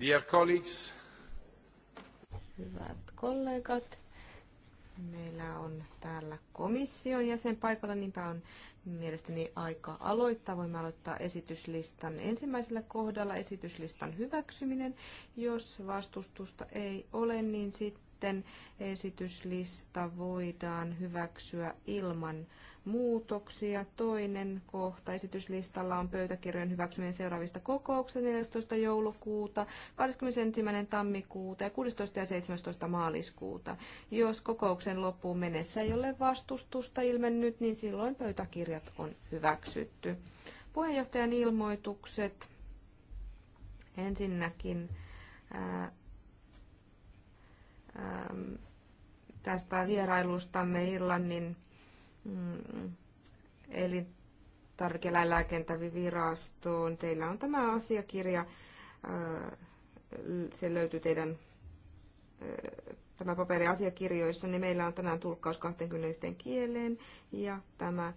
Dear colleagues. Hyvät kollegat, meillä on täällä komission jäsen paikalla, niinpä on mielestäni aika aloittaa. Voimme aloittaa esityslistan ensimmäisellä kohdalla esityslistan hyväksyminen. Jos vastustusta ei ole, niin sitten sitten esityslista voidaan hyväksyä ilman muutoksia. Toinen kohta esityslistalla on pöytäkirjojen hyväksyminen seuraavista kokouksista 14. joulukuuta, 21. tammikuuta ja 16. ja 17. maaliskuuta. Jos kokouksen loppuun mennessä ei ole vastustusta ilmennyt, niin silloin pöytäkirjat on hyväksytty. Puheenjohtajan ilmoitukset. Ensinnäkin ää, Ähm, tästä vierailustamme Irlannin mm, elintarvikeläinlääkentävirastoon. Teillä on tämä asiakirja, äh, se löytyy teidän äh, tämä paperi asiakirjoissa, niin meillä on tänään tulkkaus 21 kieleen ja tämä äh,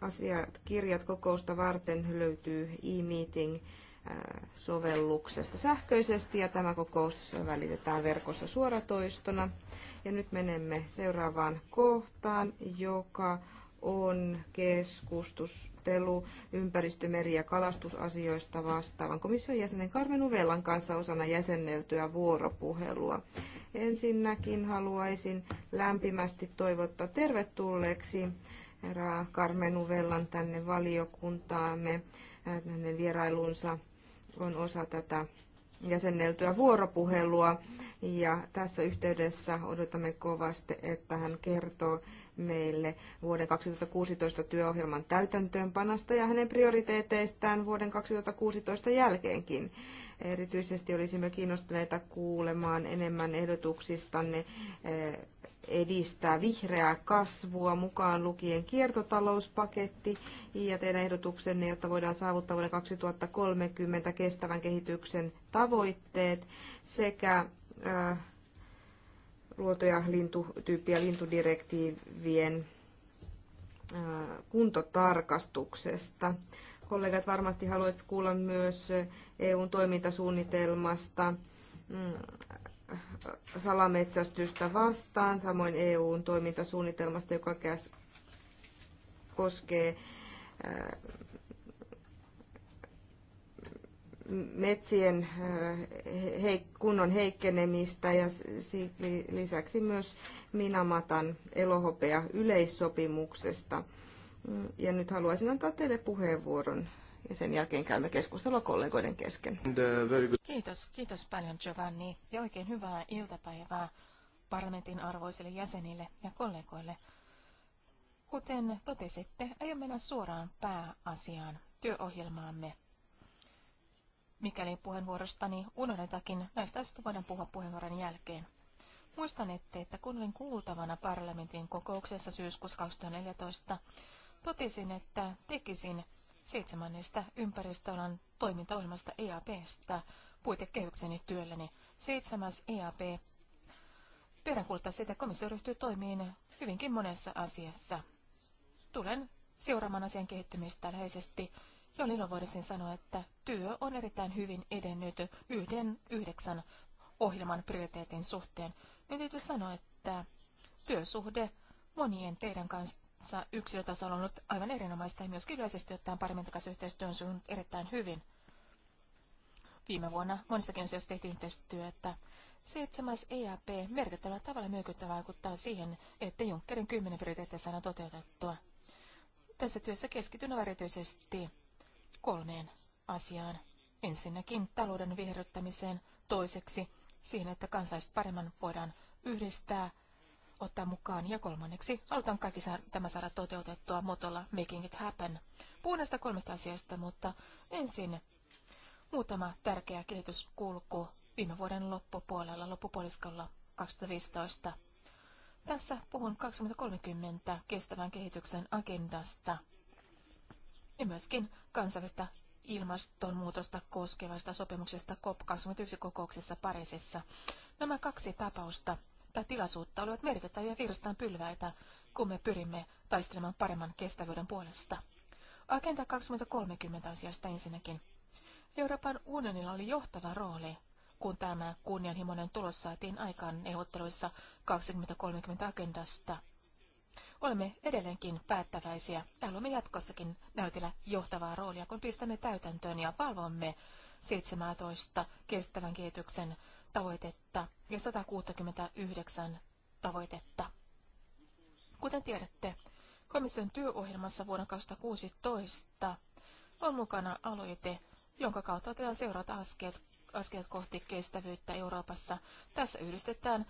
asiakirjat kokousta varten löytyy e-meeting sovelluksesta sähköisesti ja tämä kokous välitetään verkossa suoratoistona. Ja nyt menemme seuraavaan kohtaan, joka on keskustelu ympäristömeri- ja kalastusasioista vastaavan komission jäsenen Karmen Uvelan kanssa osana jäsenneltyä vuoropuhelua. Ensinnäkin haluaisin lämpimästi toivottaa tervetulleeksi herra Karmen Uvelan tänne valiokuntaamme hänen vierailunsa on osa tätä jäsenneltyä vuoropuhelua. Ja tässä yhteydessä odotamme kovasti, että hän kertoo meille vuoden 2016 työohjelman täytäntöönpanosta ja hänen prioriteeteistaan vuoden 2016 jälkeenkin. Erityisesti olisimme kiinnostuneita kuulemaan enemmän ehdotuksistanne eh, edistää vihreää kasvua mukaan lukien kiertotalouspaketti ja teidän ehdotuksenne, jotta voidaan saavuttaa vuoden 2030 kestävän kehityksen tavoitteet sekä eh, luoto- ja lintutyyppi- ja lintudirektiivien eh, kuntotarkastuksesta kollegat varmasti haluaisivat kuulla myös EUn toimintasuunnitelmasta mm, salametsästystä vastaan, samoin EUn toimintasuunnitelmasta, joka käs, koskee äh, metsien äh, kunnon heikkenemistä ja lisäksi myös Minamatan elohopea yleissopimuksesta. Ja nyt haluaisin antaa teille puheenvuoron ja sen jälkeen käymme keskustelua kollegoiden kesken. Uh, kiitos, kiitos paljon Giovanni ja oikein hyvää iltapäivää parlamentin arvoisille jäsenille ja kollegoille. Kuten totesitte, aion mennä suoraan pääasiaan työohjelmaamme. Mikäli puheenvuorostani unohdetakin, näistä asioista voidaan puhua puheenvuoron jälkeen. Muistan, että, kun olin kuultavana parlamentin kokouksessa syyskuussa 2014, totesin, että tekisin seitsemännestä ympäristöalan toimintaohjelmasta EAPstä puitekehykseni työlläni. Seitsemäs EAP peräänkuuluttaa sitä, että komissio ryhtyy toimiin hyvinkin monessa asiassa. Tulen seuraamaan asian kehittymistä läheisesti Jo Lilo voisin sanoa, että työ on erittäin hyvin edennyt yhden yhdeksän ohjelman prioriteetin suhteen. Nyt täytyy sanoa, että työsuhde monien teidän kanssa yksilötasolla on ollut aivan erinomaista ja myöskin yleisesti ottaen takaisin yhteistyön sujunut erittäin hyvin. Viime vuonna monissakin asioissa tehtiin yhteistyötä. Seitsemäs EAP merkittävällä tavalla myökyttä vaikuttaa siihen, että Junckerin kymmenen prioriteetteja saadaan toteutettua. Tässä työssä keskityn erityisesti kolmeen asiaan. Ensinnäkin talouden viherryttämiseen, toiseksi siihen, että kansalaiset paremman voidaan yhdistää ottaa mukaan. Ja kolmanneksi, halutaan kaikki saa, tämä saada toteutettua motolla Making it happen. Puhun näistä kolmesta asiasta, mutta ensin muutama tärkeä kehityskulku viime vuoden loppupuolella, loppupuoliskolla 2015. Tässä puhun 2030 kestävän kehityksen agendasta ja myöskin kansainvälistä ilmastonmuutosta koskevasta sopimuksesta COP21-kokouksessa Pariisissa. Nämä kaksi tapausta tai tilaisuutta olivat merkittäviä virstan pylväitä, kun me pyrimme taistelemaan paremman kestävyyden puolesta. Agenda 2030 asiasta ensinnäkin. Euroopan unionilla oli johtava rooli, kun tämä kunnianhimoinen tulos saatiin aikaan neuvotteluissa 2030 agendasta. Olemme edelleenkin päättäväisiä ja haluamme jatkossakin näytellä johtavaa roolia, kun pistämme täytäntöön ja valvomme 17 kestävän kehityksen tavoitetta ja 169 tavoitetta. Kuten tiedätte, komission työohjelmassa vuonna 2016 on mukana aloite, jonka kautta otetaan seurata askeet, askeet kohti kestävyyttä Euroopassa. Tässä yhdistetään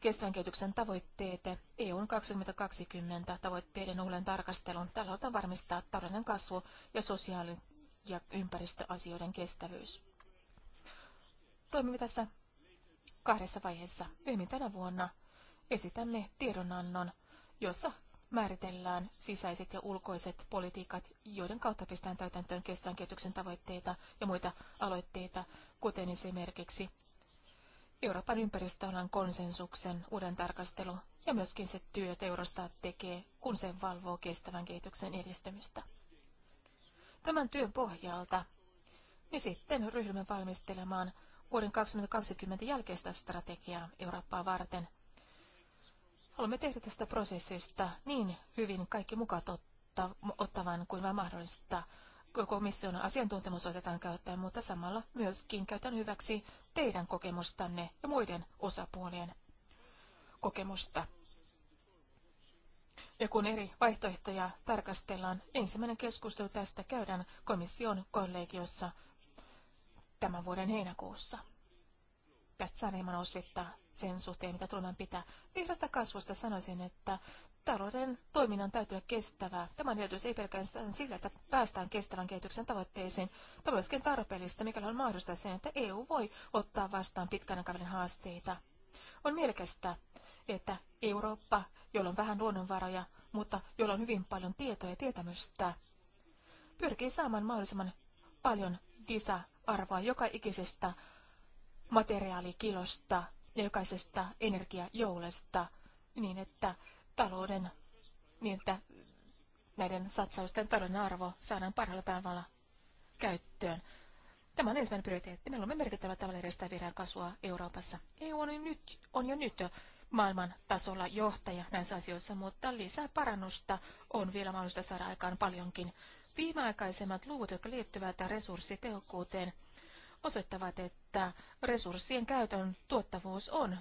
kestävän kehityksen tavoitteet EUn 2020 tavoitteiden uuden tarkastelun. Tällä halutaan varmistaa talouden kasvu ja sosiaali- ja ympäristöasioiden kestävyys. Toimimme tässä kahdessa vaiheessa. Myöhemmin tänä vuonna esitämme tiedonannon, jossa määritellään sisäiset ja ulkoiset politiikat, joiden kautta pistetään täytäntöön kestävän kehityksen tavoitteita ja muita aloitteita, kuten esimerkiksi Euroopan ympäristöalan konsensuksen uuden tarkastelu ja myöskin se työ, jota Eurostat tekee, kun sen valvoo kestävän kehityksen edistymistä. Tämän työn pohjalta me sitten ryhdymme valmistelemaan vuoden 2020 jälkeistä strategiaa Eurooppaa varten. Haluamme tehdä tästä prosessista niin hyvin kaikki mukaan ottavan kuin vain mahdollista. Komission asiantuntemus otetaan käyttöön, mutta samalla myöskin käytän hyväksi teidän kokemustanne ja muiden osapuolien kokemusta. Ja kun eri vaihtoehtoja tarkastellaan, ensimmäinen keskustelu tästä käydään komission kollegiossa – tämän vuoden heinäkuussa. Tästä saan hieman osvittaa sen suhteen, mitä tulemaan pitää. Vihreästä kasvusta sanoisin, että talouden toiminnan täytyy olla kestävää. Tämä edellytys ei pelkästään sillä, että päästään kestävän kehityksen tavoitteisiin, vaan myöskin tarpeellista, mikä on mahdollista sen, että EU voi ottaa vastaan pitkän aikavälin haasteita. On mielekästä, että Eurooppa, jolla on vähän luonnonvaroja, mutta jolla on hyvin paljon tietoa ja tietämystä, pyrkii saamaan mahdollisimman paljon lisää arvoa joka ikisestä materiaalikilosta ja jokaisesta energiajoulesta niin, että talouden, niin että näiden satsausten talouden arvo saadaan parhaalla tavalla käyttöön. Tämä on ensimmäinen prioriteetti. Meillä on merkittävä tavalla edistää vihreää kasvua Euroopassa. EU on, nyt, on jo nyt maailman tasolla johtaja näissä asioissa, mutta lisää parannusta on vielä mahdollista saada aikaan paljonkin. Viimeaikaisemmat luvut, jotka liittyvät resurssitehokkuuteen, osoittavat, että resurssien käytön tuottavuus on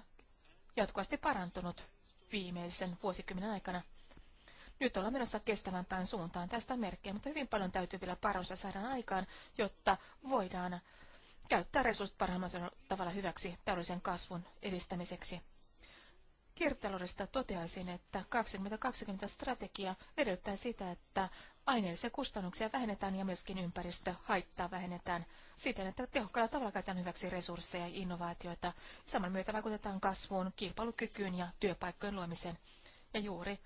jatkuvasti parantunut viimeisen vuosikymmenen aikana. Nyt ollaan menossa kestävämpään suuntaan tästä merkkejä, mutta hyvin paljon täytyy vielä parossa saada aikaan, jotta voidaan käyttää resurssit parhaimmalla tavalla hyväksi taloudellisen kasvun edistämiseksi. Kiertotaloudesta toteaisin, että 2020 strategia edellyttää sitä, että aineellisia kustannuksia vähennetään ja myöskin ympäristöhaittaa vähennetään siten, että tehokkaalla tavalla käytetään hyväksi resursseja ja innovaatioita. Saman myötä vaikutetaan kasvuun, kilpailukykyyn ja työpaikkojen luomiseen. Ja juuri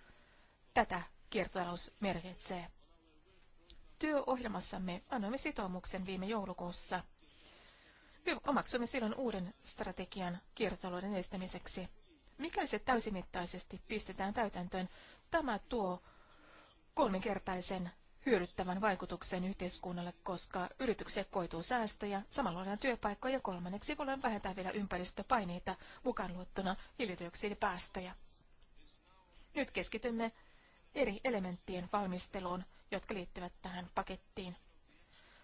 tätä kiertotalous merkitsee. Työohjelmassamme annoimme sitoumuksen viime joulukuussa. Omaksuimme silloin uuden strategian kiertotalouden estämiseksi. Mikäli se täysimittaisesti pistetään täytäntöön, tämä tuo kolminkertaisen hyödyttävän vaikutuksen yhteiskunnalle, koska yrityksiä koituu säästöjä, samalla luodaan työpaikkoja ja kolmanneksi voidaan vähentää vielä ympäristöpaineita mukaan luottuna hiilidioksidipäästöjä. Nyt keskitymme eri elementtien valmisteluun, jotka liittyvät tähän pakettiin.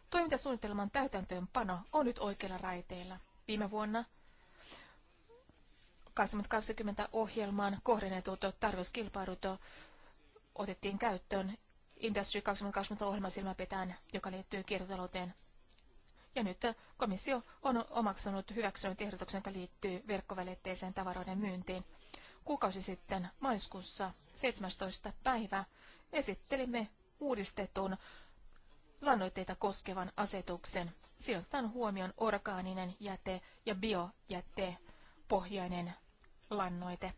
Toimintasuunnitelman täytäntöönpano on nyt oikeilla raiteilla. Viime vuonna 2020 ohjelmaan kohdennetut tarjouskilpailut otettiin käyttöön Industry 2020-ohjelma silmäpetään, joka liittyy kiertotalouteen. Ja nyt komissio on omaksunut hyväksynyt ehdotuksen, joka liittyy verkkovälitteiseen tavaroiden myyntiin. Kuukausi sitten maiskuussa 17. päivä esittelimme uudistetun lannoitteita koskevan asetuksen. Siinä huomioon orgaaninen jäte ja biojäte pohjainen lannoite.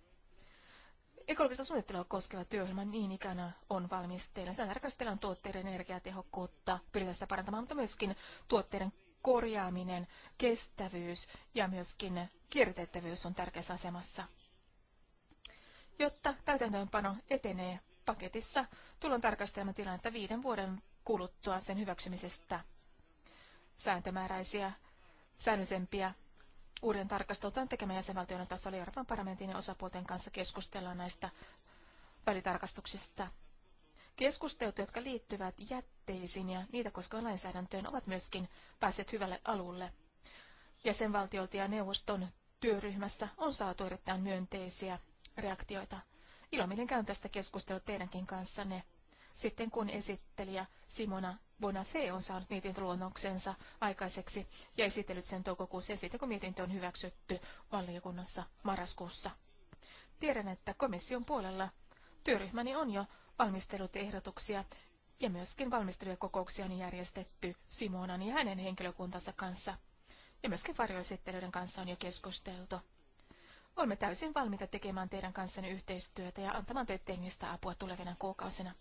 Ekologista suunnittelua koskeva työohjelma niin ikänä on valmisteilla. Sen tarkastellaan tuotteiden energiatehokkuutta, pyritään sitä parantamaan, mutta myöskin tuotteiden korjaaminen, kestävyys ja myöskin kiertettävyys on tärkeässä asemassa. Jotta täytäntöönpano etenee paketissa, tullaan tarkastelemaan tilannetta viiden vuoden kuluttua sen hyväksymisestä. Sääntömääräisiä, säännöllisempiä uuden tarkasteltaan tekemään jäsenvaltioiden tasolla Euroopan parlamentin ja osapuolten kanssa keskustellaan näistä välitarkastuksista. Keskustelut, jotka liittyvät jätteisiin ja niitä koskevaan lainsäädäntöön, ovat myöskin päässeet hyvälle alulle. Jäsenvaltiolta ja neuvoston työryhmässä on saatu erittäin myönteisiä reaktioita. Ilomielin käyn tästä keskustelua teidänkin kanssanne sitten kun esittelijä Simona Bonafé on saanut mietintöluonnoksensa aikaiseksi ja esitellyt sen toukokuussa ja sitten kun mietintö on hyväksytty valiokunnassa marraskuussa. Tiedän, että komission puolella työryhmäni on jo valmistellut ehdotuksia ja myöskin kokouksia on järjestetty Simonan ja hänen henkilökuntansa kanssa. Ja myöskin varjoesittelyiden kanssa on jo keskusteltu. Olemme täysin valmiita tekemään teidän kanssanne yhteistyötä ja antamaan teille teknistä apua tulevina kuukausina.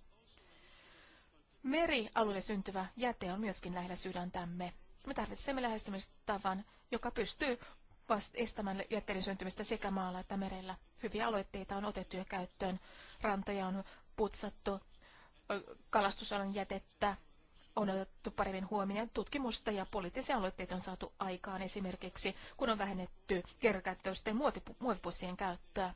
Merialueelle syntyvä jäte on myöskin lähellä sydäntämme. Me tarvitsemme lähestymistavan, joka pystyy vast- estämään jätteiden syntymistä sekä maalla että merellä. Hyviä aloitteita on otettu jo käyttöön. Rantoja on putsattu, kalastusalan jätettä on otettu paremmin huomioon. Tutkimusta ja poliittisia aloitteita on saatu aikaan esimerkiksi, kun on vähennetty kertakäyttöisten muovipussien käyttöä.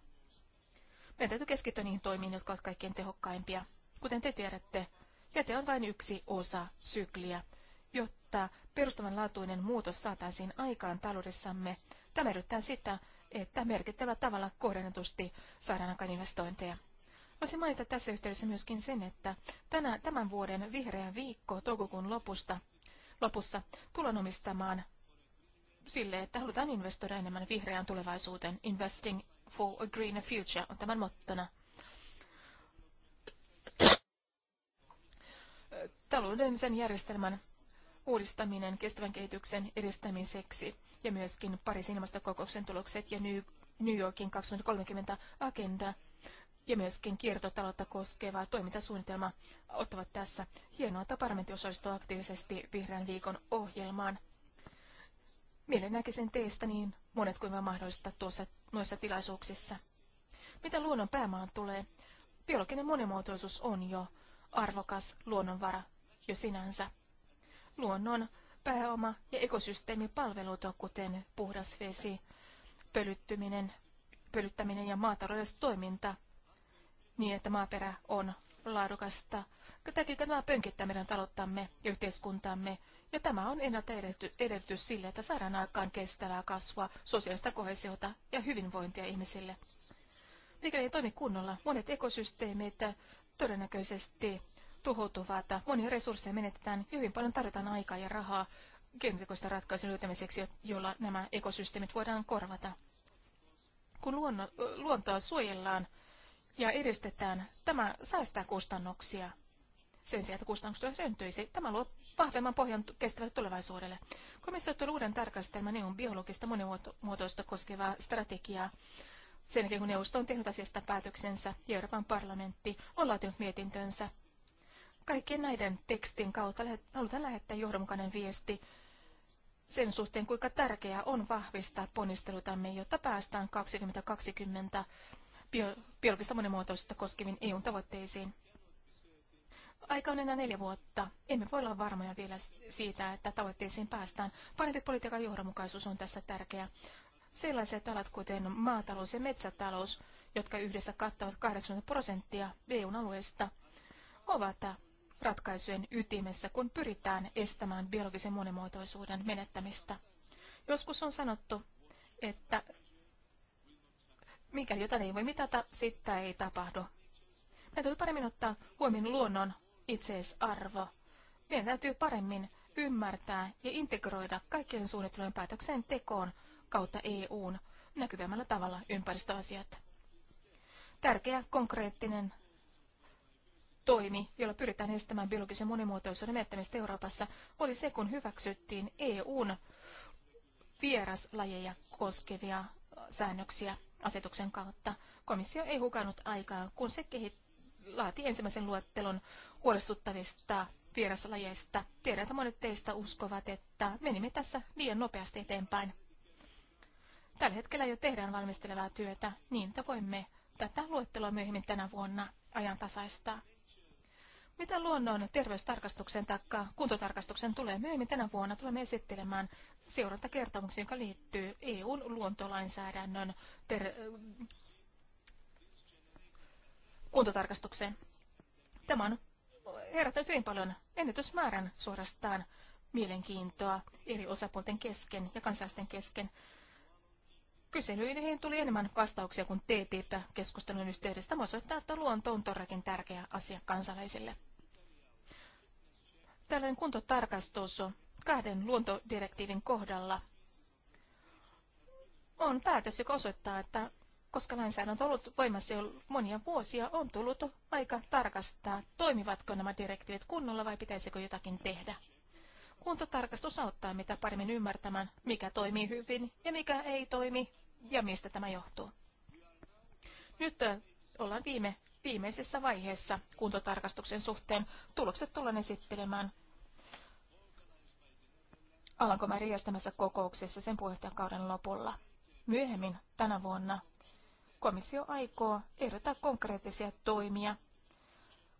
Meidän täytyy keskittyä niihin toimiin, jotka ovat kaikkein tehokkaimpia. Kuten te tiedätte, Jäte on vain yksi osa sykliä. Jotta perustavanlaatuinen muutos saataisiin aikaan taloudessamme, tämä edellyttää sitä, että merkittävällä tavalla kohdennetusti saadaan aikaan investointeja. Voisin mainita tässä yhteydessä myöskin sen, että tänä, tämän vuoden vihreä viikko toukokuun lopusta, lopussa tullaan omistamaan sille, että halutaan investoida enemmän vihreään tulevaisuuteen. Investing for a greener future on tämän mottona. taloudellisen järjestelmän uudistaminen kestävän kehityksen edistämiseksi ja myöskin Pariisin ilmastokokouksen tulokset ja New Yorkin 2030-agenda ja myöskin kiertotaloutta koskeva toimintasuunnitelma ottavat tässä. Hienoa, että parlamentti osallistuu aktiivisesti vihreän viikon ohjelmaan. Mielen näkisin teistä niin monet kuin vain mahdollista tuossa, noissa tilaisuuksissa. Mitä luonnon päämaan tulee? Biologinen monimuotoisuus on jo arvokas luonnonvara jo sinänsä. Luonnon pääoma- ja ekosysteemipalvelut, kuten puhdas vesi, pölyttyminen, pölyttäminen ja toiminta, niin että maaperä on laadukasta. Tämäkin tämä pönkittää meidän talottamme ja yhteiskuntamme, ja tämä on ennalta edellytys sille, että saadaan aikaan kestävää kasvua, sosiaalista kohesiota ja hyvinvointia ihmisille. Mikäli ei toimi kunnolla, monet ekosysteemit todennäköisesti tuhoutuvat. Monia resursseja menetetään ja hyvin paljon tarvitaan aikaa ja rahaa keinotekoista ratkaisun löytämiseksi, jolla nämä ekosysteemit voidaan korvata. Kun luonno, luontoa suojellaan ja edistetään, tämä säästää kustannuksia. Sen sijaan, että kustannuksia syntyisi, tämä luo vahvemman pohjan kestävälle tulevaisuudelle. Komissio otti uuden tarkastelman EUn biologista monimuotoista koskevaa strategiaa. Sen jälkeen, kun neuvosto on tehnyt asiasta päätöksensä ja Euroopan parlamentti on laatinut mietintönsä kaikkien näiden tekstin kautta halutaan lähettää johdonmukainen viesti sen suhteen, kuinka tärkeää on vahvistaa ponnistelutamme, jotta päästään 2020 bio, biologista monimuotoisuutta koskeviin EUn tavoitteisiin. Aika on enää neljä vuotta. Emme voi olla varmoja vielä siitä, että tavoitteisiin päästään. Parempi politiikan johdonmukaisuus on tässä tärkeä. Sellaiset alat kuten maatalous ja metsätalous, jotka yhdessä kattavat 80 prosenttia EUn alueesta, ovat ratkaisujen ytimessä, kun pyritään estämään biologisen monimuotoisuuden menettämistä. Joskus on sanottu, että mikäli jotain ei voi mitata, sitä ei tapahdu. Meidän täytyy paremmin ottaa huomioon luonnon itseisarvo. Meidän täytyy paremmin ymmärtää ja integroida kaikkien suunnittelujen päätöksen tekoon kautta EUn näkyvämmällä tavalla ympäristöasiat. Tärkeä konkreettinen toimi, jolla pyritään estämään biologisen monimuotoisuuden menettämistä Euroopassa, oli se, kun hyväksyttiin EUn vieraslajeja koskevia säännöksiä asetuksen kautta. Komissio ei hukannut aikaa, kun se kehit- laati ensimmäisen luettelon huolestuttavista vieraslajeista. Tiedän, että monet teistä uskovat, että menimme tässä liian nopeasti eteenpäin. Tällä hetkellä jo tehdään valmistelevaa työtä, niin että voimme tätä luetteloa myöhemmin tänä vuonna ajantasaistaa. Mitä luonnon terveystarkastuksen tai kuntotarkastuksen tulee myöhemmin tänä vuonna, tulemme esittelemään seurantakertomuksen, joka liittyy EUn luontolainsäädännön ter- kuntotarkastukseen. Tämä on herättänyt hyvin paljon ennätysmäärän suorastaan mielenkiintoa eri osapuolten kesken ja kansalaisten kesken. Kyselyihin tuli enemmän vastauksia kuin TTIP-keskustelun yhteydessä. Tämä osoittaa, että luonto on todellakin tärkeä asia kansalaisille tällainen kuntotarkastus kahden luontodirektiivin kohdalla on päätös, joka osoittaa, että koska lainsäädäntö on ollut voimassa jo monia vuosia, on tullut aika tarkastaa, toimivatko nämä direktiivit kunnolla vai pitäisikö jotakin tehdä. Kuntotarkastus auttaa mitä paremmin ymmärtämään, mikä toimii hyvin ja mikä ei toimi ja mistä tämä johtuu. Nyt ollaan viime, viimeisessä vaiheessa kuntotarkastuksen suhteen. Tulokset tullaan esittelemään Alankomaiden järjestämässä kokouksessa sen puheenjohtajakauden lopulla. Myöhemmin tänä vuonna komissio aikoo ehdottaa konkreettisia toimia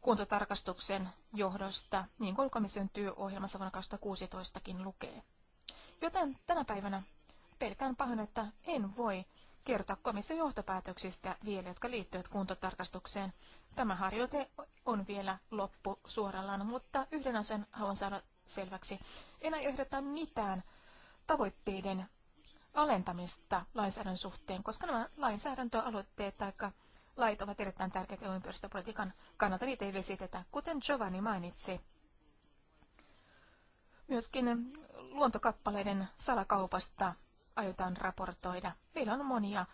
kuntotarkastuksen johdosta, niin kuin komission työohjelmassa vuonna 2016 lukee. Joten tänä päivänä pelkään pahoin, että en voi kertoa komission johtopäätöksistä vielä, jotka liittyvät kuntotarkastukseen. Tämä harjoite on vielä loppu suorallaan, mutta yhden asian haluan saada selväksi. Enää ehdota mitään tavoitteiden alentamista lainsäädännön suhteen, koska nämä lainsäädäntöaloitteet tai lait ovat erittäin tärkeitä ympäristöpolitiikan kannalta. Niitä ei vesitetä, kuten Giovanni mainitsi. Myöskin luontokappaleiden salakaupasta aiotaan raportoida. Meillä on monia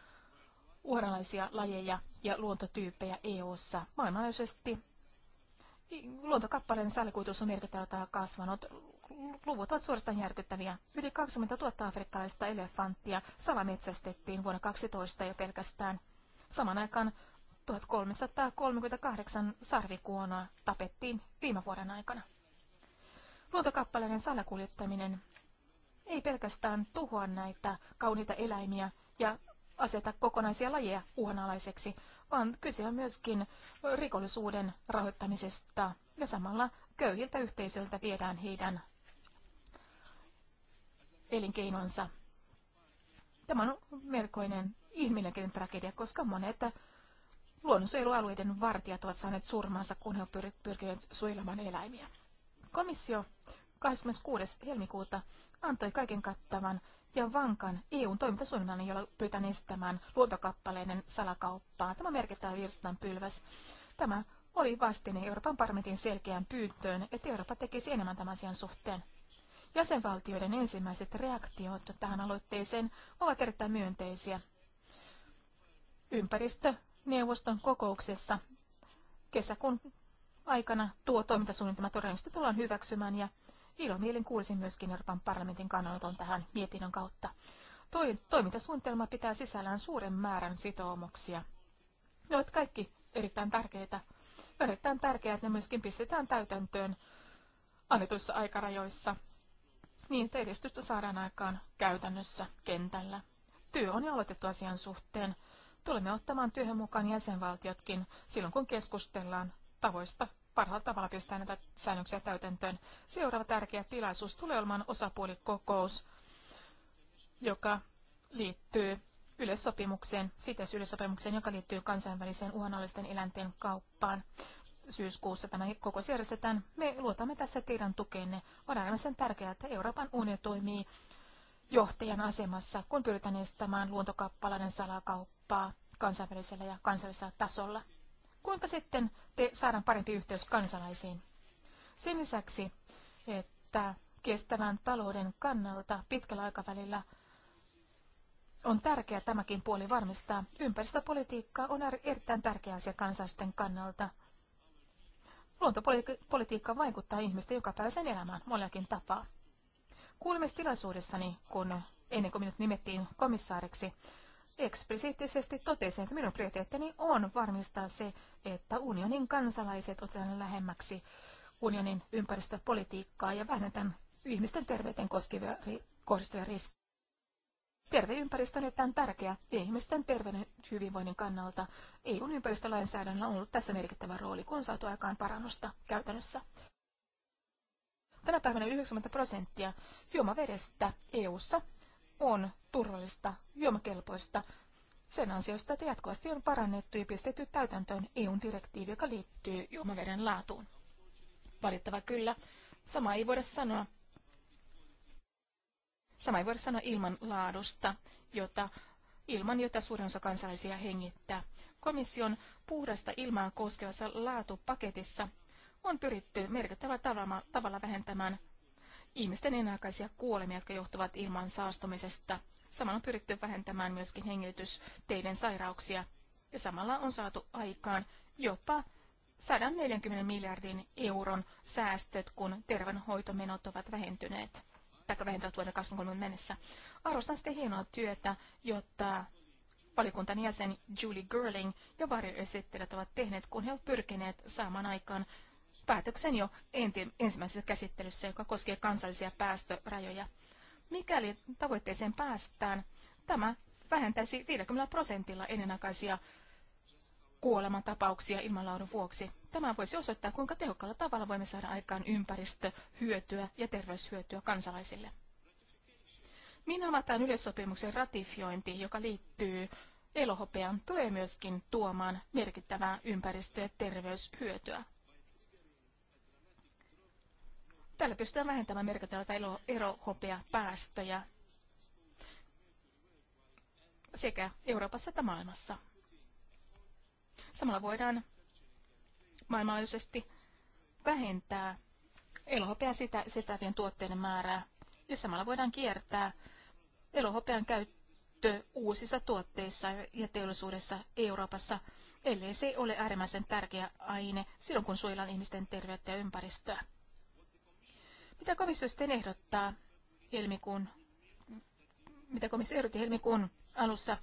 uhanalaisia lajeja ja luontotyyppejä EU-ssa. Maailmanlaajuisesti luontokappaleen salkuitus on merkittävältä kasvanut. Luvut ovat suorastaan järkyttäviä. Yli 20 000 afrikkalaista elefanttia salametsästettiin vuonna 2012 jo pelkästään. Saman aikaan 1338 sarvikuonoa tapettiin viime vuoden aikana. Luontokappaleiden salakuljettaminen ei pelkästään tuhoa näitä kauniita eläimiä ja aseta kokonaisia lajeja uhanalaiseksi, vaan kyse on myöskin rikollisuuden rahoittamisesta ja samalla köyhiltä yhteisöiltä viedään heidän elinkeinonsa. Tämä on melkoinen ihminen tragedia, koska monet luonnonsuojelualueiden vartijat ovat saaneet surmansa, kun he ovat pyrkineet suojelemaan eläimiä. Komissio 26. helmikuuta antoi kaiken kattavan ja vankan EUn toimintasuunnitelman, jolla pyritään estämään luontokappaleiden salakauppaa. Tämä merkittävä virstan pylväs. Tämä oli vastine Euroopan parlamentin selkeään pyyntöön, että Eurooppa tekisi enemmän tämän asian suhteen. Jäsenvaltioiden ensimmäiset reaktiot tähän aloitteeseen ovat erittäin myönteisiä. Ympäristöneuvoston kokouksessa kesäkuun aikana tuo toimintasuunnitelma todennäköisesti tullaan hyväksymään ja Ilomielin kuulisin myöskin Euroopan parlamentin kannanoton tähän mietinnön kautta. Toimintasuunnitelma pitää sisällään suuren määrän sitoumuksia. Ne ovat kaikki erittäin tärkeitä. Erittäin tärkeää, että ne myöskin pistetään täytäntöön annetuissa aikarajoissa, niin että edistystä saadaan aikaan käytännössä kentällä. Työ on jo aloitettu asian suhteen. Tulemme ottamaan työhön mukaan jäsenvaltiotkin silloin, kun keskustellaan tavoista parhaalla tavalla pistää näitä säännöksiä täytäntöön. Seuraava tärkeä tilaisuus tulee olemaan osapuolikokous, joka liittyy yleissopimukseen, sites yleissopimukseen joka liittyy kansainväliseen uhanallisten eläinten kauppaan. Syyskuussa tämä kokous järjestetään. Me luotamme tässä teidän tukeenne. On äärimmäisen tärkeää, että Euroopan unio toimii johtajan asemassa, kun pyritään estämään luontokappaleiden salakauppaa kansainvälisellä ja kansallisella tasolla. Kuinka sitten te saadaan parempi yhteys kansalaisiin? Sen lisäksi, että kestävän talouden kannalta pitkällä aikavälillä on tärkeää tämäkin puoli varmistaa. Ympäristöpolitiikka on er- erittäin tärkeä asia kansalaisten kannalta. Luontopolitiikka vaikuttaa ihmisten sen elämään monellakin tapaa. tilaisuudessani, kun ennen kuin minut nimettiin komissaariksi, eksplisiittisesti totesin, että minun prioriteettini on varmistaa se, että unionin kansalaiset otetaan lähemmäksi unionin ympäristöpolitiikkaa ja vähennetään ihmisten terveyteen koskevia kohdistuvia riskejä. Terve ympäristö on erittäin tärkeä ihmisten terveyden hyvinvoinnin kannalta. EUn ympäristölainsäädännöllä on ollut tässä merkittävä rooli, kun saatu aikaan parannusta käytännössä. Tänä päivänä 90 prosenttia juomavedestä EUssa on turvallista, juomakelpoista. Sen ansiosta että jatkuvasti on parannettu ja pistetty täytäntöön EU-direktiivi, joka liittyy juomaveden laatuun. Valittava kyllä, sama ei voida sanoa. Sama ei voida sanoa ilman laadusta, jota, ilman jota suurin osa kansalaisia hengittää. Komission puhdasta ilmaa koskevassa laatupaketissa on pyritty merkittävällä tavalla vähentämään ihmisten ennenaikaisia kuolemia, jotka johtuvat ilman saastumisesta. Samalla on pyritty vähentämään myöskin hengitysteiden sairauksia ja samalla on saatu aikaan jopa 140 miljardin euron säästöt, kun terveydenhoitomenot ovat vähentyneet tai vähentyvät vuoteen 2030 mennessä. Arvostan sitten hienoa työtä, jotta valiokuntan jäsen Julie Girling ja varjoesittelijät ovat tehneet, kun he ovat pyrkineet saamaan aikaan päätöksen jo enti, ensimmäisessä käsittelyssä, joka koskee kansallisia päästörajoja. Mikäli tavoitteeseen päästään, tämä vähentäisi 50 prosentilla ennenaikaisia kuolemantapauksia ilmanlaadun vuoksi. Tämä voisi osoittaa, kuinka tehokkaalla tavalla voimme saada aikaan ympäristöhyötyä ja terveyshyötyä kansalaisille. avataan yleissopimuksen ratifiointi, joka liittyy elohopeaan, tulee myöskin tuomaan merkittävää ympäristö- ja terveyshyötyä. Tällä pystytään vähentämään merkittävältä erohopea päästöjä sekä Euroopassa että maailmassa. Samalla voidaan maailmanlaajuisesti vähentää elohopean sitä, sisältävien tuotteiden määrää ja samalla voidaan kiertää elohopean käyttö uusissa tuotteissa ja teollisuudessa Euroopassa, ellei se ole äärimmäisen tärkeä aine silloin, kun suojellaan ihmisten terveyttä ja ympäristöä. Mitä komissio sitten ehdottaa helmikuun, mitä komissio ehdotti helmikuun alussa,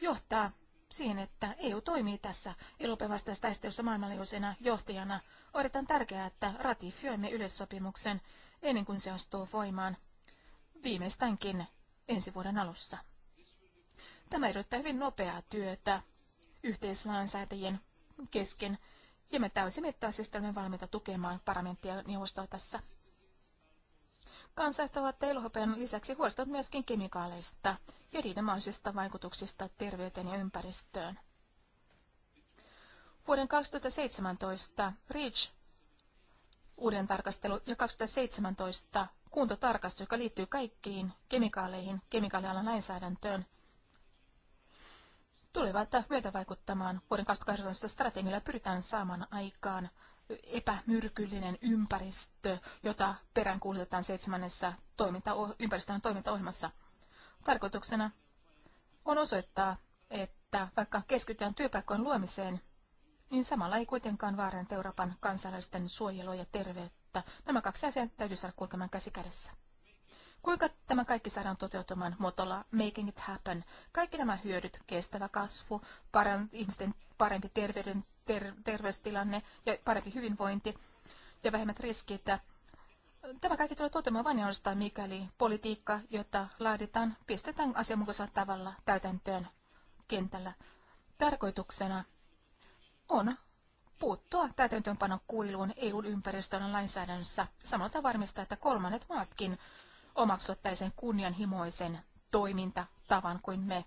johtaa siihen, että EU toimii tässä elopevastaisessa taistelussa maailmanlaajuisena johtajana. Odotan tärkeää, että ratifioimme yleissopimuksen ennen kuin se astuu voimaan viimeistäänkin ensi vuoden alussa. Tämä edellyttää hyvin nopeaa työtä yhteislainsäätäjien kesken, ja me mittaisesti olemme valmiita tukemaan parlamenttia neuvostoa tässä Kansat ovat teilhopean lisäksi huolestuneet myöskin kemikaaleista ja riidemaisista vaikutuksista terveyteen ja ympäristöön. Vuoden 2017 REACH uuden tarkastelu ja 2017 kuntotarkastus, joka liittyy kaikkiin kemikaaleihin, kemikaalialan lainsäädäntöön, tulevat myötävaikuttamaan vuoden 2018 strategialla pyritään saamaan aikaan epämyrkyllinen ympäristö, jota peräänkuulutetaan seitsemännessä toiminta, ympäristön toimintaohjelmassa. Tarkoituksena on osoittaa, että vaikka keskitytään työpaikkojen luomiseen, niin samalla ei kuitenkaan vaaran Euroopan kansalaisten suojelua ja terveyttä. Nämä kaksi asiaa täytyy saada kulkemaan käsi kädessä. Kuinka tämä kaikki saadaan toteutumaan motolla Making it happen? Kaikki nämä hyödyt, kestävä kasvu, parant- ihmisten parempi terveyden, ter, terveystilanne ja parempi hyvinvointi ja vähemmät riskit. Tämä kaikki tulee toteutumaan vain ainoastaan, mikäli politiikka, jota laaditaan, pistetään asianmukaisella tavalla täytäntöön kentällä. Tarkoituksena on puuttua täytäntöönpanon kuiluun EUn ympäristön lainsäädännössä, samalta varmistaa, että kolmannet maatkin omaksuttaisen kunnianhimoisen toimintatavan kuin me.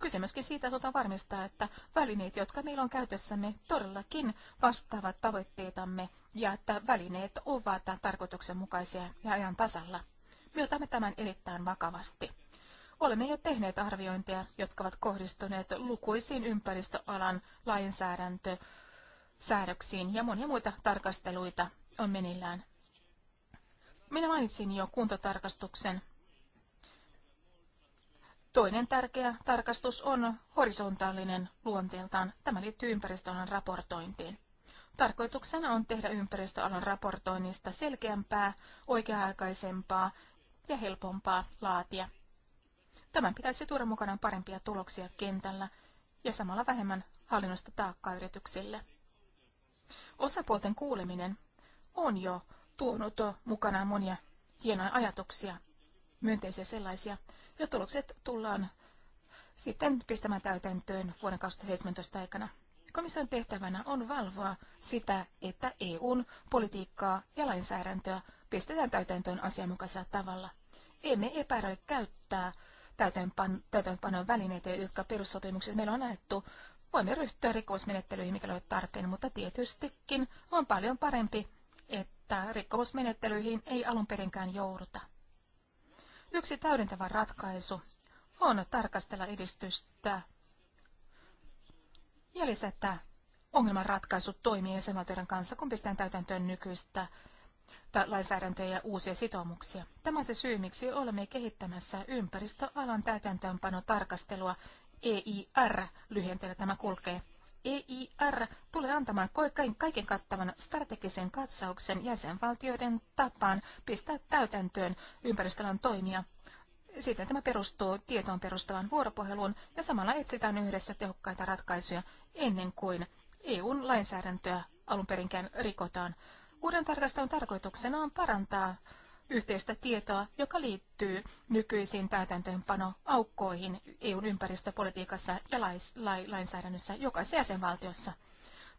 Kyse myöskin siitä, että varmistaa, että välineet, jotka meillä on käytössämme, todellakin vastaavat tavoitteitamme ja että välineet ovat tarkoituksenmukaisia ja ajan tasalla. Me otamme tämän erittäin vakavasti. Olemme jo tehneet arviointeja, jotka ovat kohdistuneet lukuisiin ympäristöalan lainsäädäntösäädöksiin ja monia muita tarkasteluita on menillään. Minä mainitsin jo kuntotarkastuksen Toinen tärkeä tarkastus on horisontaalinen luonteeltaan. Tämä liittyy ympäristöalan raportointiin. Tarkoituksena on tehdä ympäristöalan raportoinnista selkeämpää, oikea-aikaisempaa ja helpompaa laatia. Tämän pitäisi tuoda mukanaan parempia tuloksia kentällä ja samalla vähemmän hallinnosta taakkaa yrityksille. Osapuolten kuuleminen on jo tuonut mukanaan monia hienoja ajatuksia, myönteisiä sellaisia ja tulokset tullaan sitten pistämään täytäntöön vuoden 2017 aikana. Komission tehtävänä on valvoa sitä, että EUn politiikkaa ja lainsäädäntöä pistetään täytäntöön asianmukaisella tavalla. Emme epäröi käyttää täytäntöönpanon välineitä, jotka perussopimukset meillä on annettu. Voimme ryhtyä rikosmenettelyihin, mikä ole tarpeen, mutta tietystikin on paljon parempi, että rikosmenettelyihin ei alun perinkään jouduta. Yksi täydentävä ratkaisu on tarkastella edistystä ja lisätä ongelmanratkaisut toimii jäsenvaltioiden kanssa, kun pistetään täytäntöön nykyistä lainsäädäntöä ja uusia sitoumuksia. Tämä on se syy, miksi olemme kehittämässä ympäristöalan täytäntöönpanotarkastelua, EIR lyhenteellä tämä kulkee. EIR tulee antamaan kaiken kattavan strategisen katsauksen jäsenvaltioiden tapaan pistää täytäntöön ympäristöalan toimia. Sitten tämä perustuu tietoon perustavan vuoropuheluun ja samalla etsitään yhdessä tehokkaita ratkaisuja ennen kuin EUn lainsäädäntöä alun perinkään rikotaan. Uuden tarkastelun tarkoituksena on parantaa yhteistä tietoa, joka liittyy nykyisiin täytäntöönpanoaukkoihin EUn ympäristöpolitiikassa ja lais, lai, lainsäädännössä jokaisessa jäsenvaltiossa.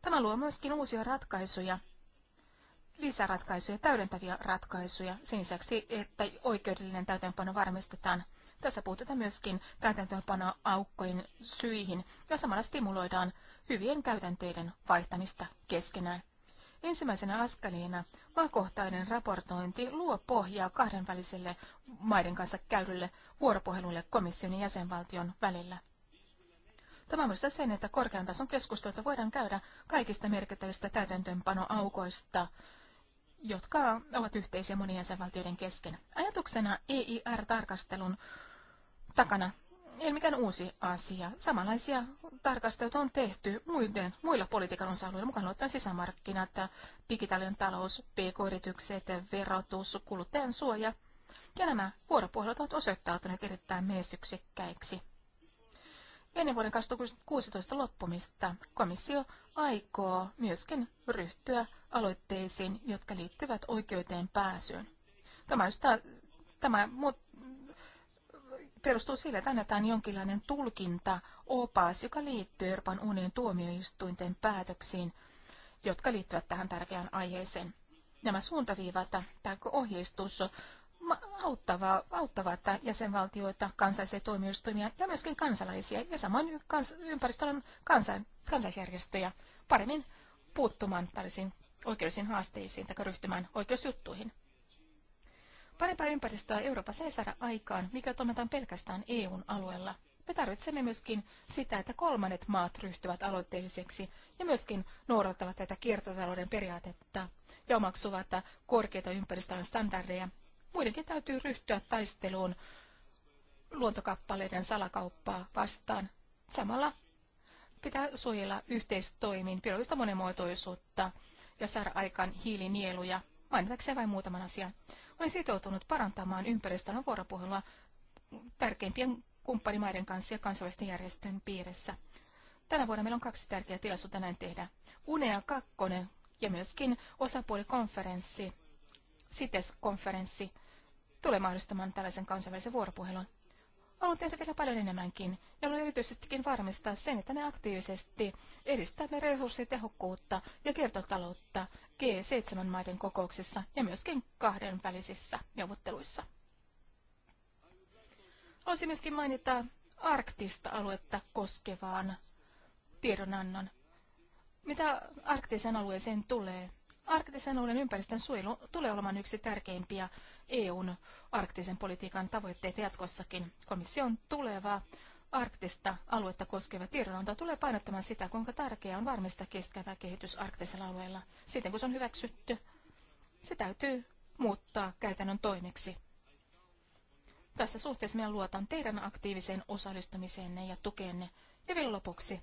Tämä luo myöskin uusia ratkaisuja, lisäratkaisuja, täydentäviä ratkaisuja sen lisäksi, että oikeudellinen täytäntöönpano varmistetaan. Tässä puututaan myöskin täytäntöönpanoaukkojen syihin ja samalla stimuloidaan hyvien käytänteiden vaihtamista keskenään. Ensimmäisenä askeliina maakohtainen raportointi luo pohjaa kahdenväliselle maiden kanssa käydylle vuoropuhelulle komission ja jäsenvaltion välillä. Tämä muistaa sen, että korkean tason keskustelua voidaan käydä kaikista merkittävistä täytäntöönpanoaukoista, jotka ovat yhteisiä monien jäsenvaltioiden kesken. Ajatuksena EIR-tarkastelun takana ei ole mikään uusi asia. Samanlaisia tarkasteluita on tehty muiden, muilla politiikan osa-alueilla, mukaan luottaen sisämarkkinat, digitaalinen talous, pk-yritykset, verotus, kuluttajan suoja. Ja nämä vuoropuhelut ovat osoittautuneet erittäin menestyksekkäiksi. Ennen vuoden 2016 loppumista komissio aikoo myöskin ryhtyä aloitteisiin, jotka liittyvät oikeuteen pääsyyn. Tämä, tämä perustuu sille, että annetaan jonkinlainen tulkinta, opas, joka liittyy Euroopan unionin tuomioistuinten päätöksiin, jotka liittyvät tähän tärkeään aiheeseen. Nämä suuntaviivat tai ohjeistus auttava, jäsenvaltioita, kansallisia toimijoistumia ja myöskin kansalaisia ja samoin kans, ympäristön kansan, kansalaisjärjestöjä paremmin puuttumaan tällaisiin oikeudellisiin haasteisiin tai ryhtymään oikeusjuttuihin. Parempaa ympäristöä Euroopassa ei saada aikaan, mikä toimitaan pelkästään EUn alueella. Me tarvitsemme myöskin sitä, että kolmannet maat ryhtyvät aloitteelliseksi ja myöskin noudattavat tätä kiertotalouden periaatetta ja omaksuvat korkeita ympäristöalan standardeja. Muidenkin täytyy ryhtyä taisteluun luontokappaleiden salakauppaa vastaan. Samalla pitää suojella yhteistoimin biologista monimuotoisuutta ja saada aikaan hiilinieluja mainitakseen vain muutaman asian. Olen sitoutunut parantamaan ympäristön vuoropuhelua tärkeimpien kumppanimaiden kanssa ja kansainvälisten järjestöjen piirissä. Tänä vuonna meillä on kaksi tärkeää tilaisuutta näin tehdä. UNEA 2 ja myöskin osapuolikonferenssi, CITES-konferenssi, tulee mahdollistamaan tällaisen kansainvälisen vuoropuhelun. Haluan tehdä vielä paljon enemmänkin ja haluan erityisestikin varmistaa sen, että me aktiivisesti edistämme resurssitehokkuutta ja kiertotaloutta G7-maiden kokouksissa ja myöskin kahdenvälisissä neuvotteluissa. Haluaisin myöskin mainita arktista aluetta koskevaan tiedonannon. Mitä arktisen alueeseen tulee? Arktisen alueen ympäristön suojelu tulee olemaan yksi tärkeimpiä EUn arktisen politiikan tavoitteita jatkossakin. Komission tuleva arktista aluetta koskeva tiedonanto tulee painottamaan sitä, kuinka tärkeää on varmistaa kestävä kehitys arktisella alueella. Sitten kun se on hyväksytty, se täytyy muuttaa käytännön toimeksi. Tässä suhteessa minä luotan teidän aktiiviseen osallistumiseenne ja tukeenne. Ja vielä lopuksi.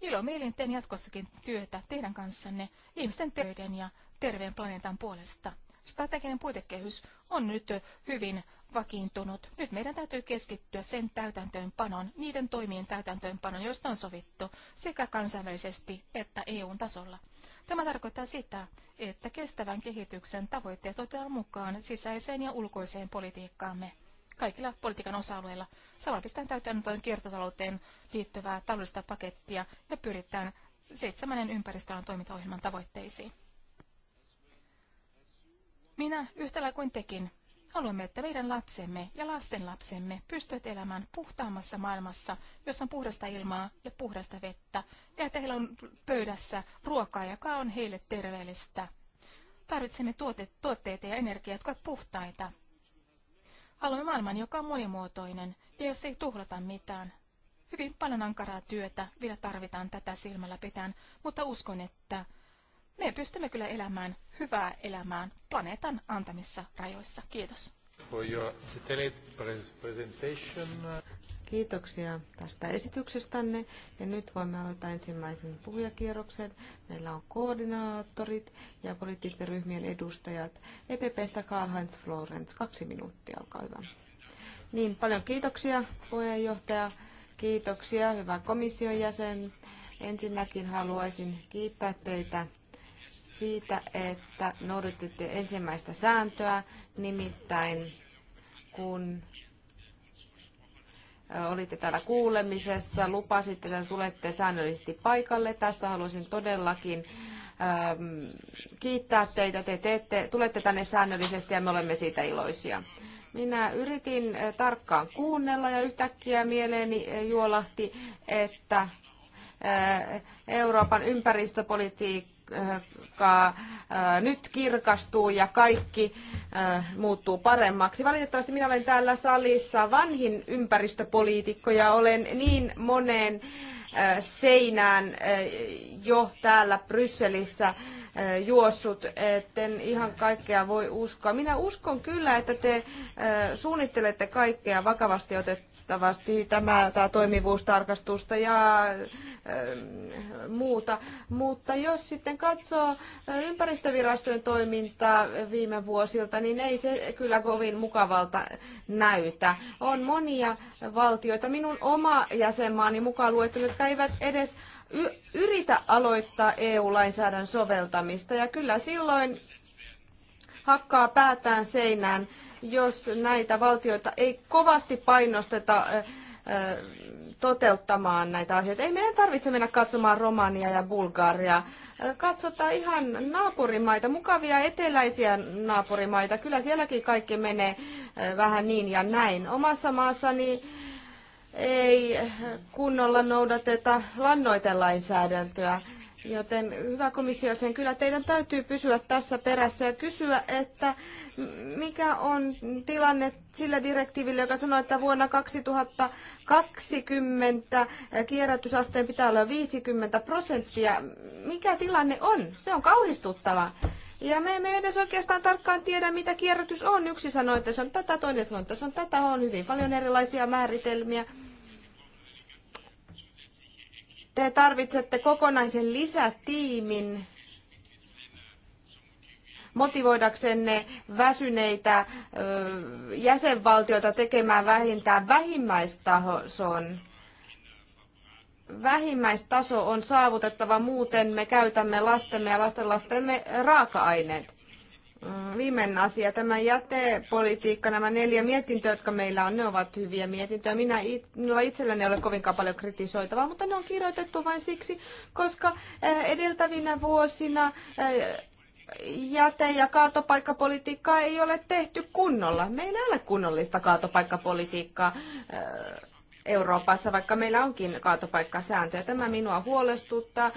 Ilo mielin teen jatkossakin työtä teidän kanssanne ihmisten terveyden ja terveen planeetan puolesta strateginen puitekehys on nyt hyvin vakiintunut. Nyt meidän täytyy keskittyä sen täytäntöönpanon, niiden toimien täytäntöönpanon, joista on sovittu sekä kansainvälisesti että EUn tasolla. Tämä tarkoittaa sitä, että kestävän kehityksen tavoitteet otetaan mukaan sisäiseen ja ulkoiseen politiikkaamme kaikilla politiikan osa-alueilla. Samalla pistetään täytäntöön kiertotalouteen liittyvää taloudellista pakettia ja pyritään seitsemännen ympäristöalan toimintaohjelman tavoitteisiin. Minä yhtälä kuin tekin Haluamme, että meidän lapsemme ja lasten lapsemme pystyvät elämään puhtaammassa maailmassa, jossa on puhdasta ilmaa ja puhdasta vettä, ja että heillä on pöydässä ruokaa, joka on heille terveellistä. Tarvitsemme tuote, tuotteita ja energiaa, jotka ovat puhtaita. Haluamme maailman, joka on monimuotoinen ja jos ei tuhlata mitään. Hyvin paljon ankaraa työtä vielä tarvitaan tätä silmällä pitään, mutta uskon, että me pystymme kyllä elämään hyvää elämää planeetan antamissa rajoissa. Kiitos. Kiitoksia tästä esityksestänne. Ja nyt voimme aloittaa ensimmäisen puhujakierroksen. Meillä on koordinaattorit ja poliittisten ryhmien edustajat. EPPstä Karl-Heinz Florence, kaksi minuuttia, olkaa hyvä. Niin, paljon kiitoksia puheenjohtaja. Kiitoksia, hyvä komission jäsen. Ensinnäkin haluaisin kiittää teitä siitä, että noudatitte ensimmäistä sääntöä, nimittäin kun olitte täällä kuulemisessa, lupasitte, että tulette säännöllisesti paikalle. Tässä haluaisin todellakin ähm, kiittää teitä. Te teette, tulette tänne säännöllisesti ja me olemme siitä iloisia. Minä yritin tarkkaan kuunnella ja yhtäkkiä mieleeni juolahti, että Euroopan ympäristöpolitiikka joka äh, nyt kirkastuu ja kaikki äh, muuttuu paremmaksi. Valitettavasti minä olen täällä salissa vanhin ympäristöpoliitikko ja olen niin moneen äh, seinään jo täällä Brysselissä juossut, etten ihan kaikkea voi uskoa. Minä uskon kyllä, että te suunnittelette kaikkea vakavasti otettua valitettavasti tämä, tämä toimivuustarkastusta ja ä, ähm, muuta. Mutta jos sitten katsoo äh, ympäristövirastojen toimintaa viime vuosilta, niin ei se kyllä kovin mukavalta näytä. On monia valtioita, minun oma jäsenmaani mukaan luettu, jotka eivät edes yritä aloittaa EU-lainsäädännön soveltamista. Ja kyllä silloin hakkaa päätään seinään jos näitä valtioita ei kovasti painosteta toteuttamaan näitä asioita. Ei meidän tarvitse mennä katsomaan Romania ja Bulgaria. Katsotaan ihan naapurimaita, mukavia eteläisiä naapurimaita. Kyllä sielläkin kaikki menee vähän niin ja näin. Omassa maassani ei kunnolla noudateta lannoitelainsäädäntöä. Joten hyvä komissio, sen kyllä teidän täytyy pysyä tässä perässä ja kysyä, että mikä on tilanne sillä direktiivillä, joka sanoo, että vuonna 2020 kierrätysasteen pitää olla 50 prosenttia. Mikä tilanne on? Se on kauhistuttava. Ja me emme edes oikeastaan tarkkaan tiedä, mitä kierrätys on. Yksi sanoo, että se on tätä, toinen sanoo, että se on tätä. On hyvin paljon erilaisia määritelmiä. Te tarvitsette kokonaisen lisätiimin motivoidaksenne väsyneitä jäsenvaltioita tekemään vähintään vähimmäistason. Vähimmäistaso on saavutettava, muuten me käytämme lastemme ja lastenlastemme raaka-aineet. Mm, viimeinen asia, tämä jätepolitiikka, nämä neljä mietintöä, jotka meillä on, ne ovat hyviä mietintöjä. Minä it, minulla itselläni ei ole kovinkaan paljon kritisoitavaa, mutta ne on kirjoitettu vain siksi, koska eh, edeltävinä vuosina eh, jäte- ja kaatopaikkapolitiikkaa ei ole tehty kunnolla. Meillä ei ole kunnollista kaatopaikkapolitiikkaa. Eh, Euroopassa, vaikka meillä onkin kaatopaikkasääntöjä. Tämä minua huolestuttaa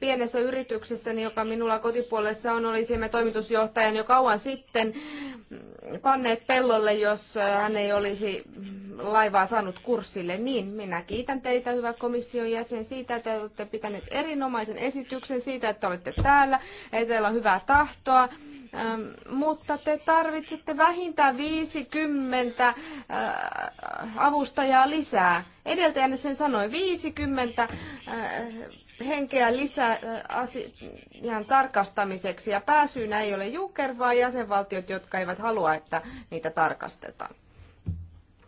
pienessä yrityksessä, joka minulla kotipuolessa on, olisimme toimitusjohtajan jo kauan sitten panneet pellolle, jos hän ei olisi laivaa saanut kurssille. Niin, minä kiitän teitä, hyvä komission jäsen, siitä, että olette pitäneet erinomaisen esityksen, siitä, että olette täällä, että teillä on hyvää tahtoa. Ähm, mutta te tarvitsette vähintään 50 äh, avustajaa lisää. Edeltäjänne sen sanoi 50 äh, henkeä lisää äh, asian tarkastamiseksi. Ja pääsyynä ei ole Juncker, vaan jäsenvaltiot, jotka eivät halua, että niitä tarkastetaan.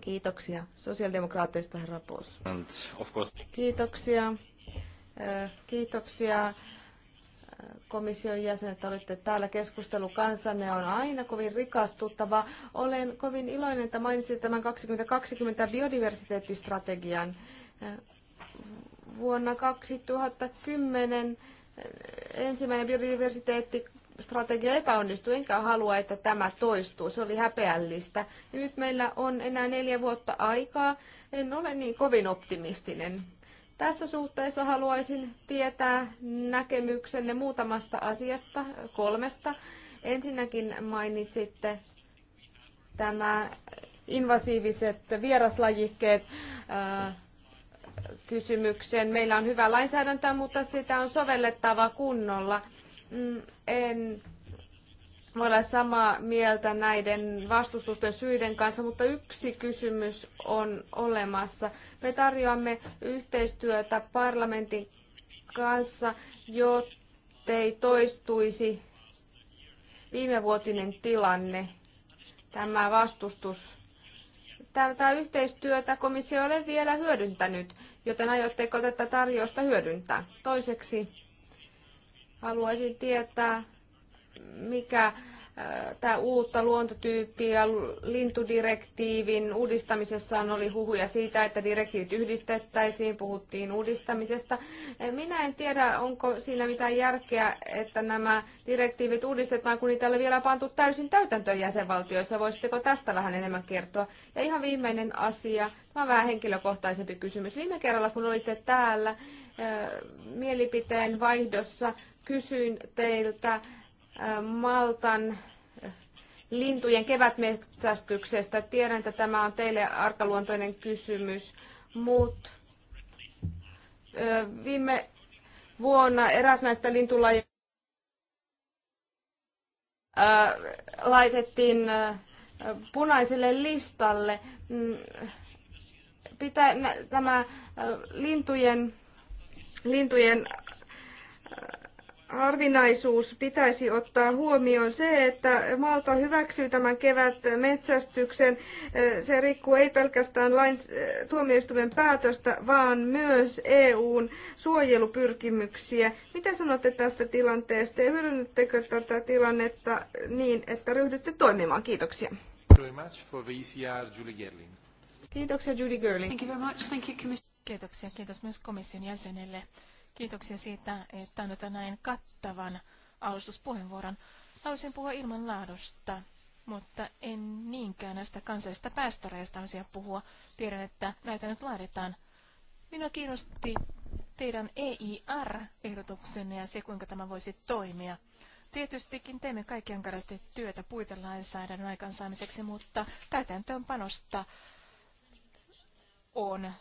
Kiitoksia. Sosiaalidemokraatteista herra Pos. Kiitoksia. Äh, kiitoksia äh, komission jäsenet, olitte täällä. Keskustelu kanssanne on aina kovin rikastuttava. Olen kovin iloinen, että mainitsit tämän 2020 biodiversiteettistrategian Vuonna 2010 ensimmäinen biodiversiteetti strategia epäonnistui, enkä halua, että tämä toistuu. Se oli häpeällistä. Ja nyt meillä on enää neljä vuotta aikaa. En ole niin kovin optimistinen. Tässä suhteessa haluaisin tietää näkemyksenne muutamasta asiasta, kolmesta. Ensinnäkin mainitsitte tämä invasiiviset vieraslajikkeet, äh, kysymykseen. Meillä on hyvä lainsäädäntö, mutta sitä on sovellettava kunnolla. Mm, en voi olla samaa mieltä näiden vastustusten syiden kanssa, mutta yksi kysymys on olemassa. Me tarjoamme yhteistyötä parlamentin kanssa, jottei toistuisi viimevuotinen tilanne, tämä vastustus tätä yhteistyötä komissio ei ole vielä hyödyntänyt, joten aiotteko tätä tarjousta hyödyntää? Toiseksi haluaisin tietää, mikä tämä uutta luontotyyppiä. Lintudirektiivin on oli huhuja siitä, että direktiivit yhdistettäisiin, puhuttiin uudistamisesta. Eh, minä en tiedä, onko siinä mitään järkeä, että nämä direktiivit uudistetaan, kun niitä ei ole vielä pantu täysin täytäntöön jäsenvaltioissa. Voisitteko tästä vähän enemmän kertoa? Ja ihan viimeinen asia, tämä on vähän henkilökohtaisempi kysymys. Viime kerralla, kun olitte täällä, eh, mielipiteen vaihdossa kysyin teiltä Maltan lintujen kevätmetsästyksestä. Tiedän, että tämä on teille arkaluontoinen kysymys, mutta viime vuonna eräs näistä lintulajeista laitettiin punaiselle listalle. Mm, pitää tämä lintujen, lintujen harvinaisuus pitäisi ottaa huomioon se, että Malta hyväksyy tämän kevät metsästyksen. Se rikkuu ei pelkästään lain, tuomioistuimen päätöstä, vaan myös EUn suojelupyrkimyksiä. Mitä sanotte tästä tilanteesta ja hyödynnettekö tätä tilannetta niin, että ryhdytte toimimaan? Kiitoksia. Kiitoksia Judy Gerling. Kiitoksia, kiitos myös komission jäsenelle. Kiitoksia siitä, että annoit näin kattavan alustuspuheenvuoron. Haluaisin puhua ilman laadusta, mutta en niinkään näistä kansallisista päästöreistä asiaa puhua. Tiedän, että näitä nyt laaditaan. Minua kiinnosti teidän EIR-ehdotuksenne ja se, kuinka tämä voisi toimia. Tietystikin teemme kaikkien karasti työtä puitelainsäädännön aikansaamiseksi, mutta täytäntöönpanosta on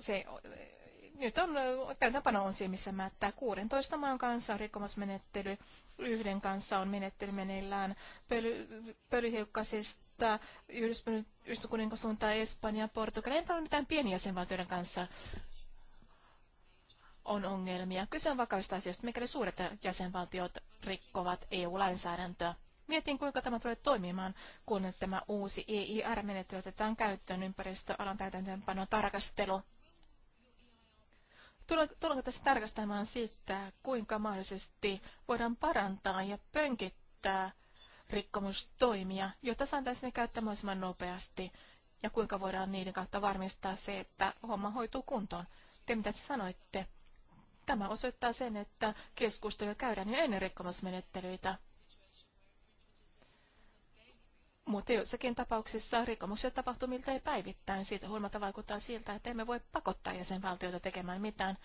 se nyt on täytäntöpano on määttää 16 maan kanssa on rikkomusmenettely, yhden kanssa on menettely meneillään pöly, pölyhiukkasista, Yhdyskuninko suuntaa Espanja, Portugali, ei ole mitään pieniä jäsenvaltioiden kanssa on ongelmia. Kyse on vakavista asioista, mikäli suuret jäsenvaltiot rikkovat EU-lainsäädäntöä. Mietin, kuinka tämä tulee toimimaan, kun tämä uusi EIR-menettely otetaan käyttöön ympäristöalan täytäntöönpanon tarkastelu. Tullaanko tässä tarkastamaan sitä, kuinka mahdollisesti voidaan parantaa ja pönkittää rikkomustoimia, jotta saataisiin käyttää mahdollisimman nopeasti, ja kuinka voidaan niiden kautta varmistaa se, että homma hoituu kuntoon. Te mitä te sanoitte? Tämä osoittaa sen, että keskusteluja käydään jo ennen rikkomusmenettelyitä. Mutta jossakin tapauksissa rikkomukset tapahtuu miltei päivittäin. Siitä huolimatta vaikuttaa siltä, että emme voi pakottaa jäsenvaltioita tekemään mitään.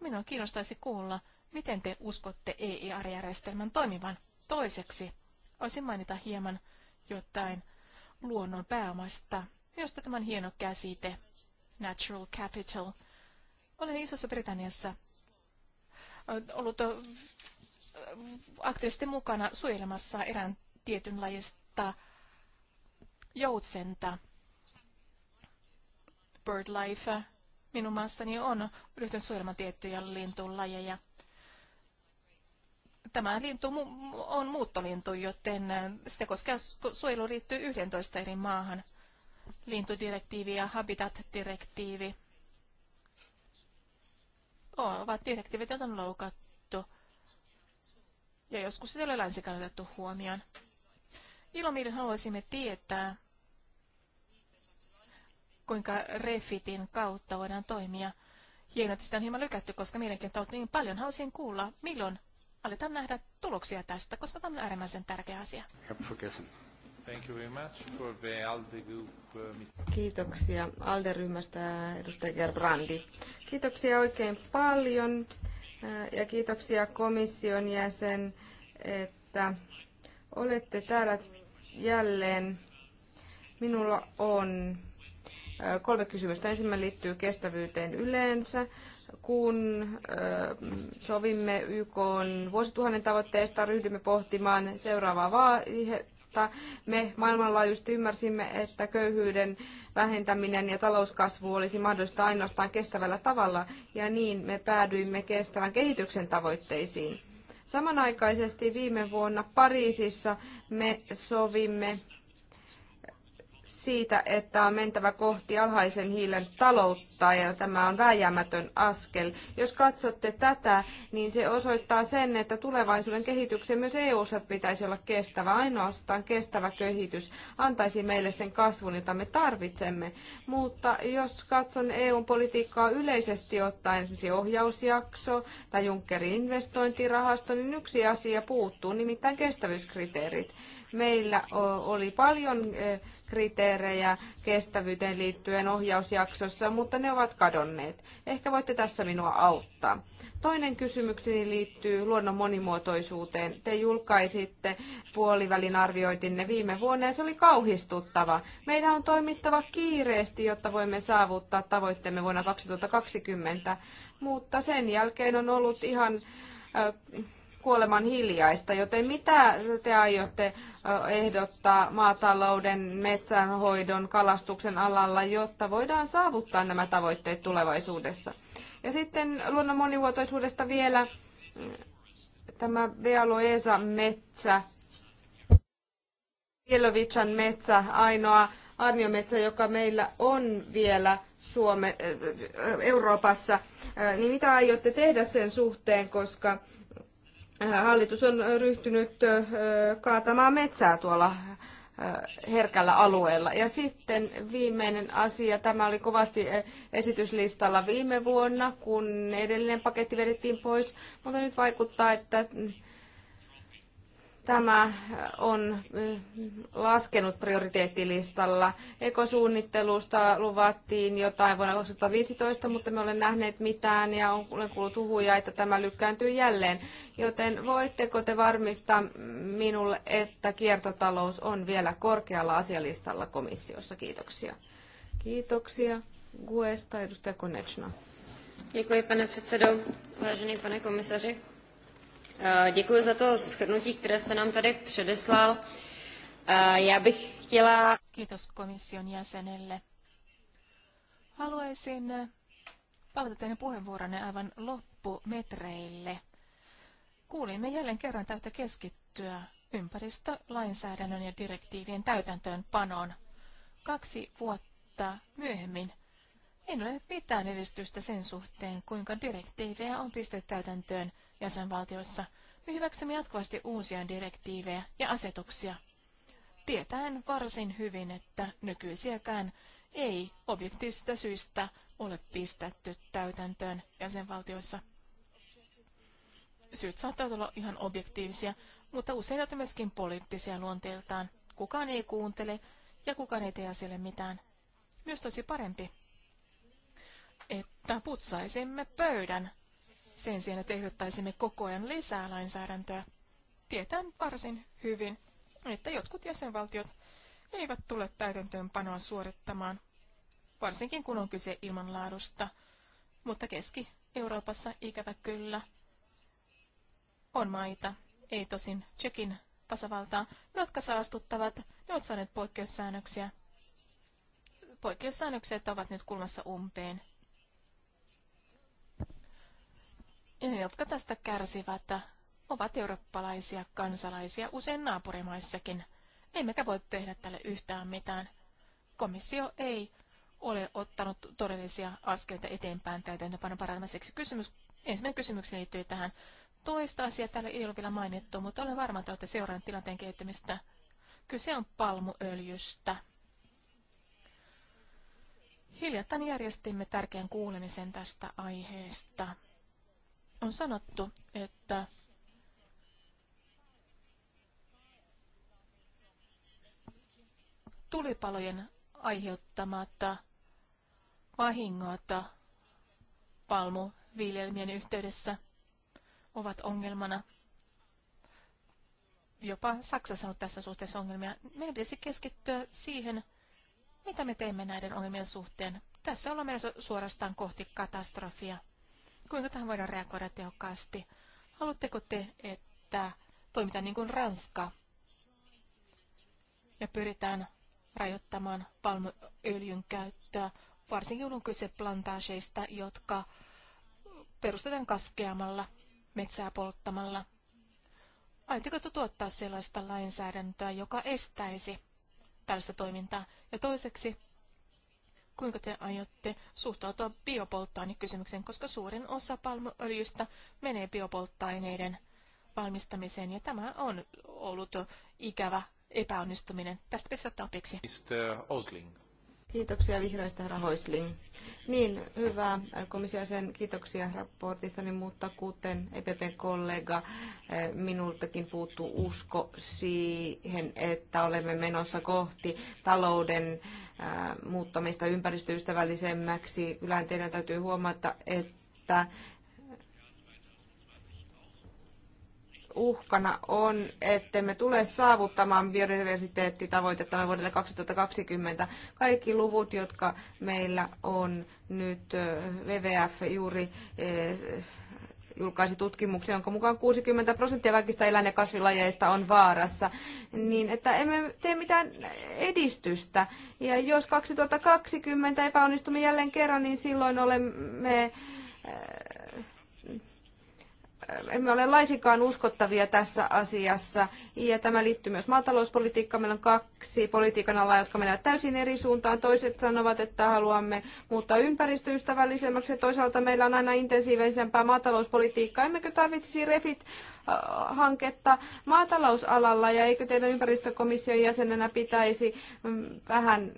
Minua kiinnostaisi kuulla, miten te uskotte EIR-järjestelmän toimivan. Toiseksi olisin mainita hieman jotain luonnon pääomasta, josta tämän hieno käsite, natural capital. Olen Isossa Britanniassa ollut aktiivisesti mukana suojelemassa erään tietynlaista joutsenta. BirdLife minun maassani on ryhtynyt suojelemaan tiettyjä lintulajeja. Tämä lintu on muuttolintu, joten äh, sitä koskee suojelu liittyy 11 eri maahan. Lintudirektiivi ja Habitat-direktiivi ovat direktiivit, joita on loukattu. Ja joskus sitä ei ole länsikään otettu huomioon. Ilomielin haluaisimme tietää, kuinka Refitin kautta voidaan toimia. Hienoa, että sitä on hieman lykätty, koska mielenkiintoa on niin paljon. Haluaisin kuulla, milloin aletaan nähdä tuloksia tästä, koska tämä on äärimmäisen tärkeä asia. Kiitoksia Alderyhmästä edustaja Gerbrandi. Kiitoksia oikein paljon eh, ja kiitoksia komission jäsen, että olette täällä jälleen minulla on kolme kysymystä. Ensimmäinen liittyy kestävyyteen yleensä. Kun sovimme YK vuosituhannen tavoitteesta, ryhdymme pohtimaan seuraavaa vaihetta. Me maailmanlaajuisesti ymmärsimme, että köyhyyden vähentäminen ja talouskasvu olisi mahdollista ainoastaan kestävällä tavalla, ja niin me päädyimme kestävän kehityksen tavoitteisiin. Samanaikaisesti viime vuonna Pariisissa me sovimme siitä, että on mentävä kohti alhaisen hiilen taloutta ja tämä on vääjäämätön askel. Jos katsotte tätä, niin se osoittaa sen, että tulevaisuuden kehityksen myös EU-ssa pitäisi olla kestävä. Ainoastaan kestävä kehitys antaisi meille sen kasvun, jota me tarvitsemme. Mutta jos katson EU-politiikkaa yleisesti ottaen, esimerkiksi ohjausjakso tai Junckerin investointirahasto, niin yksi asia puuttuu, nimittäin kestävyyskriteerit. Meillä oli paljon e, kriteerejä kestävyyteen liittyen ohjausjaksossa, mutta ne ovat kadonneet. Ehkä voitte tässä minua auttaa. Toinen kysymykseni liittyy luonnon monimuotoisuuteen. Te julkaisitte puolivälin arvioitinne viime vuonna ja se oli kauhistuttava. Meidän on toimittava kiireesti, jotta voimme saavuttaa tavoitteemme vuonna 2020, mutta sen jälkeen on ollut ihan kuoleman hiljaista, joten mitä te aiotte ehdottaa maatalouden, metsänhoidon, kalastuksen alalla, jotta voidaan saavuttaa nämä tavoitteet tulevaisuudessa? Ja sitten luonnon monivuotoisuudesta vielä tämä Vealoesa metsä, Pielovitsan metsä, ainoa arniometsä, joka meillä on vielä Suome, Euroopassa, niin mitä aiotte tehdä sen suhteen, koska Äh, hallitus on ryhtynyt äh, kaatamaan metsää tuolla äh, herkällä alueella. Ja sitten viimeinen asia, tämä oli kovasti esityslistalla viime vuonna, kun edellinen paketti vedettiin pois, mutta nyt vaikuttaa, että Tämä äh, on äh, laskenut prioriteettilistalla. Ekosuunnittelusta luvattiin jotain vuonna 2015, mutta me olen nähneet mitään ja olen kuullut huhuja, että tämä lykkääntyy jälleen. Joten voitteko te varmistaa minulle, että kiertotalous on vielä korkealla asialistalla komissiossa? Kiitoksia. Kiitoksia. Guesta, edustaja Konečna. Děkuji, pane předsedo, vážený pane komisaři. Eh, děkuji za to shrnutí, které jste nám tady předeslal. Eh, já bych chtěla... Kiitos komission jäsenelle. Haluaisin eh, palata teidän puheenvuoronne aivan loppumetreille. Kuulimme jälleen kerran täyttä keskittyä ympäristölainsäädännön ja direktiivien täytäntöönpanoon. Kaksi vuotta myöhemmin en ole mitään edistystä sen suhteen, kuinka direktiivejä on pistetty täytäntöön jäsenvaltioissa. Me hyväksymme jatkuvasti uusia direktiivejä ja asetuksia, tietäen varsin hyvin, että nykyisiäkään ei objektiivisista syistä ole pistetty täytäntöön jäsenvaltioissa. Syyt saattavat olla ihan objektiivisia, mutta usein on myöskin poliittisia luonteeltaan. Kukaan ei kuuntele ja kukaan ei tee asialle mitään. Myös tosi parempi, että putsaisimme pöydän sen sijaan, että ehdottaisimme koko ajan lisää lainsäädäntöä. Tietää varsin hyvin, että jotkut jäsenvaltiot eivät tule täytäntöönpanoa suorittamaan, varsinkin kun on kyse ilmanlaadusta. Mutta Keski-Euroopassa ikävä kyllä on maita, ei tosin Tsekin tasavaltaa, jotka saastuttavat, ne ovat saaneet poikkeussäännöksiä. Poikkeussäännökset ovat nyt kulmassa umpeen. Ja ne, jotka tästä kärsivät, ovat eurooppalaisia kansalaisia usein naapurimaissakin. Emmekä voi tehdä tälle yhtään mitään. Komissio ei ole ottanut todellisia askelta eteenpäin täytäntöpanon parantamiseksi. Kysymys, ensimmäinen kysymys liittyy tähän. Toista asiaa täällä ei ole vielä mainittu, mutta olen varma, että olette seurannut tilanteen kehittymistä. Kyse on palmuöljystä. Hiljattain järjestimme tärkeän kuulemisen tästä aiheesta. On sanottu, että tulipalojen aiheuttamatta vahingoita palmuviljelmien yhteydessä ovat ongelmana. Jopa Saksa on tässä suhteessa ongelmia. Meidän pitäisi keskittyä siihen, mitä me teemme näiden ongelmien suhteen. Tässä ollaan menossa suorastaan kohti katastrofia. Kuinka tähän voidaan reagoida tehokkaasti? Haluatteko te, että toimitaan niin kuin Ranska ja pyritään rajoittamaan palmuöljyn käyttöä, varsinkin kun on kyse plantaaseista, jotka perustetaan kaskeamalla, metsää polttamalla. Aiotteko te tuottaa sellaista lainsäädäntöä, joka estäisi tällaista toimintaa? Ja toiseksi, kuinka te aiotte suhtautua biopolttoainekysymykseen, koska suurin osa palmuöljystä menee biopolttoaineiden valmistamiseen, ja tämä on ollut ikävä epäonnistuminen. Tästä pitäisi ottaa opiksi. Mr. Osling. Kiitoksia vihreistä, herra Hoisling. Niin, hyvä komissio sen kiitoksia raportistani, niin, mutta kuten epp kollega, eh, minultakin puuttuu usko siihen, että olemme menossa kohti talouden eh, muuttamista ympäristöystävällisemmäksi. Kyllähän teidän täytyy huomata, että uhkana on, että me tule saavuttamaan biodiversiteettitavoitetta vuodelle 2020. Kaikki luvut, jotka meillä on nyt, WWF juuri julkaisi tutkimuksen, jonka mukaan 60 prosenttia kaikista eläin- ja kasvilajeista on vaarassa, niin että emme tee mitään edistystä. Ja jos 2020 epäonnistumme jälleen kerran, niin silloin olemme emme ole laisinkaan uskottavia tässä asiassa. Ja tämä liittyy myös maatalouspolitiikkaan. Meillä on kaksi politiikan alaa, jotka menevät täysin eri suuntaan. Toiset sanovat, että haluamme muuttaa ympäristöystävällisemmäksi. Toisaalta meillä on aina intensiivisempää maatalouspolitiikkaa. Emmekö tarvitsisi REFIT-hanketta äh, maatalousalalla ja eikö teidän ympäristökomission jäsenenä pitäisi mm, vähän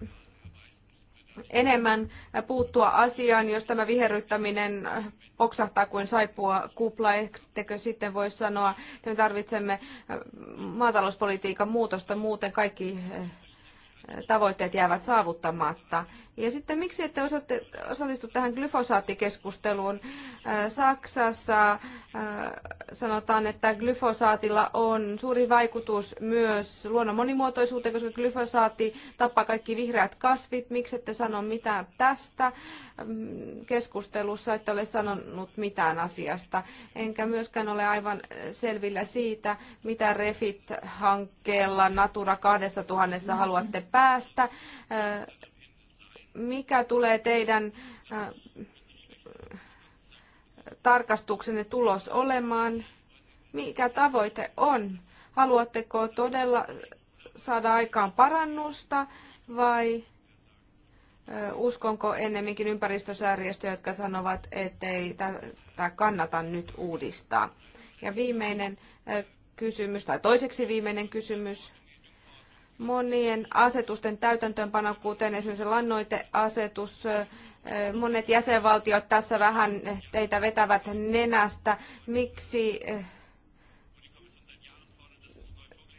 enemmän puuttua asiaan, jos tämä viherryttäminen oksahtaa kuin saippua kupla, ettekö sitten voi sanoa, että me tarvitsemme äh, maatalouspolitiikan muutosta, muuten kaikki äh, tavoitteet jäävät saavuttamatta. Ja sitten miksi ette osoitte, osallistu tähän glyfosaattikeskusteluun? Äh, Saksassa äh, sanotaan, että glyfosaatilla on suuri vaikutus myös luonnon monimuotoisuuteen, koska glyfosaatti tappaa kaikki vihreät kasvit. Miksi ette sano mitään tästä mm, keskustelussa, että ole sanonut mitään asiasta? Enkä myöskään ole aivan selvillä siitä, mitä Refit-hankkeella Natura 2000 haluatte päästä äh, mikä tulee teidän tarkastuksenne tulos olemaan? Mikä tavoite on? Haluatteko todella saada aikaan parannusta vai uskonko ennemminkin ympäristösääriöstöjä, jotka sanovat, ettei tätä kannata nyt uudistaa? Ja viimeinen kysymys, tai toiseksi viimeinen kysymys, monien asetusten täytäntöönpano, kuten esimerkiksi lannoiteasetus, monet jäsenvaltiot tässä vähän teitä vetävät nenästä. Miksi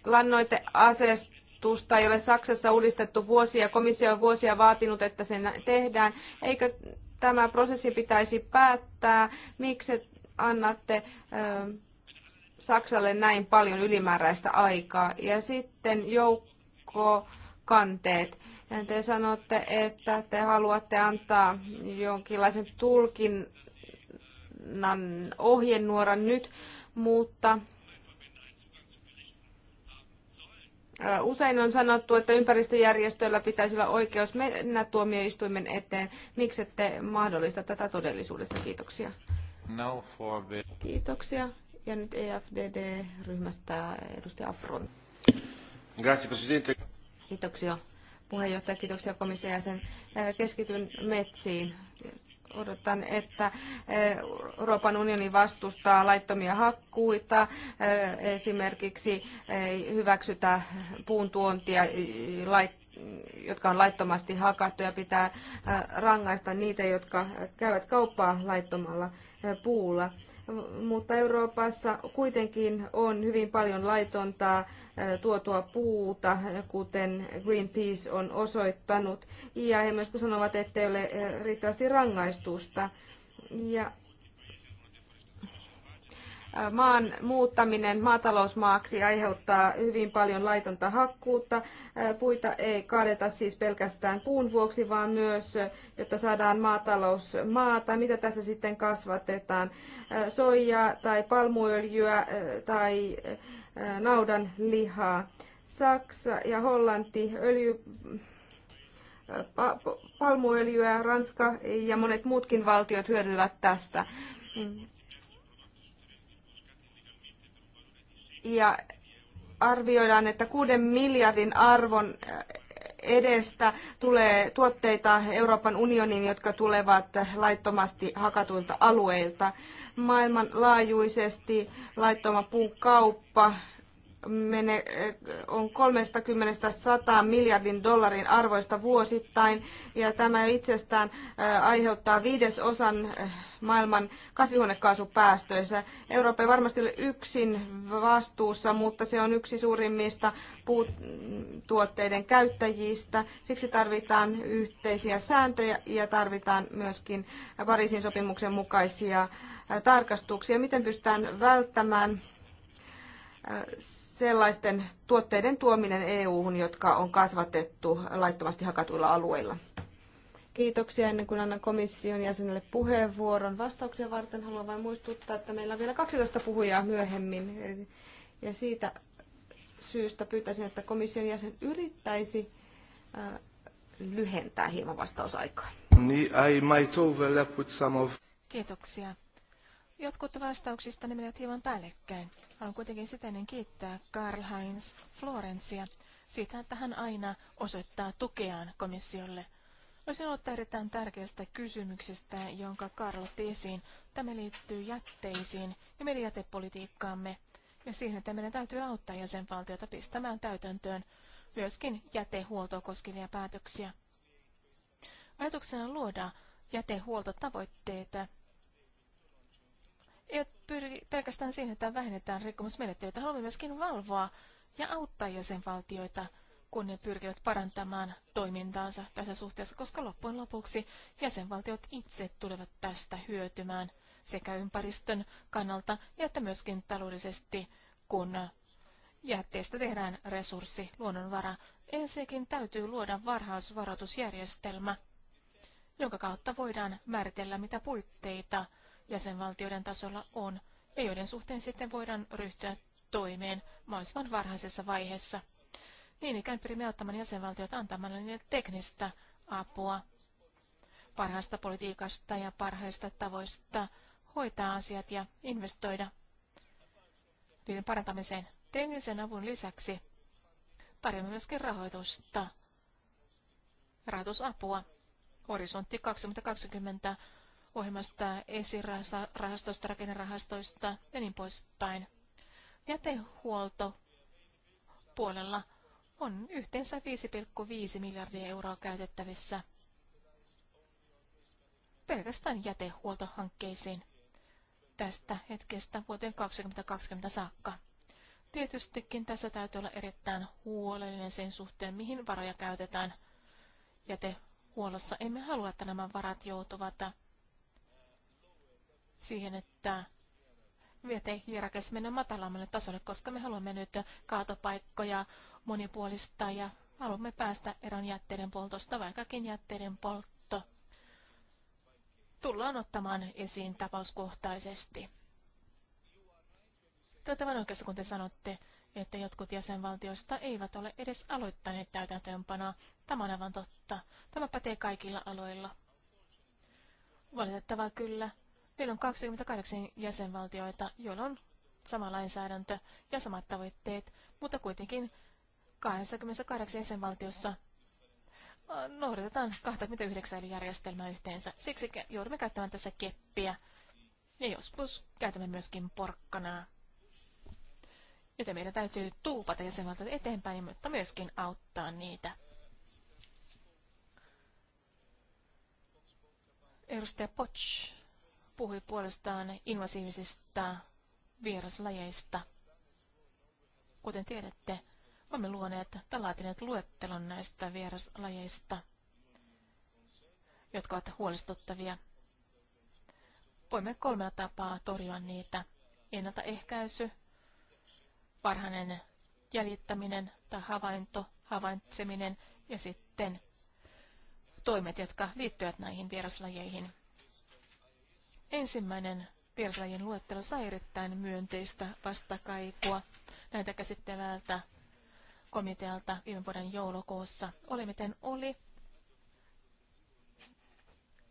lannoiteasetusta ei ole Saksassa uudistettu vuosia, komissio on vuosia vaatinut, että sen tehdään. Eikö tämä prosessi pitäisi päättää? Miksi annatte Saksalle näin paljon ylimääräistä aikaa? Ja sitten joukko Kanteet ja Te sanotte, että te haluatte antaa jonkinlaisen tulkinnan ohjenuoran nyt, mutta Usein on sanottu, että ympäristöjärjestöillä pitäisi olla oikeus mennä tuomioistuimen eteen. Miksi ette mahdollista tätä todellisuudessa? Kiitoksia. Kiitoksia. Ja nyt EFDD-ryhmästä edustaja Afron. Kiitoksia puheenjohtaja, kiitoksia komission jäsen. Äh, keskityn metsiin. Odotan, että äh, Euroopan unioni vastustaa laittomia hakkuita, äh, esimerkiksi hyväksytä puun tuontia jotka on laittomasti hakattu ja pitää rangaista niitä, jotka käyvät kauppaa laittomalla puulla mutta Euroopassa kuitenkin on hyvin paljon laitonta tuotua puuta, kuten Greenpeace on osoittanut. Ja he myös sanovat, ettei ole riittävästi rangaistusta. Ja Maan muuttaminen maatalousmaaksi aiheuttaa hyvin paljon laitonta hakkuutta. Puita ei kaadeta siis pelkästään puun vuoksi, vaan myös, jotta saadaan maatalousmaata. Mitä tässä sitten kasvatetaan? Soijaa tai palmuöljyä tai naudan lihaa. Saksa ja Hollanti öljy palmuöljyä, Ranska ja monet muutkin valtiot hyödyllät tästä. ja arvioidaan, että kuuden miljardin arvon eh, edestä tulee tuotteita Euroopan unionin, jotka tulevat laittomasti hakatuilta alueilta. Maailmanlaajuisesti laittoma puukauppa mene, eh, on 30-100 miljardin dollarin arvoista vuosittain, ja tämä itsestään eh, aiheuttaa viidesosan maailman kasvihuonekaasupäästöissä. Eurooppa ei varmasti ole yksin vastuussa, mutta se on yksi suurimmista puutuotteiden käyttäjistä. Siksi tarvitaan yhteisiä sääntöjä ja tarvitaan myöskin Pariisin sopimuksen mukaisia tarkastuksia. Miten pystytään välttämään äh, sellaisten tuotteiden tuominen EU-hun, jotka on kasvatettu laittomasti hakatuilla alueilla. Kiitoksia ennen kuin annan komission jäsenelle puheenvuoron. Vastauksia varten haluan vain muistuttaa, että meillä on vielä 12 puhujaa myöhemmin. Ja siitä syystä pyytäisin, että komission jäsen yrittäisi äh, lyhentää hieman vastausaikaa. might overlap with some of... Kiitoksia. Jotkut vastauksista ne menevät hieman päällekkäin. Haluan kuitenkin ennen kiittää Karl-Heinz Florencia siitä, että hän aina osoittaa tukeaan komissiolle No sinulle tähdetään tärkeästä kysymyksestä, jonka Karlo otti esiin. Tämä liittyy jätteisiin ja meidän jätepolitiikkaamme ja siihen, että meidän täytyy auttaa jäsenvaltiota pistämään täytäntöön myöskin jätehuoltoa koskevia päätöksiä. Ajatuksena on luoda jätehuoltotavoitteita. Ei pyri pelkästään siihen, että vähennetään rikkomusmenettelyitä, haluamme myöskin valvoa ja auttaa jäsenvaltioita kun ne pyrkivät parantamaan toimintaansa tässä suhteessa, koska loppujen lopuksi jäsenvaltiot itse tulevat tästä hyötymään sekä ympäristön kannalta että myöskin taloudellisesti, kun jätteestä tehdään resurssi, luonnonvara. Ensinnäkin täytyy luoda varhaisvaroitusjärjestelmä, jonka kautta voidaan määritellä, mitä puitteita jäsenvaltioiden tasolla on, ja joiden suhteen sitten voidaan ryhtyä toimeen mahdollisimman varhaisessa vaiheessa – niin ikään pyrimme auttamaan jäsenvaltiot antamaan niille teknistä apua parhaasta politiikasta ja parhaista tavoista hoitaa asiat ja investoida niiden parantamiseen. Teknisen avun lisäksi tarjoamme myöskin rahoitusta, rahoitusapua. Horisontti 2020 ohjelmasta, esirahastoista rakennerahastoista ja niin poispäin. Jätehuolto puolella on yhteensä 5,5 miljardia euroa käytettävissä pelkästään jätehuoltohankkeisiin tästä hetkestä vuoteen 2020 saakka. Tietystikin tässä täytyy olla erittäin huolellinen sen suhteen, mihin varoja käytetään jätehuollossa. Emme halua, että nämä varat joutuvat siihen, että vietehierarkiassa mennä matalammalle tasolle, koska me haluamme nyt kaatopaikkoja monipuolista ja haluamme päästä eron jätteiden poltosta, vaikkakin jätteiden poltto tullaan ottamaan esiin tapauskohtaisesti. Tuota vain oikeassa, kun te sanotte, että jotkut jäsenvaltioista eivät ole edes aloittaneet täytäntöönpanoa. Tämä on aivan totta. Tämä pätee kaikilla aloilla. Valitettavaa kyllä, Meillä on 28 jäsenvaltioita, joilla on sama lainsäädäntö ja samat tavoitteet, mutta kuitenkin 28 jäsenvaltiossa noudatetaan 29 eli järjestelmää yhteensä. Siksi joudumme käyttämään tässä keppiä ja joskus käytämme myöskin porkkanaa. Joten meidän täytyy tuupata jäsenvaltiot eteenpäin, mutta myöskin auttaa niitä. Edustaja Potsch puhui puolestaan invasiivisista vieraslajeista. Kuten tiedätte, olemme luoneet tai laatineet luettelon näistä vieraslajeista, jotka ovat huolestuttavia. Voimme kolmella tapaa torjua niitä. Ennaltaehkäisy, varhainen jäljittäminen tai havainto, havaitseminen ja sitten toimet, jotka liittyvät näihin vieraslajeihin. Ensimmäinen vieraslajien luettelo sai erittäin myönteistä vastakaikua näitä käsittävältä komitealta viime vuoden joulukuussa. Oli miten oli.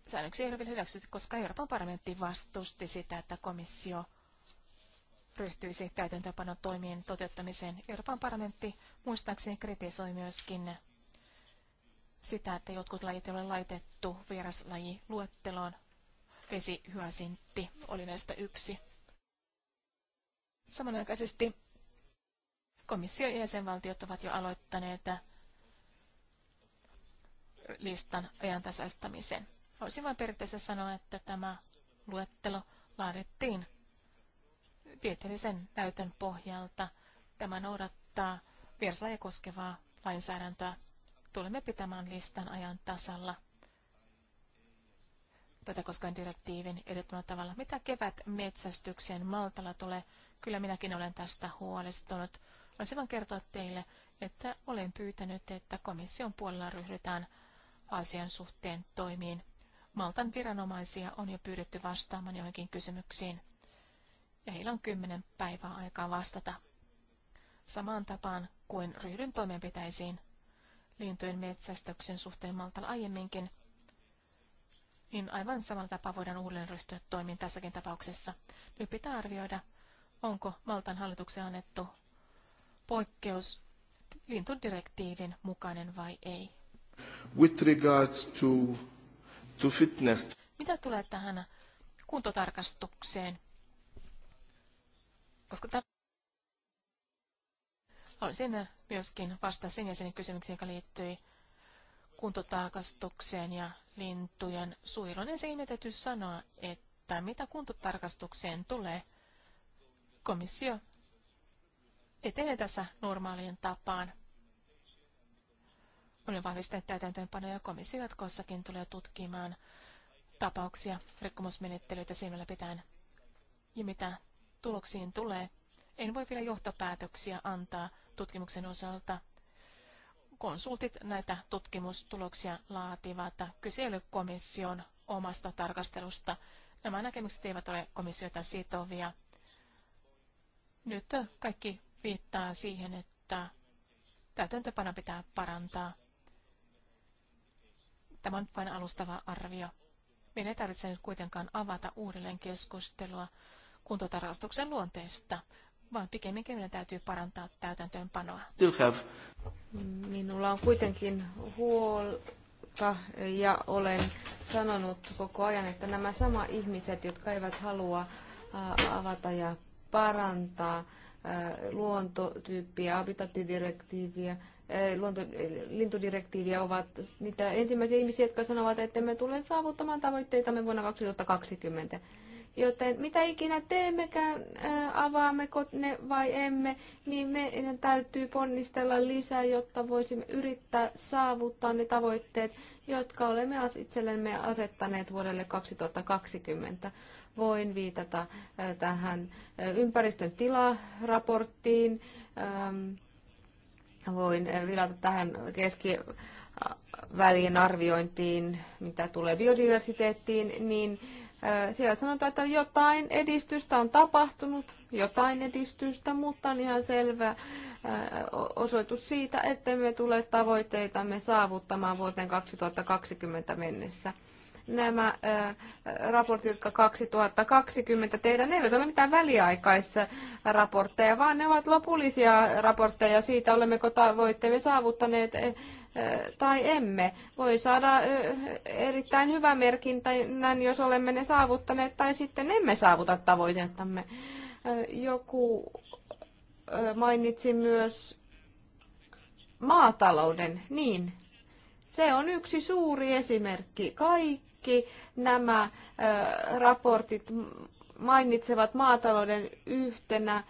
Säännöksiä ei ole vielä hyväksytty, koska Euroopan parlamentti vastusti sitä, että komissio ryhtyisi täytäntöpanon toimien toteuttamiseen. Euroopan parlamentti muistaakseni kritisoi myöskin sitä, että jotkut lajit ei ole laitettu vieraslajiluetteloon vesihyasintti oli näistä yksi. Samanaikaisesti komissio ja jäsenvaltiot ovat jo aloittaneet listan ajantasaistamisen. Voisin vain periaatteessa sanoa, että tämä luettelo laadittiin tieteellisen näytön pohjalta. Tämä noudattaa vieraslaja koskevaa lainsäädäntöä. Tulemme pitämään listan ajan tasalla tätä koskaan direktiivin edellyttämällä tavalla. Mitä kevät metsästykseen Maltalla tulee? Kyllä minäkin olen tästä huolestunut. Olen vain kertoa teille, että olen pyytänyt, että komission puolella ryhdytään asian suhteen toimiin. Maltan viranomaisia on jo pyydetty vastaamaan johonkin kysymyksiin, ja heillä on kymmenen päivää aikaa vastata. Samaan tapaan kuin ryhdyn toimenpiteisiin lintujen metsästyksen suhteen Maltalla aiemminkin – niin aivan samalla tapaa voidaan uudelleen ryhtyä toimiin tässäkin tapauksessa. Nyt pitää arvioida, onko Maltan hallituksen annettu poikkeus lintudirektiivin mukainen vai ei. With regards to, to fitness. Mitä tulee tähän kuntotarkastukseen? Koska tämä olisin myöskin vastaa sen jäsenen kysymykseen, joka liittyi kuntotarkastukseen ja lintujen suojeluun, niin siinä täytyy sanoa, että mitä kuntotarkastukseen tulee, komissio etenee tässä normaaliin tapaan. Olen vahvistanut täytäntöönpanoja ja komissio jatkossakin tulee tutkimaan tapauksia, rikkomusmenettelyitä silmällä pitäen. Ja mitä tuloksiin tulee, en voi vielä johtopäätöksiä antaa tutkimuksen osalta – konsultit näitä tutkimustuloksia laativat. Kyse ei ole komission omasta tarkastelusta. Nämä näkemykset eivät ole komissiota sitovia. Nyt kaikki viittaa siihen, että täytäntöpano pitää parantaa. Tämä on vain alustava arvio. Meidän ei tarvitse nyt kuitenkaan avata uudelleen keskustelua kuntotarkastuksen luonteesta vaan pikemminkin meidän täytyy parantaa täytäntöönpanoa. Still have. Minulla on kuitenkin huolta ja olen sanonut koko ajan, että nämä sama ihmiset, jotka eivät halua avata ja parantaa luontotyyppiä, habitattidirektiiviä, luonto, lintudirektiiviä ovat niitä ensimmäisiä ihmisiä, jotka sanovat, että me tulemme saavuttamaan tavoitteitamme vuonna 2020. Joten mitä ikinä teemmekään, avaammeko ne vai emme, niin meidän täytyy ponnistella lisää, jotta voisimme yrittää saavuttaa ne tavoitteet, jotka olemme itsellemme asettaneet vuodelle 2020. Voin viitata tähän ympäristön tilaraporttiin, voin viitata tähän keski välien arviointiin, mitä tulee biodiversiteettiin, niin siellä sanotaan, että jotain edistystä on tapahtunut, jotain edistystä, mutta on ihan selvä osoitus siitä, että me tule tavoitteitamme saavuttamaan vuoteen 2020 mennessä. Nämä raportit, jotka 2020 tehdään, ne eivät ole mitään väliaikaisia raportteja, vaan ne ovat lopullisia raportteja siitä, olemmeko tavoitteemme saavuttaneet tai emme. Voi saada erittäin hyvä merkinnän, jos olemme ne saavuttaneet, tai sitten emme saavuta tavoitettamme. Joku mainitsi myös maatalouden, niin se on yksi suuri esimerkki. Kaikki nämä raportit mainitsevat maatalouden yhtenä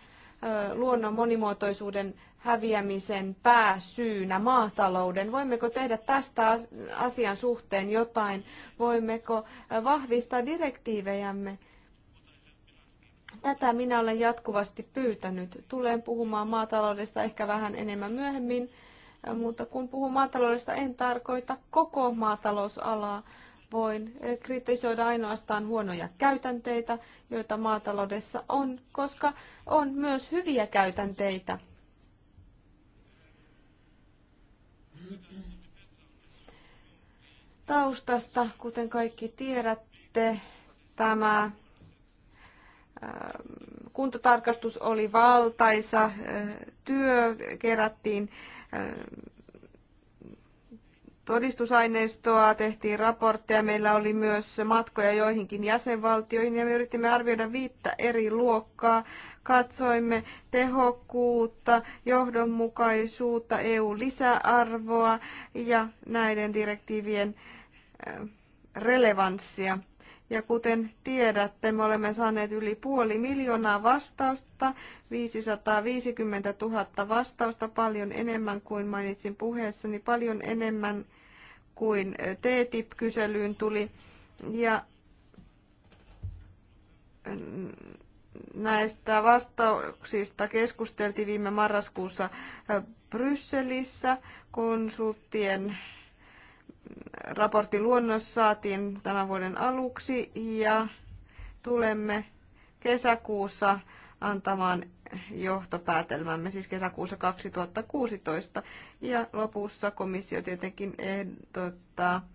luonnon monimuotoisuuden häviämisen pääsyynä maatalouden? Voimmeko tehdä tästä asian suhteen jotain? Voimmeko äh, vahvistaa direktiivejämme? Tätä minä olen jatkuvasti pyytänyt. Tulen puhumaan maataloudesta ehkä vähän enemmän myöhemmin, äh, mutta kun puhun maataloudesta, en tarkoita koko maatalousalaa. Voin äh, kritisoida ainoastaan huonoja käytänteitä, joita maataloudessa on, koska on myös hyviä käytänteitä taustasta. Kuten kaikki tiedätte, tämä ähm, kuntotarkastus oli valtaisa äh, työ, kerättiin äh, todistusaineistoa, tehtiin raportteja, meillä oli myös matkoja joihinkin jäsenvaltioihin ja me yritimme arvioida viittä eri luokkaa. Katsoimme tehokkuutta, johdonmukaisuutta, EU-lisäarvoa ja näiden direktiivien äh, relevanssia. Ja kuten tiedätte, me olemme saaneet yli puoli miljoonaa vastausta, 550 000 vastausta, paljon enemmän kuin mainitsin puheessani, paljon enemmän kuin TTIP-kyselyyn tuli. Ja näistä vastauksista keskusteltiin viime marraskuussa Brysselissä konsulttien raporttiluonnos saatiin tämän vuoden aluksi ja tulemme kesäkuussa antamaan johtopäätelmämme, siis kesäkuussa 2016. Ja lopussa komissio tietenkin ehdottaa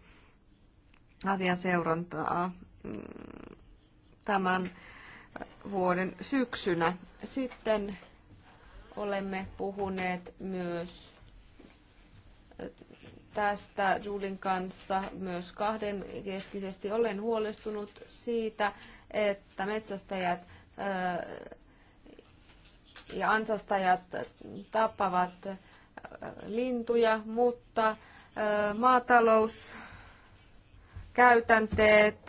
asian seurantaa mm, tämän vuoden syksynä. Sitten olemme puhuneet myös tästä Julin kanssa myös keskisesti Olen huolestunut siitä, että metsästäjät ja ansastajat tappavat lintuja, mutta maatalous käytänteet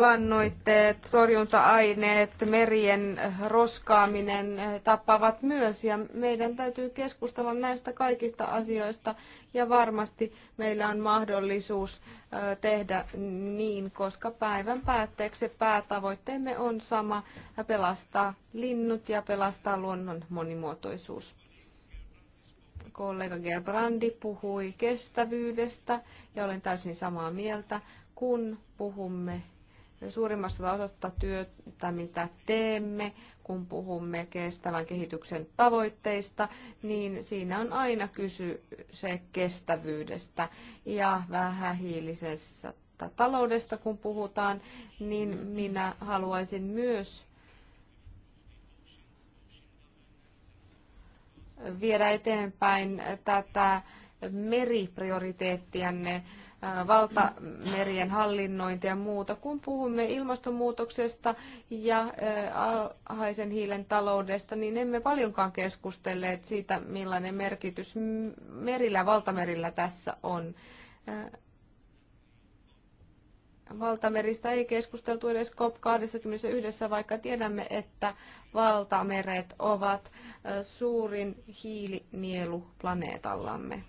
lannoitteet, torjunta-aineet, merien roskaaminen tappavat myös ja meidän täytyy keskustella näistä kaikista asioista ja varmasti meillä on mahdollisuus tehdä niin, koska päivän päätteeksi päätavoitteemme on sama pelastaa linnut ja pelastaa luonnon monimuotoisuus. Kollega Gerbrandi puhui kestävyydestä ja olen täysin samaa mieltä, kun puhumme suurimmasta osasta työtä, mitä teemme, kun puhumme kestävän kehityksen tavoitteista, niin siinä on aina kysy se kestävyydestä ja vähähiilisessä taloudesta, kun puhutaan, niin minä haluaisin myös viedä eteenpäin tätä meriprioriteettianne valtamerien hallinnointia ja muuta, kun puhumme ilmastonmuutoksesta ja alhaisen hiilen taloudesta, niin emme paljonkaan keskustelleet siitä, millainen merkitys merillä valtamerillä tässä on. Valtameristä ei keskusteltu edes COP21, vaikka tiedämme, että valtameret ovat suurin hiilinielu planeetallamme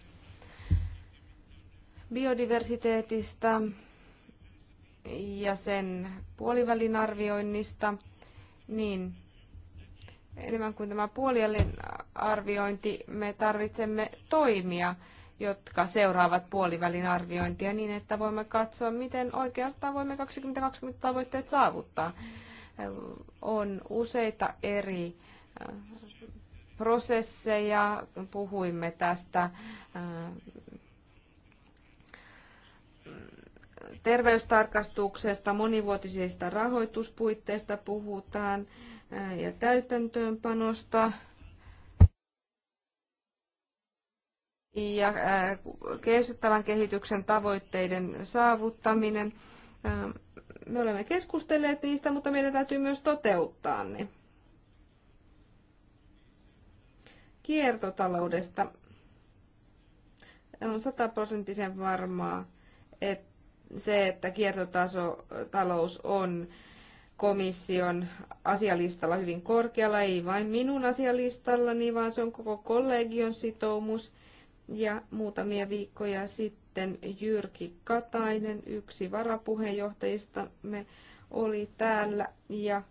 biodiversiteetistä ja sen puolivälin arvioinnista, niin enemmän kuin tämä puolivälin arviointi, me tarvitsemme toimia, jotka seuraavat puolivälin arviointia niin, että voimme katsoa, miten oikeastaan voimme 2020 tavoitteet saavuttaa. On useita eri äh, prosesseja. Puhuimme tästä äh, terveystarkastuksesta, monivuotisista rahoituspuitteista puhutaan äh, ja täytäntöönpanosta. ja äh, kestävän kehityksen tavoitteiden saavuttaminen. Ähm, me olemme keskustelleet niistä, mutta meidän täytyy myös toteuttaa ne. Kiertotaloudesta on sataprosenttisen varmaa, että se, että kiertotalous on komission asialistalla hyvin korkealla, ei vain minun asialistallani, vaan se on koko kollegion sitoumus. Ja muutamia viikkoja sitten Jyrki Katainen, yksi varapuheenjohtajistamme, oli täällä ja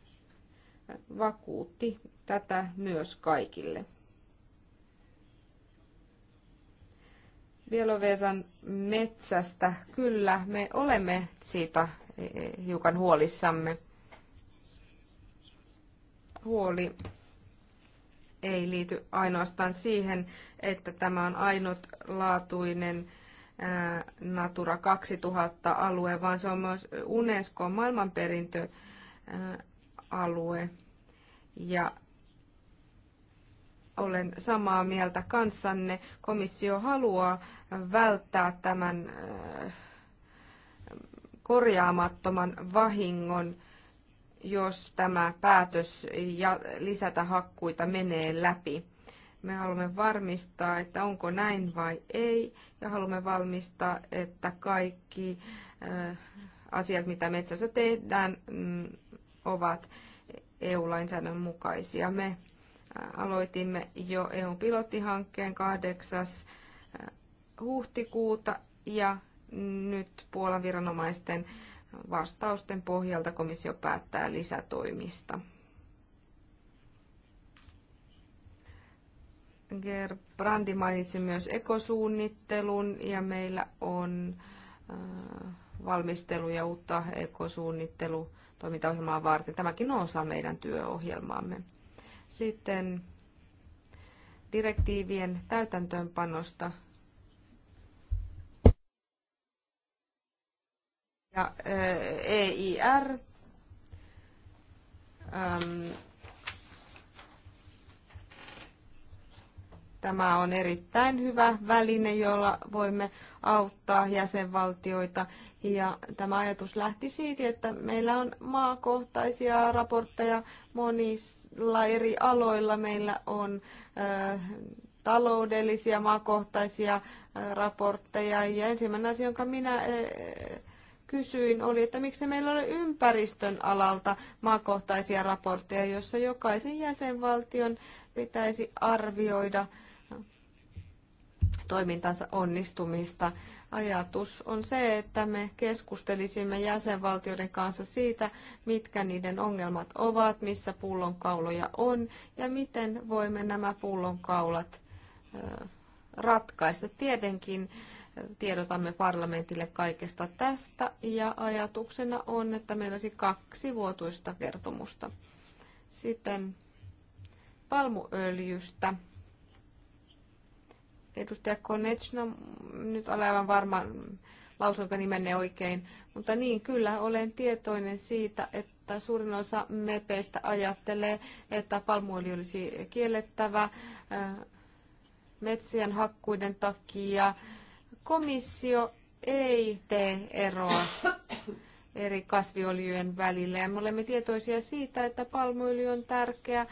vakuutti tätä myös kaikille. Bielovesan metsästä, kyllä, me olemme siitä e, e, hiukan huolissamme. Huoli ei liity ainoastaan siihen, että tämä on ainutlaatuinen Natura 2000-alue, vaan se on myös UNESCO maailmanperintöalue. Ja olen samaa mieltä kanssanne. Komissio haluaa välttää tämän äh, korjaamattoman vahingon, jos tämä päätös ja lisätä hakkuita menee läpi. Me haluamme varmistaa, että onko näin vai ei, ja haluamme valmistaa, että kaikki äh, asiat, mitä metsässä tehdään, mm, ovat EU-lainsäädännön mukaisia. Me aloitimme jo EU-pilottihankkeen 8. huhtikuuta ja nyt Puolan viranomaisten vastausten pohjalta komissio päättää lisätoimista. Brandi mainitsi myös ekosuunnittelun ja meillä on valmistelu ja uutta ekosuunnittelu toimintaohjelmaa varten. Tämäkin on osa meidän työohjelmaamme. Sitten direktiivien täytäntöönpanosta ja EIR. Tämä on erittäin hyvä väline, jolla voimme auttaa jäsenvaltioita ja tämä ajatus lähti siitä, että meillä on maakohtaisia raportteja monilla eri aloilla. Meillä on taloudellisia maakohtaisia raportteja. Ja ensimmäinen asia, jonka minä kysyin, oli, että miksi meillä on ympäristön alalta maakohtaisia raportteja, jossa jokaisen jäsenvaltion pitäisi arvioida toimintansa onnistumista Ajatus on se, että me keskustelisimme jäsenvaltioiden kanssa siitä, mitkä niiden ongelmat ovat, missä pullonkauloja on ja miten voimme nämä pullonkaulat ratkaista. Tietenkin tiedotamme parlamentille kaikesta tästä ja ajatuksena on, että meillä olisi kaksi vuotuista kertomusta. Sitten palmuöljystä edustaja Konechna, nyt olen aivan varma, lausunko nimenne oikein, mutta niin, kyllä olen tietoinen siitä, että suurin osa mepeistä ajattelee, että palmuoli olisi kiellettävä äh, metsien hakkuiden takia. Komissio ei tee eroa eri kasviöljyjen välillä. Ja me olemme tietoisia siitä, että palmuöljy on tärkeä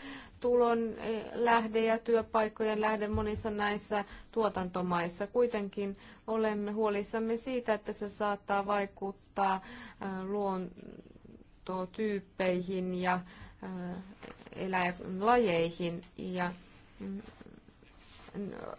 tulon eh, lähde ja työpaikkojen lähde monissa näissä tuotantomaissa. Kuitenkin olemme huolissamme siitä, että se saattaa vaikuttaa eh, luontotyyppeihin ja eh, eläinlajeihin. Ja mm,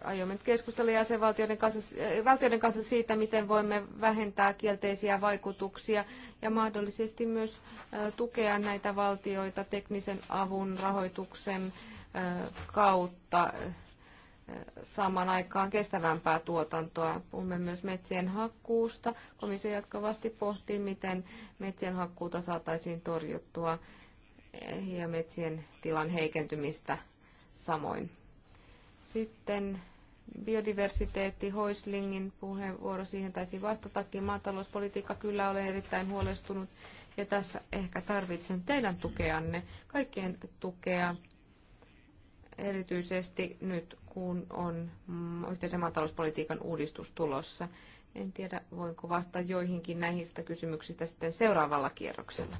aiomme nyt keskustella jäsenvaltioiden kanssa, eh, valtioiden kanssa siitä, miten voimme vähentää kielteisiä vaikutuksia ja mahdollisesti myös eh, tukea näitä valtioita teknisen avun rahoituksen eh, kautta saamaan aikaan kestävämpää tuotantoa. Puhumme myös metsien hakkuusta. Komissio jatkuvasti pohtii, miten metsien hakkuuta saataisiin torjuttua ja metsien tilan heikentymistä samoin. Sitten biodiversiteetti, Hoislingin puheenvuoro, siihen taisi vastatakin. Maatalouspolitiikka kyllä olen erittäin huolestunut ja tässä ehkä tarvitsen teidän tukeanne, kaikkien tukea, erityisesti nyt kun on yhteisen maatalouspolitiikan uudistus tulossa. En tiedä, voinko vastata joihinkin näistä kysymyksistä sitten seuraavalla kierroksella.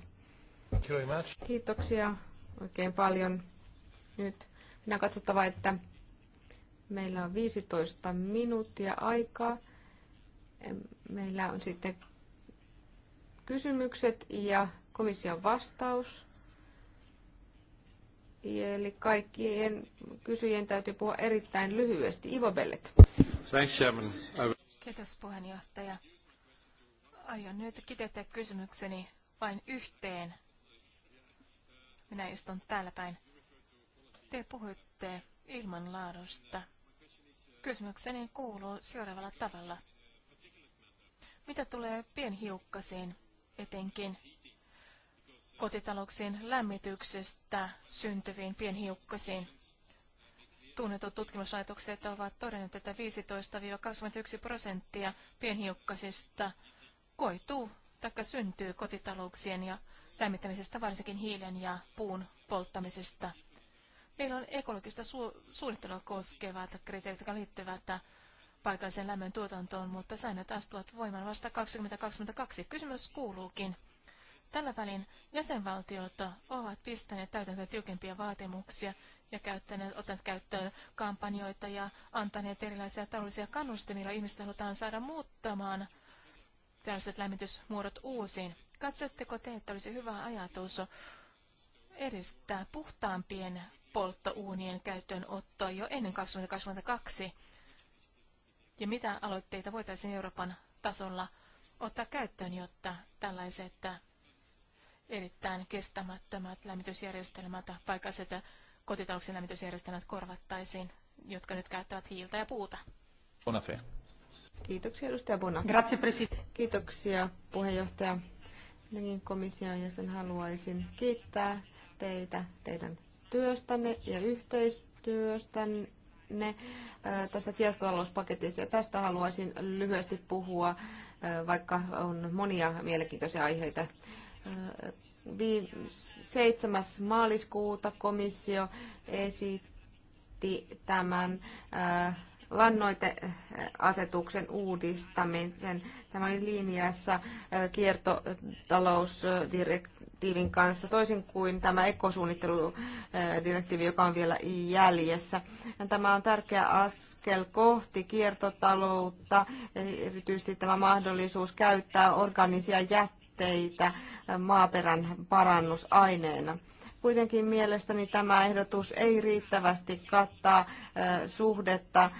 Kiitoksia oikein paljon. Nyt minä katsottava, että Meillä on 15 minuuttia aikaa. Meillä on sitten kysymykset ja komission vastaus. Eli kaikkien kysyjien täytyy puhua erittäin lyhyesti. Ivo Bellet. Kiitos puheenjohtaja. Aion nyt kiteyttää kysymykseni vain yhteen. Minä istun täällä päin. Te puhuitte ilmanlaadusta Kysymykseni kuuluu seuraavalla tavalla. Mitä tulee pienhiukkasiin etenkin kotitalouksien lämmityksestä syntyviin pienhiukkasiin? Tunnetut tutkimuslaitokset ovat todenneet, että 15-21 prosenttia pienhiukkasista koituu tai syntyy kotitalouksien ja lämmittämisestä, varsinkin hiilen ja puun polttamisesta – Meillä on ekologista su- suunnittelua koskevat kriteerit, jotka liittyvät paikalliseen lämmön tuotantoon, mutta säännöt astuvat voimaan vasta 2022. Kysymys kuuluukin. Tällä välin jäsenvaltiot ovat pistäneet täytäntöön tiukempia vaatimuksia ja käyttäneet, ottaneet käyttöön kampanjoita ja antaneet erilaisia taloudellisia kannustimia, ihmiset halutaan saada muuttamaan tällaiset lämmitysmuodot uusiin. Katsotteko te, että olisi hyvä ajatus edistää puhtaampien polttouunien käyttöönottoa jo ennen 2022? Ja mitä aloitteita voitaisiin Euroopan tasolla ottaa käyttöön, jotta tällaiset erittäin kestämättömät lämmitysjärjestelmät, paikalliset kotitalouksien lämmitysjärjestelmät korvattaisiin, jotka nyt käyttävät hiiltä ja puuta? Bonafé. Kiitoksia edustaja Bona. Grazie, Kiitoksia puheenjohtaja. Minäkin komission jäsen haluaisin kiittää teitä teidän työstänne ja yhteistyöstänne tässä kiertotalouspaketissa. Ja tästä haluaisin lyhyesti puhua, vaikka on monia mielenkiintoisia aiheita. 7. maaliskuuta komissio esitti tämän lannoiteasetuksen uudistamisen. Tämä oli linjassa kiertotalousdirektiivin direktiivin kanssa, toisin kuin tämä ekosuunnitteludirektiivi, joka on vielä jäljessä. Tämä on tärkeä askel kohti kiertotaloutta, erityisesti tämä mahdollisuus käyttää organisia jätteitä maaperän parannusaineena. Kuitenkin mielestäni tämä ehdotus ei riittävästi kattaa suhdetta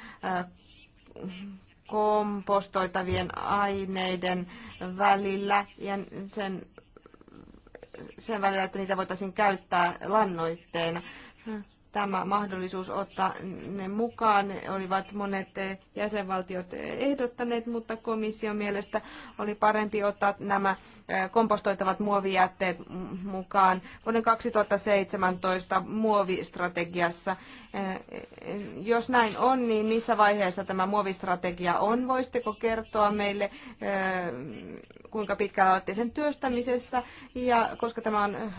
kompostoitavien aineiden välillä ja sen sen välillä, että niitä voitaisiin käyttää lannoitteena. Tämä mahdollisuus ottaa ne mukaan olivat monet jäsenvaltiot ehdottaneet, mutta komission mielestä oli parempi ottaa nämä kompostoitavat muovijätteet mukaan vuoden 2017 muovistrategiassa. Jos näin on, niin missä vaiheessa tämä muovistrategia on? Voisitteko kertoa meille, kuinka pitkällä olette sen työstämisessä? Ja koska tämä on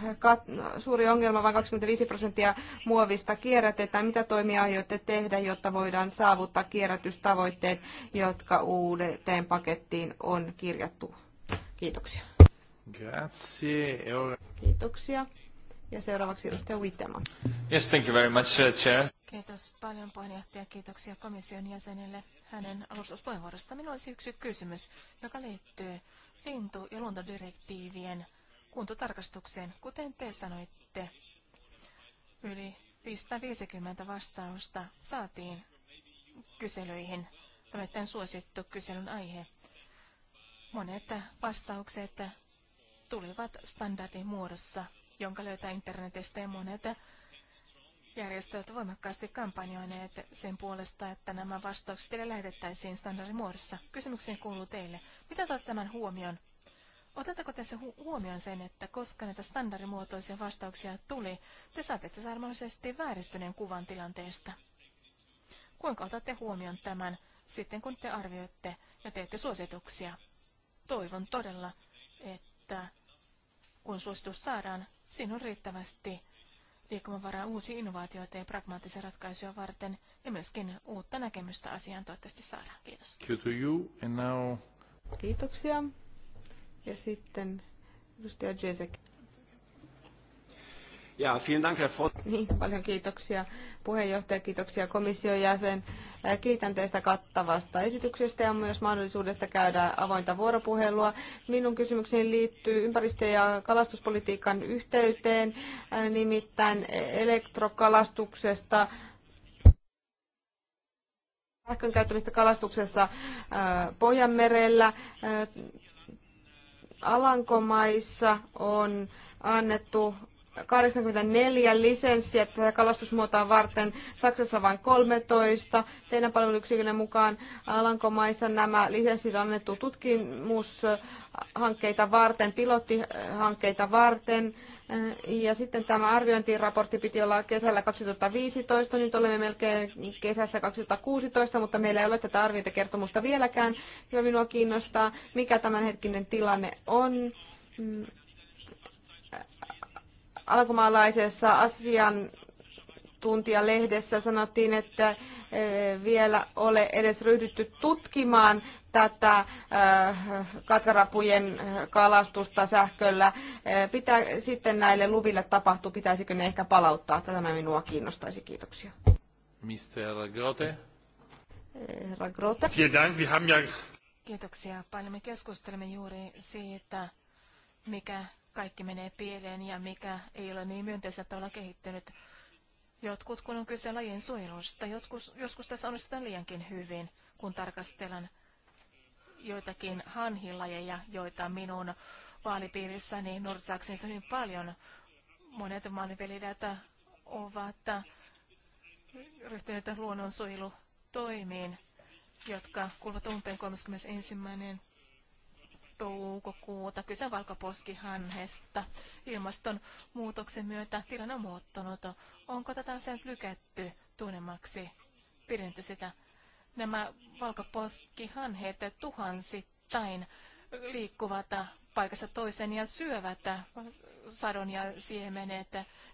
suuri ongelma, vain 25 prosenttia muovista kierrätetään, mitä toimia aiotte tehdä, jotta voidaan saavuttaa kierrätystavoitteet, jotka uuteen pakettiin on kirjattu? Kiitoksia. Grazie. E Kiitoksia. Ja seuraavaksi edustaja Wittema. Yes, thank you very much, uh, Chair. Kiitos paljon puheenjohtaja. Kiitoksia komission jäsenelle hänen alustuspuheenvuorosta. Minulla olisi yksi kysymys, joka liittyy lintu- ja luontodirektiivien kuntotarkastukseen. Kuten te sanoitte, yli 550 vastausta saatiin kyselyihin. Tämä on suosittu kyselyn aihe. Monet vastaukset tulivat standardin muodossa, jonka löytää internetistä ja monet järjestöt voimakkaasti kampanjoineet sen puolesta, että nämä vastaukset teille lähetettäisiin standardimuodossa. Kysymykseen kuuluu teille. Mitä otat tämän huomioon? Otetaanko tässä hu- huomioon sen, että koska näitä standardimuotoisia vastauksia tuli, te saatte saada vääristyneen kuvan tilanteesta? Kuinka otatte huomioon tämän sitten, kun te arvioitte ja teette suosituksia? Toivon todella, että kun suositus saadaan, siinä on riittävästi liikkumavaraa uusia innovaatioita ja pragmaattisia ratkaisuja varten ja myöskin uutta näkemystä asiaan toivottavasti saadaan. Kiitos. Kiitoksia. Ja sitten edustaja Jezek. Ja, vielen Dank, Herr niin, paljon kiitoksia puheenjohtaja, kiitoksia komission jäsen. Kiitän teistä kattavasta esityksestä ja myös mahdollisuudesta käydä avointa vuoropuhelua. Minun kysymykseni liittyy ympäristö- ja kalastuspolitiikan yhteyteen, nimittäin elektrokalastuksesta sähkön käyttämistä kalastuksessa Pohjanmerellä. Alankomaissa on annettu 84 lisenssiä tätä kalastusmuotoa varten, Saksassa vain 13. Teidän palveluyksikön mukaan Alankomaissa nämä lisenssit on annettu tutkimushankkeita varten, pilottihankkeita varten. Ja sitten tämä arviointiraportti piti olla kesällä 2015, nyt olemme melkein kesässä 2016, mutta meillä ei ole tätä arviointikertomusta vieläkään. Ja minua kiinnostaa, mikä tämänhetkinen tilanne on alkumaalaisessa asian tuntijalehdessä sanottiin, että eh, vielä ole edes ryhdytty tutkimaan tätä eh, katkarapujen eh, kalastusta sähköllä. Pitää sitten näille luville tapahtuu, pitäisikö ne ehkä palauttaa? Tämä minua kiinnostaisi. Kiitoksia. Mr. Grote. Herra Grote. Kiitoksia paljon. Me keskustelemme juuri siitä, mikä kaikki menee pieleen ja mikä ei ole niin myönteisellä tavalla kehittynyt. Jotkut, kun on kyse lajien suojelusta, jotkut, joskus tässä onnistutaan liiankin hyvin, kun tarkastellaan joitakin hanhilajeja, joita minun vaalipiirissäni Nordsaksenissa hyvin paljon. Monet maanviljelijät ovat ryhtyneet luonnonsuojelutoimiin, jotka kuuluvat tunteen 31 toukokuuta. Kyse on valkoposkihanhesta. Ilmastonmuutoksen myötä tilanne on muuttunut. Onko tätä sen lykätty tunnemmaksi? Pidenty sitä. Nämä valkoposkihanhet tuhansittain liikkuvat paikasta toisen ja syövät sadon ja siemenet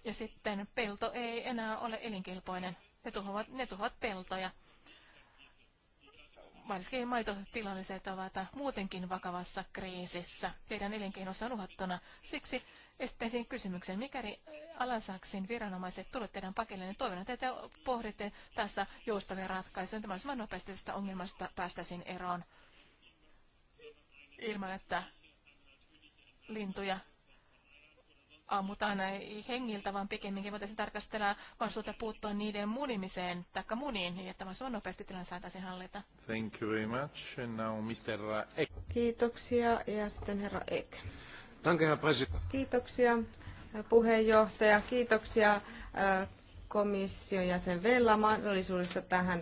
ja sitten pelto ei enää ole elinkelpoinen. Ne tuhoavat, ne tuhoavat peltoja varsinkin maitotilalliset ovat muutenkin vakavassa kriisissä. Heidän elinkeinossa on uhattuna. Siksi esittäisin kysymyksen, mikäli Alasaksin viranomaiset tulevat teidän pakille, niin toivon, että te pohditte tässä joustavia ratkaisuja, että mahdollisimman nopeasti tästä ongelmasta päästäisiin eroon ilman, että lintuja ammutaan hengiltä, vaan pikemminkin voitaisiin tarkastella mahdollisuutta puuttua niiden munimiseen, taikka muniin, niin että mahdollisimman nopeasti tilanne saataisiin hallita. Thank you very much. And now Mr. Ek. Kiitoksia. Ja sitten herra Ek. Danke, herra Kiitoksia puheenjohtaja. Kiitoksia äh, komission jäsen Vella mahdollisuudesta tähän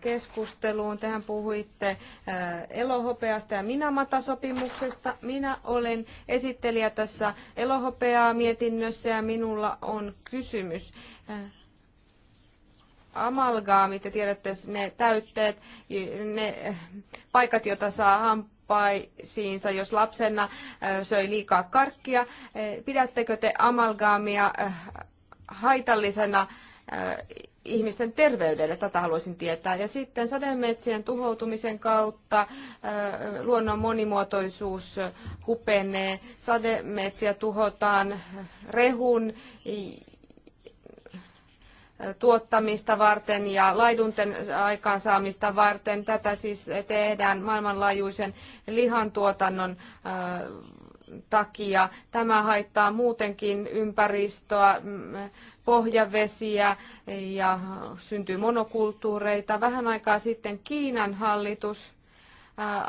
keskusteluun. Tehän puhuitte elohopeasta ja Minamata-sopimuksesta. Minä olen esittelijä tässä elohopeaa mietinnössä ja minulla on kysymys amalgaamit ja tiedätte ne täytteet, ne paikat, joita saa hampaisiinsa, jos lapsena söi liikaa karkkia. Pidättekö te amalgaamia haitallisena ihmisten terveydelle, tätä haluaisin tietää. Ja sitten sademetsien tuhoutumisen kautta luonnon monimuotoisuus hupenee, sademetsiä tuhotaan rehun tuottamista varten ja laidunten aikaansaamista varten. Tätä siis tehdään maailmanlaajuisen lihantuotannon takia. Tämä haittaa muutenkin ympäristöä, mm, pohjavesiä ja syntyy monokulttuureita. Vähän aikaa sitten Kiinan hallitus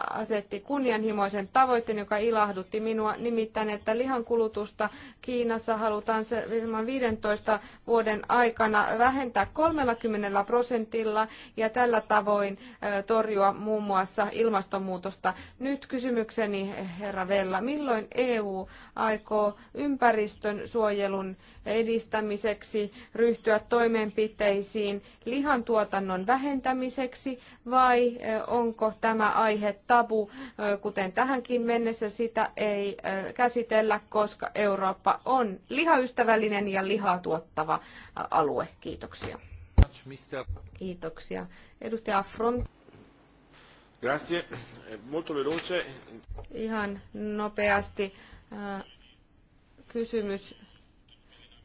asetti kunnianhimoisen tavoitteen, joka ilahdutti minua, nimittäin, että lihankulutusta Kiinassa halutaan 15 vuoden aikana vähentää 30 prosentilla ja tällä tavoin torjua muun muassa ilmastonmuutosta. Nyt kysymykseni, herra Vella, milloin EU aikoo ympäristön suojelun edistämiseksi ryhtyä toimenpiteisiin lihantuotannon vähentämiseksi vai onko tämä aihe aihe tabu, kuten tähänkin mennessä sitä ei käsitellä, koska Eurooppa on lihaystävällinen ja lihaa tuottava alue. Kiitoksia. Kiitoksia. Edustaja Front. Grazie. Molto veloce. Ihan nopeasti kysymys,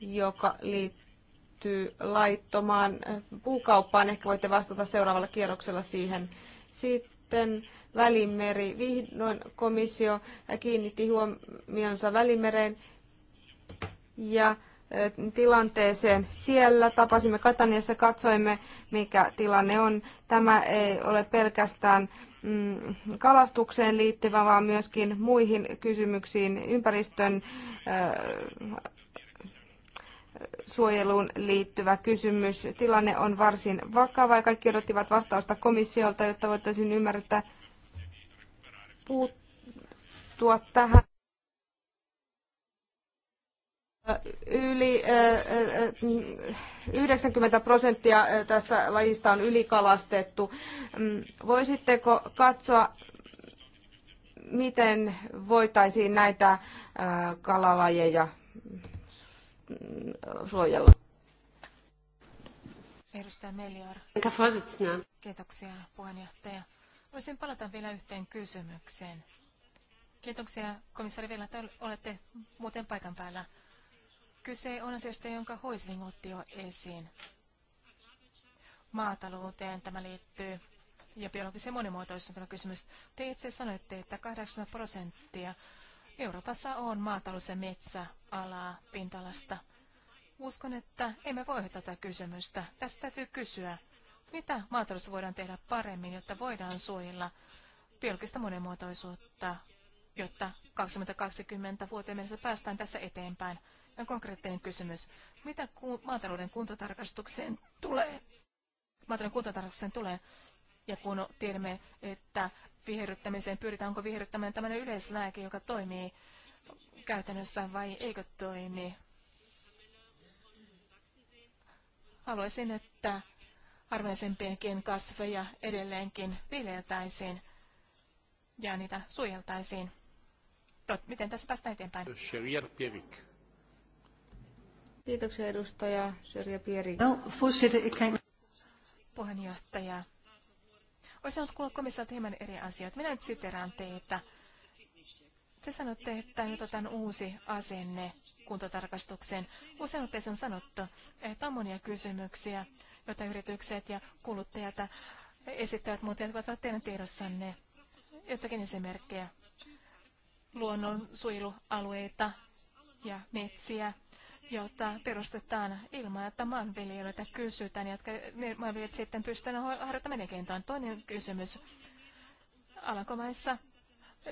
joka liittyy laittomaan puukauppaan. Ehkä voitte vastata seuraavalla kierroksella siihen. Sitten Välimeri. Vihdoin komissio kiinnitti huomionsa Välimereen ja e, tilanteeseen siellä. Tapasimme Kataniassa, katsoimme mikä tilanne on. Tämä ei ole pelkästään mm, kalastukseen liittyvä, vaan myöskin muihin kysymyksiin ympäristön e, suojeluun liittyvä kysymys. Tilanne on varsin vakava ja kaikki odottivat vastausta komissiolta, jotta voitaisiin ymmärtää, puuttua tähän yli 90 äh, äh, prosenttia äh, tästä lajista on ylikalastettu. Mm, voisitteko katsoa, miten voitaisiin näitä kalalajeja mm, suojella? Edustaja Melior. Kiitoksia puheenjohtaja. Voisin palata vielä yhteen kysymykseen. Kiitoksia, komissaari vielä, että olette muuten paikan päällä. Kyse on asiasta, jonka Hoisling otti jo esiin. Maatalouteen tämä liittyy ja biologisen monimuotoisuuteen tämä kysymys. Te itse sanoitte, että 80 prosenttia Euroopassa on maatalous- ja metsäalaa pintalasta. Uskon, että emme voi tätä kysymystä. Tästä täytyy kysyä, mitä maataloudessa voidaan tehdä paremmin, jotta voidaan suojella biologista monimuotoisuutta, jotta 2020 vuoteen mennessä päästään tässä eteenpäin? Ja konkreettinen kysymys, mitä ku- maatalouden kuntotarkastukseen tulee? Maatalouden kuntotarkastukseen tulee, ja kun tiedämme, että viherryttämiseen pyritään, onko viherryttäminen tämmöinen yleislääke, joka toimii käytännössä vai eikö toimi? Haluaisin, että harvinaisempienkin kasveja edelleenkin viljeltäisiin ja niitä suojeltaisiin. Tot, miten tässä päästään eteenpäin? Kiitoksia edustaja Syrjä Pieri. No, Puheenjohtaja. Olisin halunnut kuulla komissaat hieman eri asioita. Minä nyt siteraan teitä. Te sanotte, että nyt otan uusi asenne kuntotarkastukseen. Usein otteeseen on sanottu, että on monia kysymyksiä, joita yritykset ja kuluttajat esittävät, mutta jotka ovat teidän tiedossanne. Jotakin esimerkkejä. Luonnonsuojelualueita ja metsiä, jota perustetaan ilman, että maanviljelijöitä kysytään, jotka maanviljelijät sitten pystyvät harjoittamaan Toinen kysymys. Alankomaissa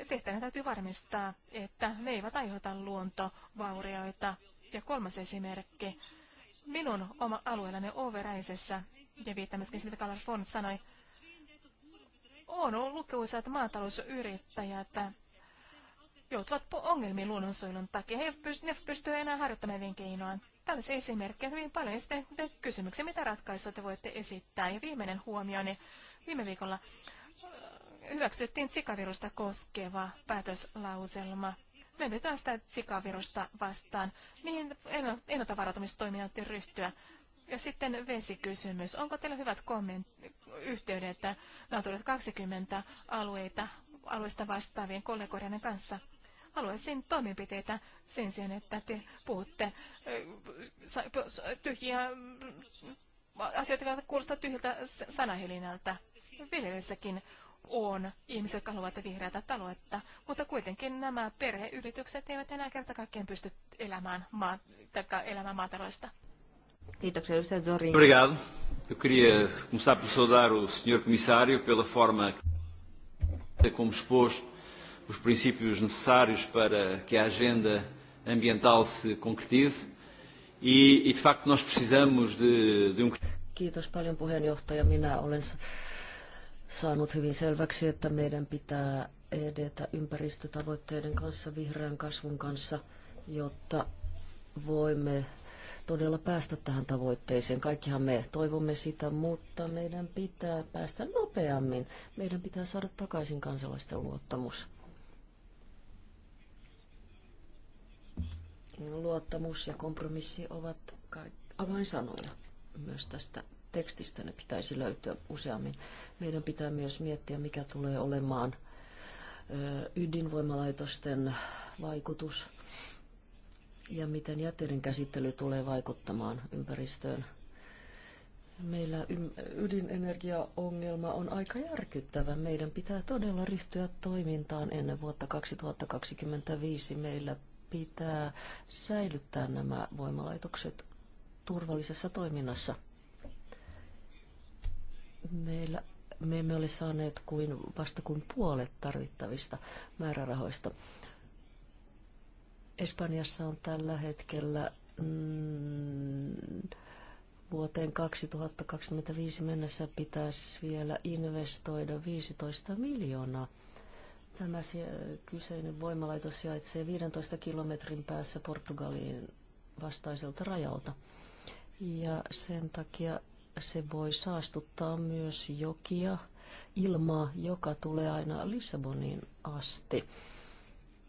tehtävänä täytyy varmistaa, että ne eivät aiheuta luontovaurioita. Ja kolmas esimerkki. Minun oma alueellani Overäisessä, ja viittaa myöskin mitä Kalar Font sanoi, on ollut että maatalousyrittäjät joutuvat ongelmiin luonnonsuojelun takia. He eivät pysty enää harjoittamaan hyvin keinoa. Tällaisia esimerkkejä hyvin paljon. Ja Sitten te kysymyksiä, mitä ratkaisuja te voitte esittää. Ja viimeinen huomio, niin Viime viikolla hyväksyttiin sikavirusta koskeva päätöslauselma. Myönnetään sitä sikavirusta vastaan, mihin ennaltavarautumistoimia otti ryhtyä. Ja sitten vesikysymys. Onko teillä hyvät komment- yhteydet Natura 20 alueita, alueista vastaavien kollegoiden kanssa? Haluaisin toimenpiteitä sen sijaan, että te puhutte tyhjiä mm, asioita, jotka kuulostavat tyhjältä sanahelinältä. Viljelyissäkin on ihmisiä, jotka haluavat vihreätä taloutta, mutta kuitenkin nämä perheyritykset eivät enää kerta kaikkiaan pysty elämään, maa, elämään maataloista. Kiitoksia, edustaja Dori. Obrigado. Eu queria começar por saudar o senhor comissário pela forma como expôs os princípios necessários para que a agenda ambiental se concretize e, e de facto nós precisamos de, de um... Kiitos paljon puheenjohtaja. Minä olen saanut hyvin selväksi, että meidän pitää edetä ympäristötavoitteiden kanssa, vihreän kasvun kanssa, jotta voimme todella päästä tähän tavoitteeseen. Kaikkihan me toivomme sitä, mutta meidän pitää päästä nopeammin. Meidän pitää saada takaisin kansalaisten luottamus. Luottamus ja kompromissi ovat avain avainsanoja myös tästä tekstistä ne pitäisi löytyä useammin. Meidän pitää myös miettiä, mikä tulee olemaan ydinvoimalaitosten vaikutus ja miten jäteiden käsittely tulee vaikuttamaan ympäristöön. Meillä ydinenergiaongelma on aika järkyttävä. Meidän pitää todella ryhtyä toimintaan ennen vuotta 2025. Meillä pitää säilyttää nämä voimalaitokset turvallisessa toiminnassa meillä, me emme ole saaneet kuin vasta kuin puolet tarvittavista määrärahoista. Espanjassa on tällä hetkellä mm, vuoteen 2025 mennessä pitäisi vielä investoida 15 miljoonaa. Tämä kyseinen voimalaitos sijaitsee 15 kilometrin päässä Portugalin vastaiselta rajalta. Ja sen takia se voi saastuttaa myös jokia, ilmaa, joka tulee aina Lissabonin asti.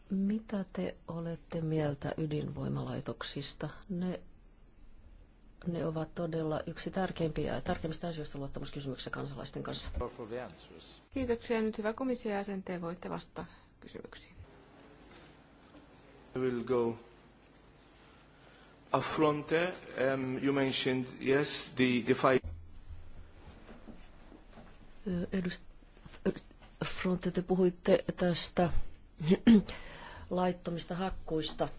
Mitä te olette mieltä ydinvoimalaitoksista? Ne, ne ovat todella yksi tärkeimpiä, tärkeimmistä asioista luottamuskysymyksissä kansalaisten kanssa. Kiitoksia. Nyt hyvä komissio jäsen, te voitte vastata kysymyksiin. I will go Afronte, um, you mentioned, yes, the, the five... Afronte, te puhuitte tästä laittomista hakkuista.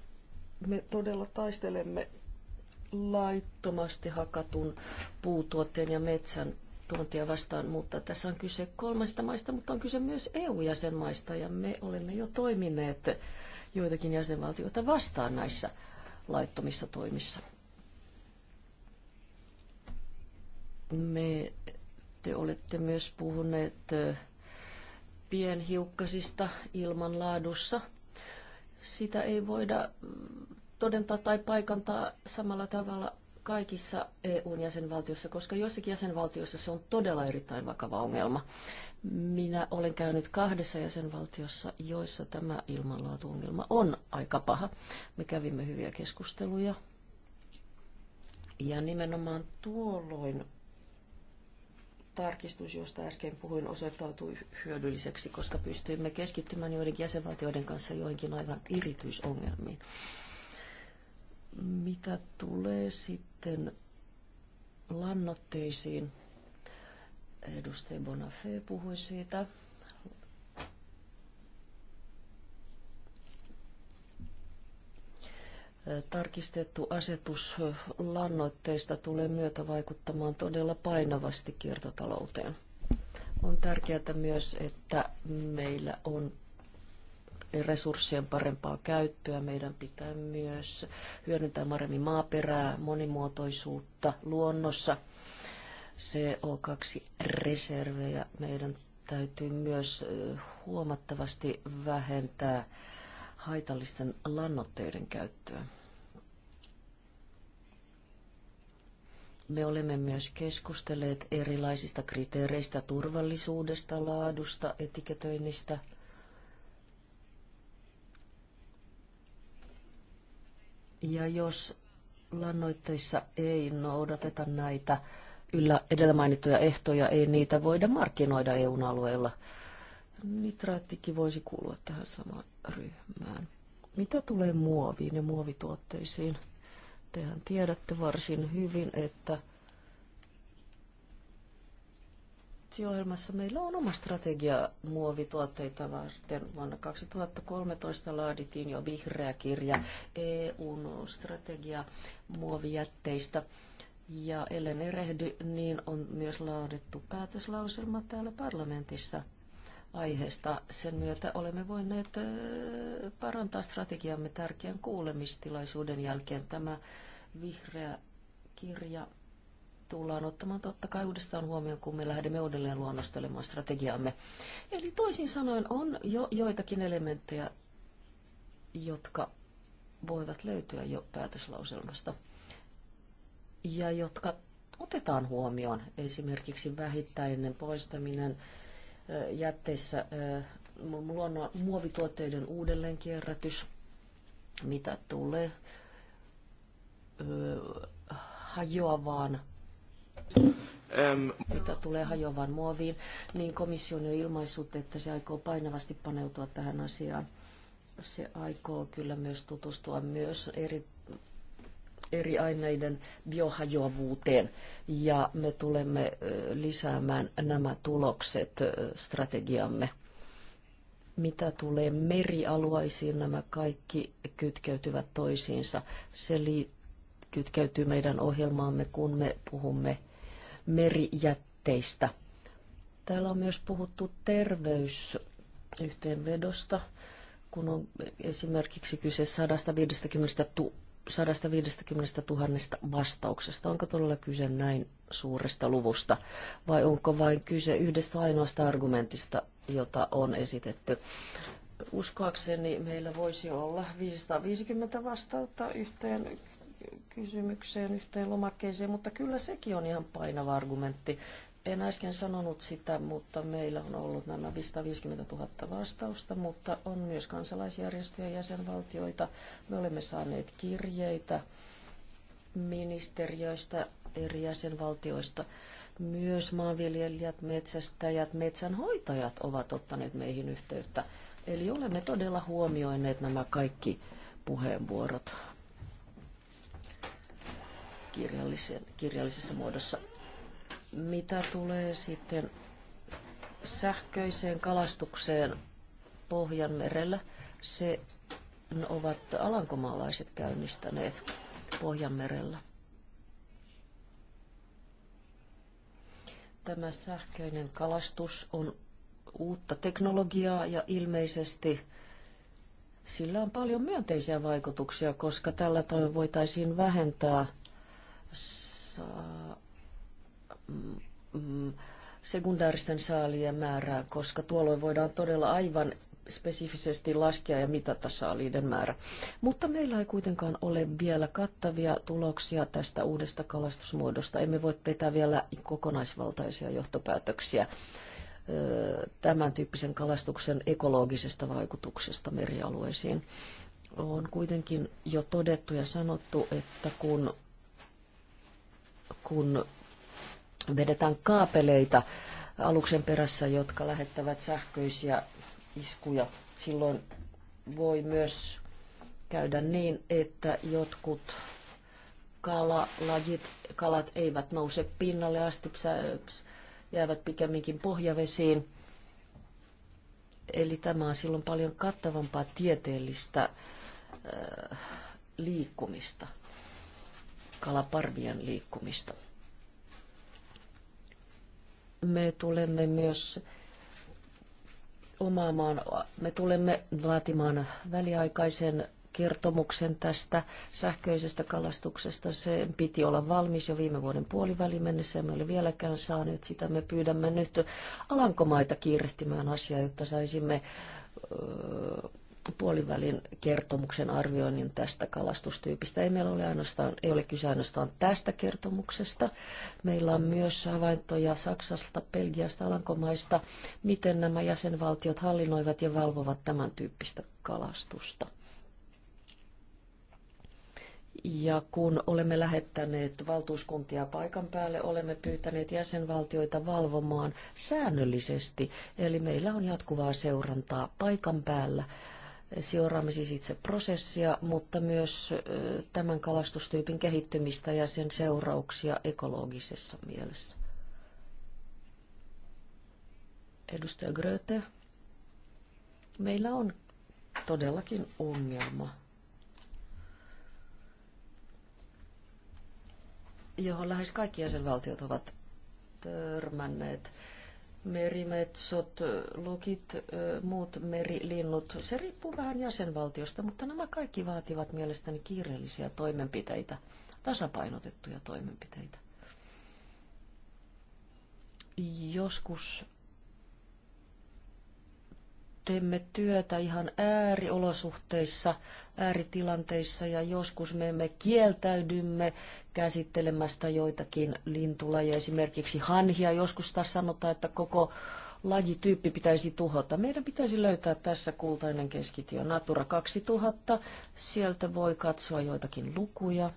Me todella taistelemme laittomasti hakatun puutuotteen ja metsän tuontia vastaan, mutta tässä on kyse kolmesta maista, mutta on kyse myös EU-jäsenmaista ja me olemme jo toimineet joitakin jäsenvaltioita vastaan näissä laittomissa toimissa. Me, te olette myös puhuneet pienhiukkasista ilmanlaadussa. Sitä ei voida todentaa tai paikantaa samalla tavalla kaikissa EUn jäsenvaltioissa, koska joissakin jäsenvaltioissa se on todella erittäin vakava ongelma. Minä olen käynyt kahdessa jäsenvaltiossa, joissa tämä ilmanlaatuongelma on aika paha. Me kävimme hyviä keskusteluja. Ja nimenomaan tuolloin tarkistus, josta äsken puhuin, osoittautui hyödylliseksi, koska pystyimme keskittymään joidenkin jäsenvaltioiden kanssa joihinkin aivan erityisongelmiin. Mitä tulee sitten lannoitteisiin, edustaja Bonafé puhui siitä. Tarkistettu asetus lannoitteista tulee myötä vaikuttamaan todella painavasti kiertotalouteen. On tärkeää myös, että meillä on resurssien parempaa käyttöä. Meidän pitää myös hyödyntää paremmin maaperää, monimuotoisuutta luonnossa, CO2-reservejä. Meidän täytyy myös huomattavasti vähentää haitallisten lannoitteiden käyttöä. Me olemme myös keskustelleet erilaisista kriteereistä, turvallisuudesta, laadusta, etiketöinnistä – Ja jos lannoitteissa ei noudateta näitä yllä edellä mainittuja ehtoja, ei niitä voida markkinoida eu alueella. Nitraattikin voisi kuulua tähän samaan ryhmään. Mitä tulee muoviin ja muovituotteisiin? Tehän tiedätte varsin hyvin, että raporttiohjelmassa meillä on oma strategia muovituotteita varten. Vuonna 2013 laadittiin jo vihreä kirja EUn strategia muovijätteistä. Ja ellen erehdy, niin on myös laadittu päätöslauselma täällä parlamentissa aiheesta. Sen myötä olemme voineet parantaa strategiamme tärkeän kuulemistilaisuuden jälkeen. Tämä vihreä kirja tullaan ottamaan totta kai uudestaan huomioon, kun me lähdemme uudelleen luonnostelemaan strategiamme. Eli toisin sanoen on jo joitakin elementtejä, jotka voivat löytyä jo päätöslauselmasta ja jotka otetaan huomioon. Esimerkiksi vähittäinen poistaminen jätteissä, luonnon, muovituotteiden uudelleenkierrätys, mitä tulee hajoavaan Ähm, Mitä tulee hajovan muoviin, niin komissio on jo ilmaissut, että se aikoo painavasti paneutua tähän asiaan. Se aikoo kyllä myös tutustua myös eri eri aineiden biohajoavuuteen ja me tulemme lisäämään nämä tulokset strategiamme. Mitä tulee merialueisiin, nämä kaikki kytkeytyvät toisiinsa. Se kytkeytyy meidän ohjelmaamme, kun me puhumme merijätteistä. Täällä on myös puhuttu terveysyhteenvedosta, kun on esimerkiksi kyse 150 000 150 000 vastauksesta. Onko todella kyse näin suuresta luvusta vai onko vain kyse yhdestä ainoasta argumentista, jota on esitetty? Uskoakseni meillä voisi olla 550 vastautta yhteen kysymykseen, yhteen lomakkeeseen, mutta kyllä sekin on ihan painava argumentti. En äsken sanonut sitä, mutta meillä on ollut nämä 550 000 vastausta, mutta on myös kansalaisjärjestöjä jäsenvaltioita. Me olemme saaneet kirjeitä ministeriöistä eri jäsenvaltioista. Myös maanviljelijät, metsästäjät, metsänhoitajat ovat ottaneet meihin yhteyttä. Eli olemme todella huomioineet nämä kaikki puheenvuorot kirjallisessa muodossa. Mitä tulee sitten sähköiseen kalastukseen Pohjanmerellä, se ovat alankomaalaiset käynnistäneet Pohjanmerellä. Tämä sähköinen kalastus on uutta teknologiaa ja ilmeisesti sillä on paljon myönteisiä vaikutuksia, koska tällä tavoin voitaisiin vähentää – Mm, mm, sekundaaristen saalien määrää, koska tuolloin voidaan todella aivan spesifisesti laskea ja mitata saaliiden määrä. Mutta meillä ei kuitenkaan ole vielä kattavia tuloksia tästä uudesta kalastusmuodosta. Emme voi vetää vielä kokonaisvaltaisia johtopäätöksiä tämän tyyppisen kalastuksen ekologisesta vaikutuksesta merialueisiin. On kuitenkin jo todettu ja sanottu, että kun kun vedetään kaapeleita aluksen perässä, jotka lähettävät sähköisiä iskuja. Silloin voi myös käydä niin, että jotkut kalalajit, kalat eivät nouse pinnalle asti, jäävät pikemminkin pohjavesiin. Eli tämä on silloin paljon kattavampaa tieteellistä liikkumista kalaparvien liikkumista. Me tulemme myös omaamaan, me tulemme laatimaan väliaikaisen kertomuksen tästä sähköisestä kalastuksesta. Se piti olla valmis jo viime vuoden puoliväli mennessä, emme ole vieläkään saaneet sitä. Me pyydämme nyt Alankomaita kiirehtimään asiaa, jotta saisimme puolivälin kertomuksen arvioinnin tästä kalastustyypistä. Ei meillä ole, ainoastaan, ei ole kyse ainoastaan tästä kertomuksesta. Meillä on myös havaintoja Saksasta, Belgiasta, Alankomaista, miten nämä jäsenvaltiot hallinnoivat ja valvovat tämän tyyppistä kalastusta. Ja kun olemme lähettäneet valtuuskuntia paikan päälle, olemme pyytäneet jäsenvaltioita valvomaan säännöllisesti. Eli meillä on jatkuvaa seurantaa paikan päällä seuraamme siis itse prosessia, mutta myös tämän kalastustyypin kehittymistä ja sen seurauksia ekologisessa mielessä. Edustaja Gröte, meillä on todellakin ongelma, johon lähes kaikki jäsenvaltiot ovat törmänneet merimetsot, lokit, muut merilinnut. Se riippuu vähän jäsenvaltiosta, mutta nämä kaikki vaativat mielestäni kiireellisiä toimenpiteitä, tasapainotettuja toimenpiteitä. Joskus teemme työtä ihan ääriolosuhteissa, ääritilanteissa ja joskus me emme kieltäydymme käsittelemästä joitakin lintulajeja, esimerkiksi hanhia. Joskus taas sanotaan, että koko lajityyppi pitäisi tuhota. Meidän pitäisi löytää tässä kultainen keskitio Natura 2000. Sieltä voi katsoa joitakin lukuja.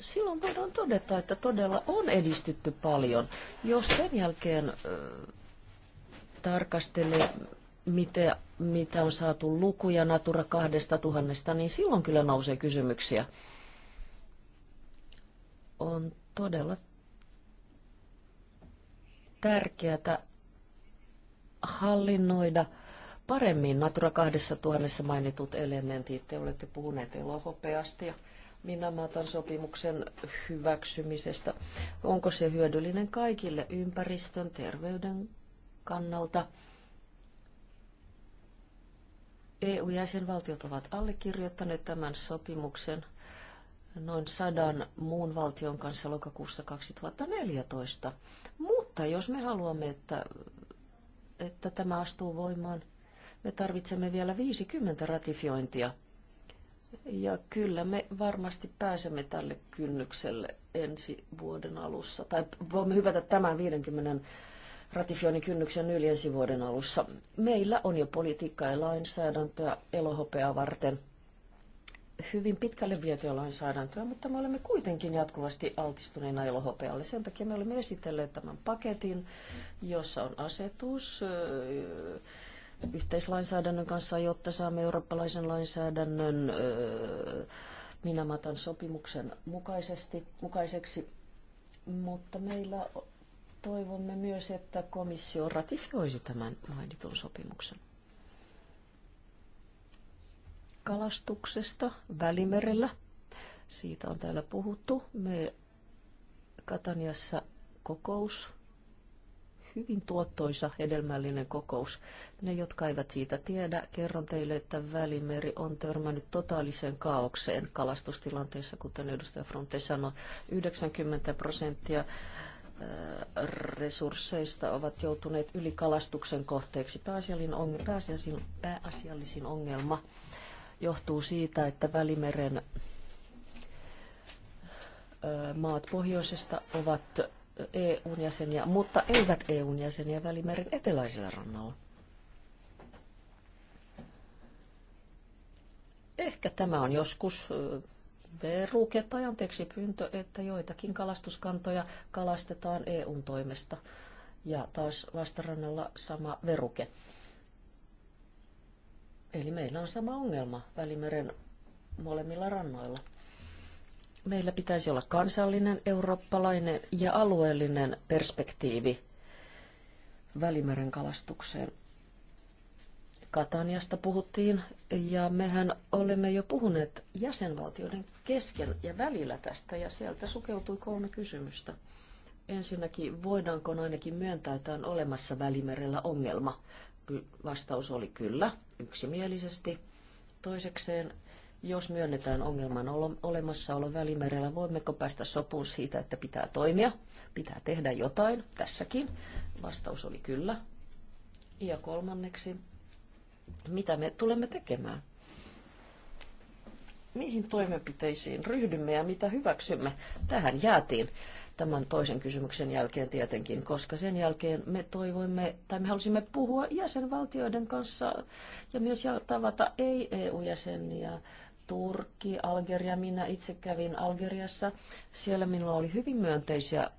Silloin voidaan todeta, että todella on edistytty paljon. Jos sen jälkeen tarkastelee, mitä, mitä on saatu lukuja Natura 2000, niin silloin kyllä nousee kysymyksiä. On todella tärkeää hallinnoida paremmin Natura 2000 mainitut elementit. Te olette puhuneet elohopeasta ja Minamatan sopimuksen hyväksymisestä. Onko se hyödyllinen kaikille ympäristön, terveyden, kannalta. EU-jäsenvaltiot ovat allekirjoittaneet tämän sopimuksen noin sadan muun valtion kanssa lokakuussa 2014. Mutta jos me haluamme, että, että tämä astuu voimaan, me tarvitsemme vielä 50 ratifiointia. Ja kyllä me varmasti pääsemme tälle kynnykselle ensi vuoden alussa. Tai voimme hyvätä tämän 50 ratifioinnin kynnyksen yli ensi vuoden alussa. Meillä on jo politiikkaa ja lainsäädäntöä elohopea varten hyvin pitkälle vietyä lainsäädäntöä, mutta me olemme kuitenkin jatkuvasti altistuneina elohopealle. Sen takia me olemme esitelleet tämän paketin, jossa on asetus yhteislainsäädännön kanssa, jotta saamme eurooppalaisen lainsäädännön Minamatan sopimuksen mukaisesti, mukaiseksi. Mutta meillä Toivomme myös, että komissio ratifioisi tämän mainitun sopimuksen. Kalastuksesta Välimerellä. Siitä on täällä puhuttu. Me Kataniassa kokous, hyvin tuottoisa, hedelmällinen kokous. Ne, jotka eivät siitä tiedä, kerron teille, että Välimeri on törmännyt totaaliseen kaaukseen kalastustilanteessa, kuten edustaja Fronte sanoi, 90 prosenttia resursseista ovat joutuneet ylikalastuksen kohteeksi. Pääasiallisin, on, pääasiallisin, pääasiallisin ongelma johtuu siitä, että Välimeren maat pohjoisesta ovat EUn jäseniä, mutta eivät EUn jäseniä Välimeren eteläisellä rannalla. Ehkä tämä on joskus veruke tai anteeksi pyyntö, että joitakin kalastuskantoja kalastetaan EUn toimesta ja taas vastarannalla sama veruke. Eli meillä on sama ongelma Välimeren molemmilla rannoilla. Meillä pitäisi olla kansallinen, eurooppalainen ja alueellinen perspektiivi Välimeren kalastukseen. Kataniasta puhuttiin, ja mehän olemme jo puhuneet jäsenvaltioiden kesken ja välillä tästä, ja sieltä sukeutui kolme kysymystä. Ensinnäkin, voidaanko ainakin myöntää, että on olemassa välimerellä ongelma? Vastaus oli kyllä, yksimielisesti. Toisekseen, jos myönnetään ongelman olemassaolo välimerellä, voimmeko päästä sopuun siitä, että pitää toimia, pitää tehdä jotain tässäkin? Vastaus oli kyllä. Ja kolmanneksi, mitä me tulemme tekemään. Mihin toimenpiteisiin ryhdymme ja mitä hyväksymme? Tähän jäätiin tämän toisen kysymyksen jälkeen tietenkin, koska sen jälkeen me toivoimme tai me halusimme puhua jäsenvaltioiden kanssa ja myös tavata ei-EU-jäseniä. Turkki, Algeria, minä itse kävin Algeriassa. Siellä minulla oli hyvin myönteisiä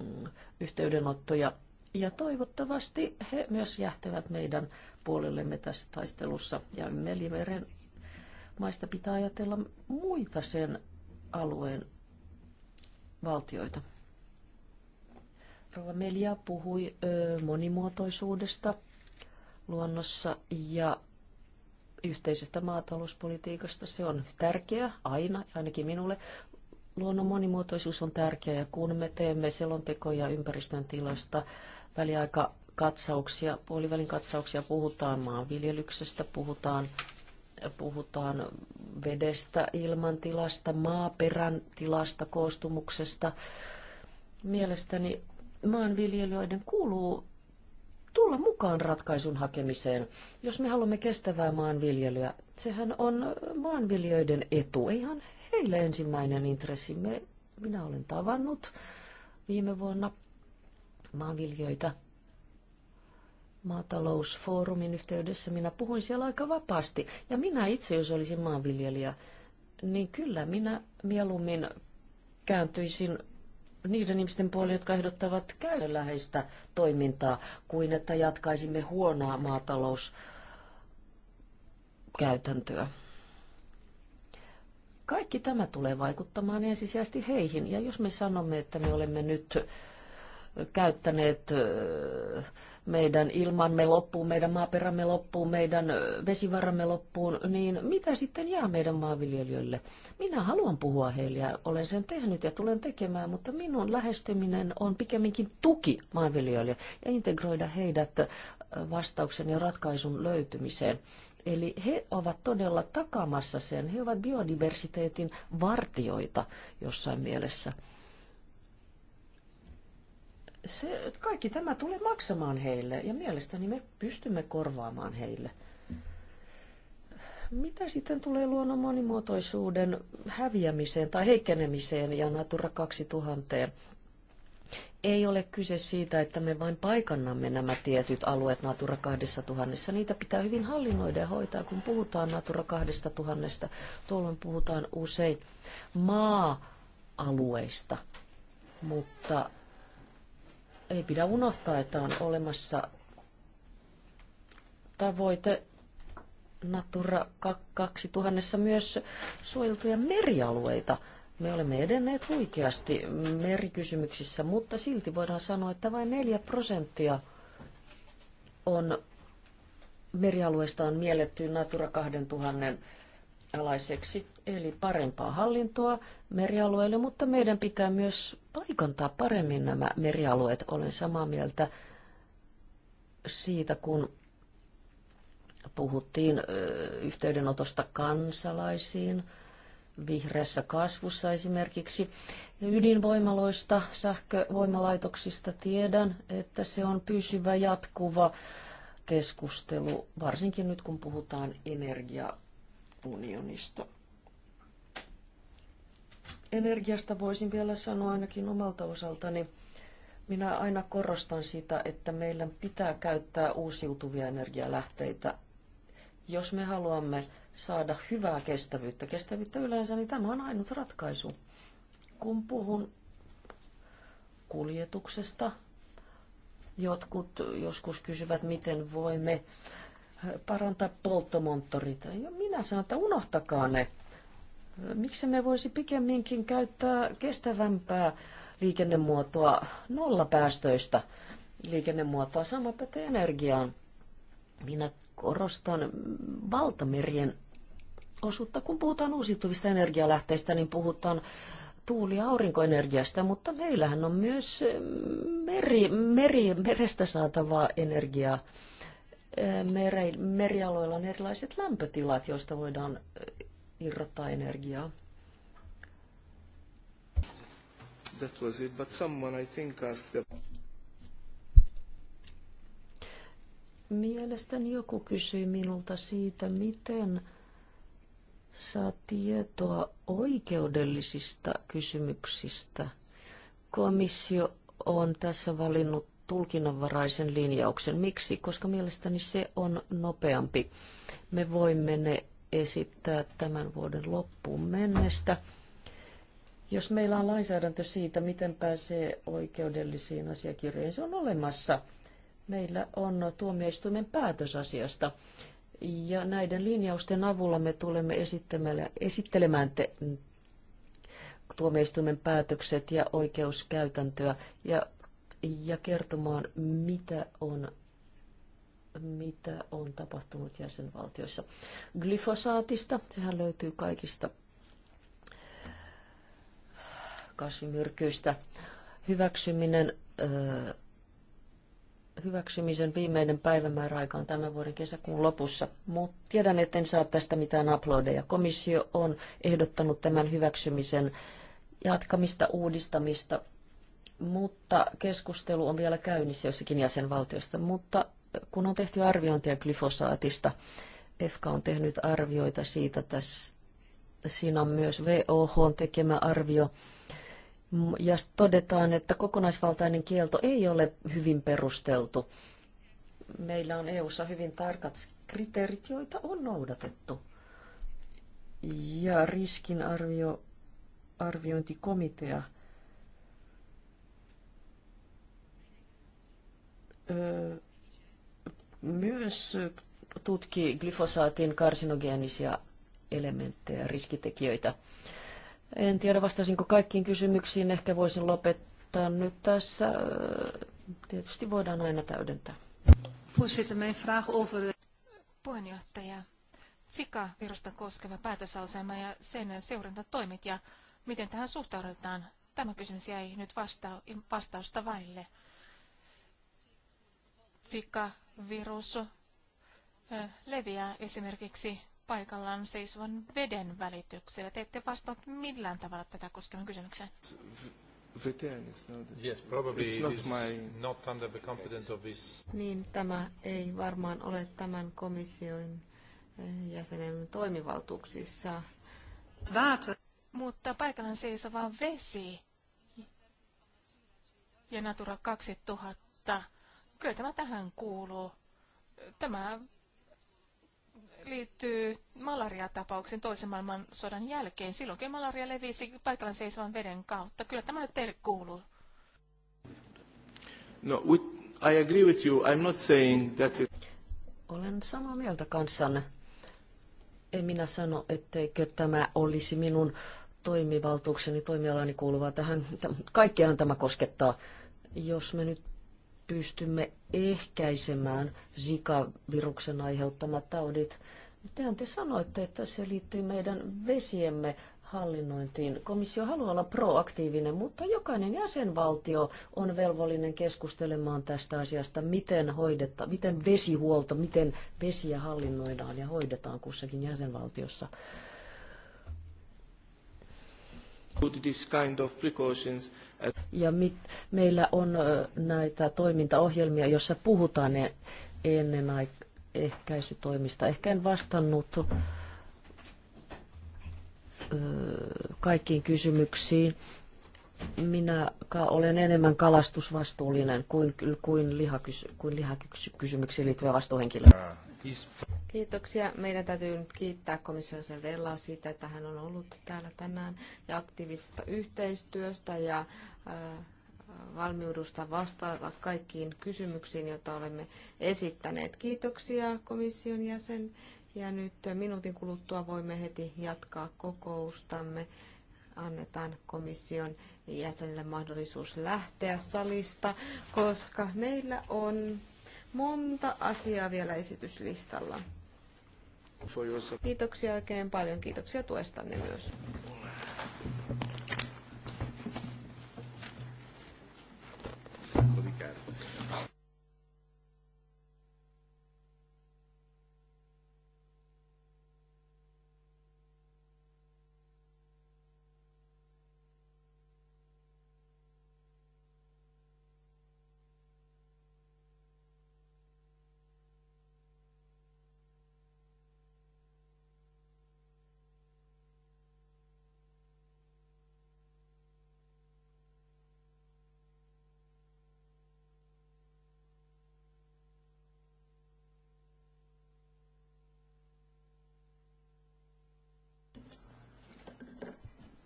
mm, yhteydenottoja ja toivottavasti he myös jähtävät meidän puolellemme tässä taistelussa. Ja Meliveren maista pitää ajatella muita sen alueen valtioita. Rova Melia puhui ö, monimuotoisuudesta luonnossa ja yhteisestä maatalouspolitiikasta. Se on tärkeä aina, ainakin minulle. Luonnon monimuotoisuus on tärkeä ja kun me teemme selontekoja ympäristön tilasta väliaika katsauksia, puolivälin katsauksia, puhutaan maanviljelyksestä, puhutaan, puhutaan vedestä, ilmantilasta, maaperän tilasta, koostumuksesta. Mielestäni maanviljelijöiden kuuluu tulla mukaan ratkaisun hakemiseen, jos me haluamme kestävää maanviljelyä. Sehän on maanviljelijöiden etu, ihan heille ensimmäinen intressi. Me, minä olen tavannut viime vuonna maanviljelijöitä maatalousfoorumin yhteydessä minä puhuin siellä aika vapaasti. Ja minä itse, jos olisin maanviljelijä, niin kyllä minä mieluummin kääntyisin niiden ihmisten puoleen, jotka ehdottavat käytännönläheistä toimintaa, kuin että jatkaisimme huonoa maatalouskäytäntöä. Kaikki tämä tulee vaikuttamaan ensisijaisesti heihin. Ja jos me sanomme, että me olemme nyt käyttäneet meidän ilmamme loppuun, meidän maaperämme loppuun, meidän vesivaramme loppuun, niin mitä sitten jää meidän maanviljelijöille? Minä haluan puhua heille ja olen sen tehnyt ja tulen tekemään, mutta minun lähestyminen on pikemminkin tuki maanviljelijöille ja integroida heidät vastauksen ja ratkaisun löytymiseen. Eli he ovat todella takamassa sen, he ovat biodiversiteetin vartioita jossain mielessä se, kaikki tämä tulee maksamaan heille ja mielestäni me pystymme korvaamaan heille. Mitä sitten tulee luonnon monimuotoisuuden häviämiseen tai heikkenemiseen ja Natura 2000? Ei ole kyse siitä, että me vain paikannamme nämä tietyt alueet Natura 2000. Niitä pitää hyvin hallinnoida ja hoitaa, kun puhutaan Natura 2000. Tuolloin puhutaan usein maa-alueista, mutta ei pidä unohtaa, että on olemassa tavoite Natura 2000 myös suojeltuja merialueita. Me olemme edenneet huikeasti merikysymyksissä, mutta silti voidaan sanoa, että vain 4 prosenttia on merialueista on mielletty Natura 2000 alaiseksi, eli parempaa hallintoa merialueille, mutta meidän pitää myös paikantaa paremmin nämä merialueet. Olen samaa mieltä siitä, kun puhuttiin yhteydenotosta kansalaisiin, vihreässä kasvussa esimerkiksi. Ydinvoimaloista, sähkövoimalaitoksista tiedän, että se on pysyvä jatkuva keskustelu, varsinkin nyt kun puhutaan energia unionista. Energiasta voisin vielä sanoa ainakin omalta osaltani. Minä aina korostan sitä, että meillä pitää käyttää uusiutuvia energialähteitä, jos me haluamme saada hyvää kestävyyttä. Kestävyyttä yleensä, niin tämä on ainut ratkaisu. Kun puhun kuljetuksesta, jotkut joskus kysyvät, miten voimme parantaa polttomonttorit. Ja minä sanon, että unohtakaa ne. Miksi me voisi pikemminkin käyttää kestävämpää liikennemuotoa, nollapäästöistä liikennemuotoa, sama pätee energiaan. Minä korostan valtamerien osuutta. Kun puhutaan uusiutuvista energialähteistä, niin puhutaan tuuli- ja aurinkoenergiasta, mutta meillähän on myös meri, meri, merestä saatavaa energiaa mere, merialoilla on erilaiset lämpötilat, joista voidaan irrottaa energiaa. That was it, but someone I think asked Mielestäni joku kysyi minulta siitä, miten saa tietoa oikeudellisista kysymyksistä. Komissio on tässä valinnut tulkinnanvaraisen linjauksen. Miksi? Koska mielestäni se on nopeampi. Me voimme ne esittää tämän vuoden loppuun mennessä. Jos meillä on lainsäädäntö siitä, miten pääsee oikeudellisiin asiakirjoihin, se on olemassa. Meillä on tuomioistuimen päätös asiasta. Ja näiden linjausten avulla me tulemme esittelemään te, tuomioistuimen päätökset ja oikeuskäytäntöä. Ja ja kertomaan, mitä on, mitä on tapahtunut jäsenvaltioissa. Glyfosaatista, sehän löytyy kaikista kasvimyrkyistä. Hyväksyminen, ö, hyväksymisen viimeinen päivämääräaika on tämän vuoden kesäkuun lopussa, mutta tiedän, että en saa tästä mitään uploadeja. Komissio on ehdottanut tämän hyväksymisen jatkamista, uudistamista mutta keskustelu on vielä käynnissä jossakin jäsenvaltiosta. Mutta kun on tehty arviointia glyfosaatista, EFKA on tehnyt arvioita siitä tässä. Siinä on myös WHO tekemä arvio. Ja todetaan, että kokonaisvaltainen kielto ei ole hyvin perusteltu. Meillä on EU:ssa hyvin tarkat kriteerit, joita on noudatettu. Ja riskinarvio arviointikomitea myös tutki glyfosaatin karsinogeenisia elementtejä, riskitekijöitä. En tiedä, vastasinko kaikkiin kysymyksiin. Ehkä voisin lopettaa nyt tässä. Tietysti voidaan aina täydentää. Puheenjohtaja, sika virusta koskeva päätösasema ja sen seurantatoimet ja miten tähän suhtaudutaan, tämä kysymys jäi nyt vasta- vastausta vaille. Zika-virus leviää esimerkiksi paikallaan seisovan veden välityksellä. Te ette vastaa millään tavalla tätä koskevan kysymykseen. Niin, tämä ei varmaan ole tämän komission jäsenen toimivaltuuksissa. Water. Mutta paikallaan seisova vesi ja Natura 2000 Kyllä tämä tähän kuuluu. Tämä liittyy malaria-tapauksen toisen maailmansodan jälkeen. Silloinkin malaria levisi paikallaan seisovan veden kautta. Kyllä tämä nyt teille kuuluu. No, with, I agree with you. I'm not saying that it... Olen samaa mieltä kanssanne. En minä sano, etteikö tämä olisi minun toimivaltuukseni, toimialani kuuluvaa tähän. Kaikkiaan tämä koskettaa. Jos me nyt pystymme ehkäisemään Zika-viruksen aiheuttamat taudit. Tehän te sanoitte, että se liittyy meidän vesiemme hallinnointiin. Komissio haluaa olla proaktiivinen, mutta jokainen jäsenvaltio on velvollinen keskustelemaan tästä asiasta, miten, hoideta, miten vesihuolto, miten vesiä hallinnoidaan ja hoidetaan kussakin jäsenvaltiossa. Ja mit, meillä on näitä toimintaohjelmia, joissa puhutaan e-, ennen ehkäisytoimista. Ehkä en vastannut kaikkiin kysymyksiin. Minä olen enemmän kalastusvastuullinen kuin, kuin, lihakysy, kuin lihakysymyksiin liittyvä vastuuhenkilö. Ah, Kiitoksia. Meidän täytyy nyt kiittää komission sen Vellaa siitä, että hän on ollut täällä tänään ja aktiivisesta yhteistyöstä ja valmiudusta vastata kaikkiin kysymyksiin, joita olemme esittäneet. Kiitoksia komission jäsen. Ja nyt minuutin kuluttua voimme heti jatkaa kokoustamme. Annetaan komission jäsenille mahdollisuus lähteä salista, koska meillä on monta asiaa vielä esityslistalla. Kiitoksia oikein paljon. Kiitoksia tuestanne myös.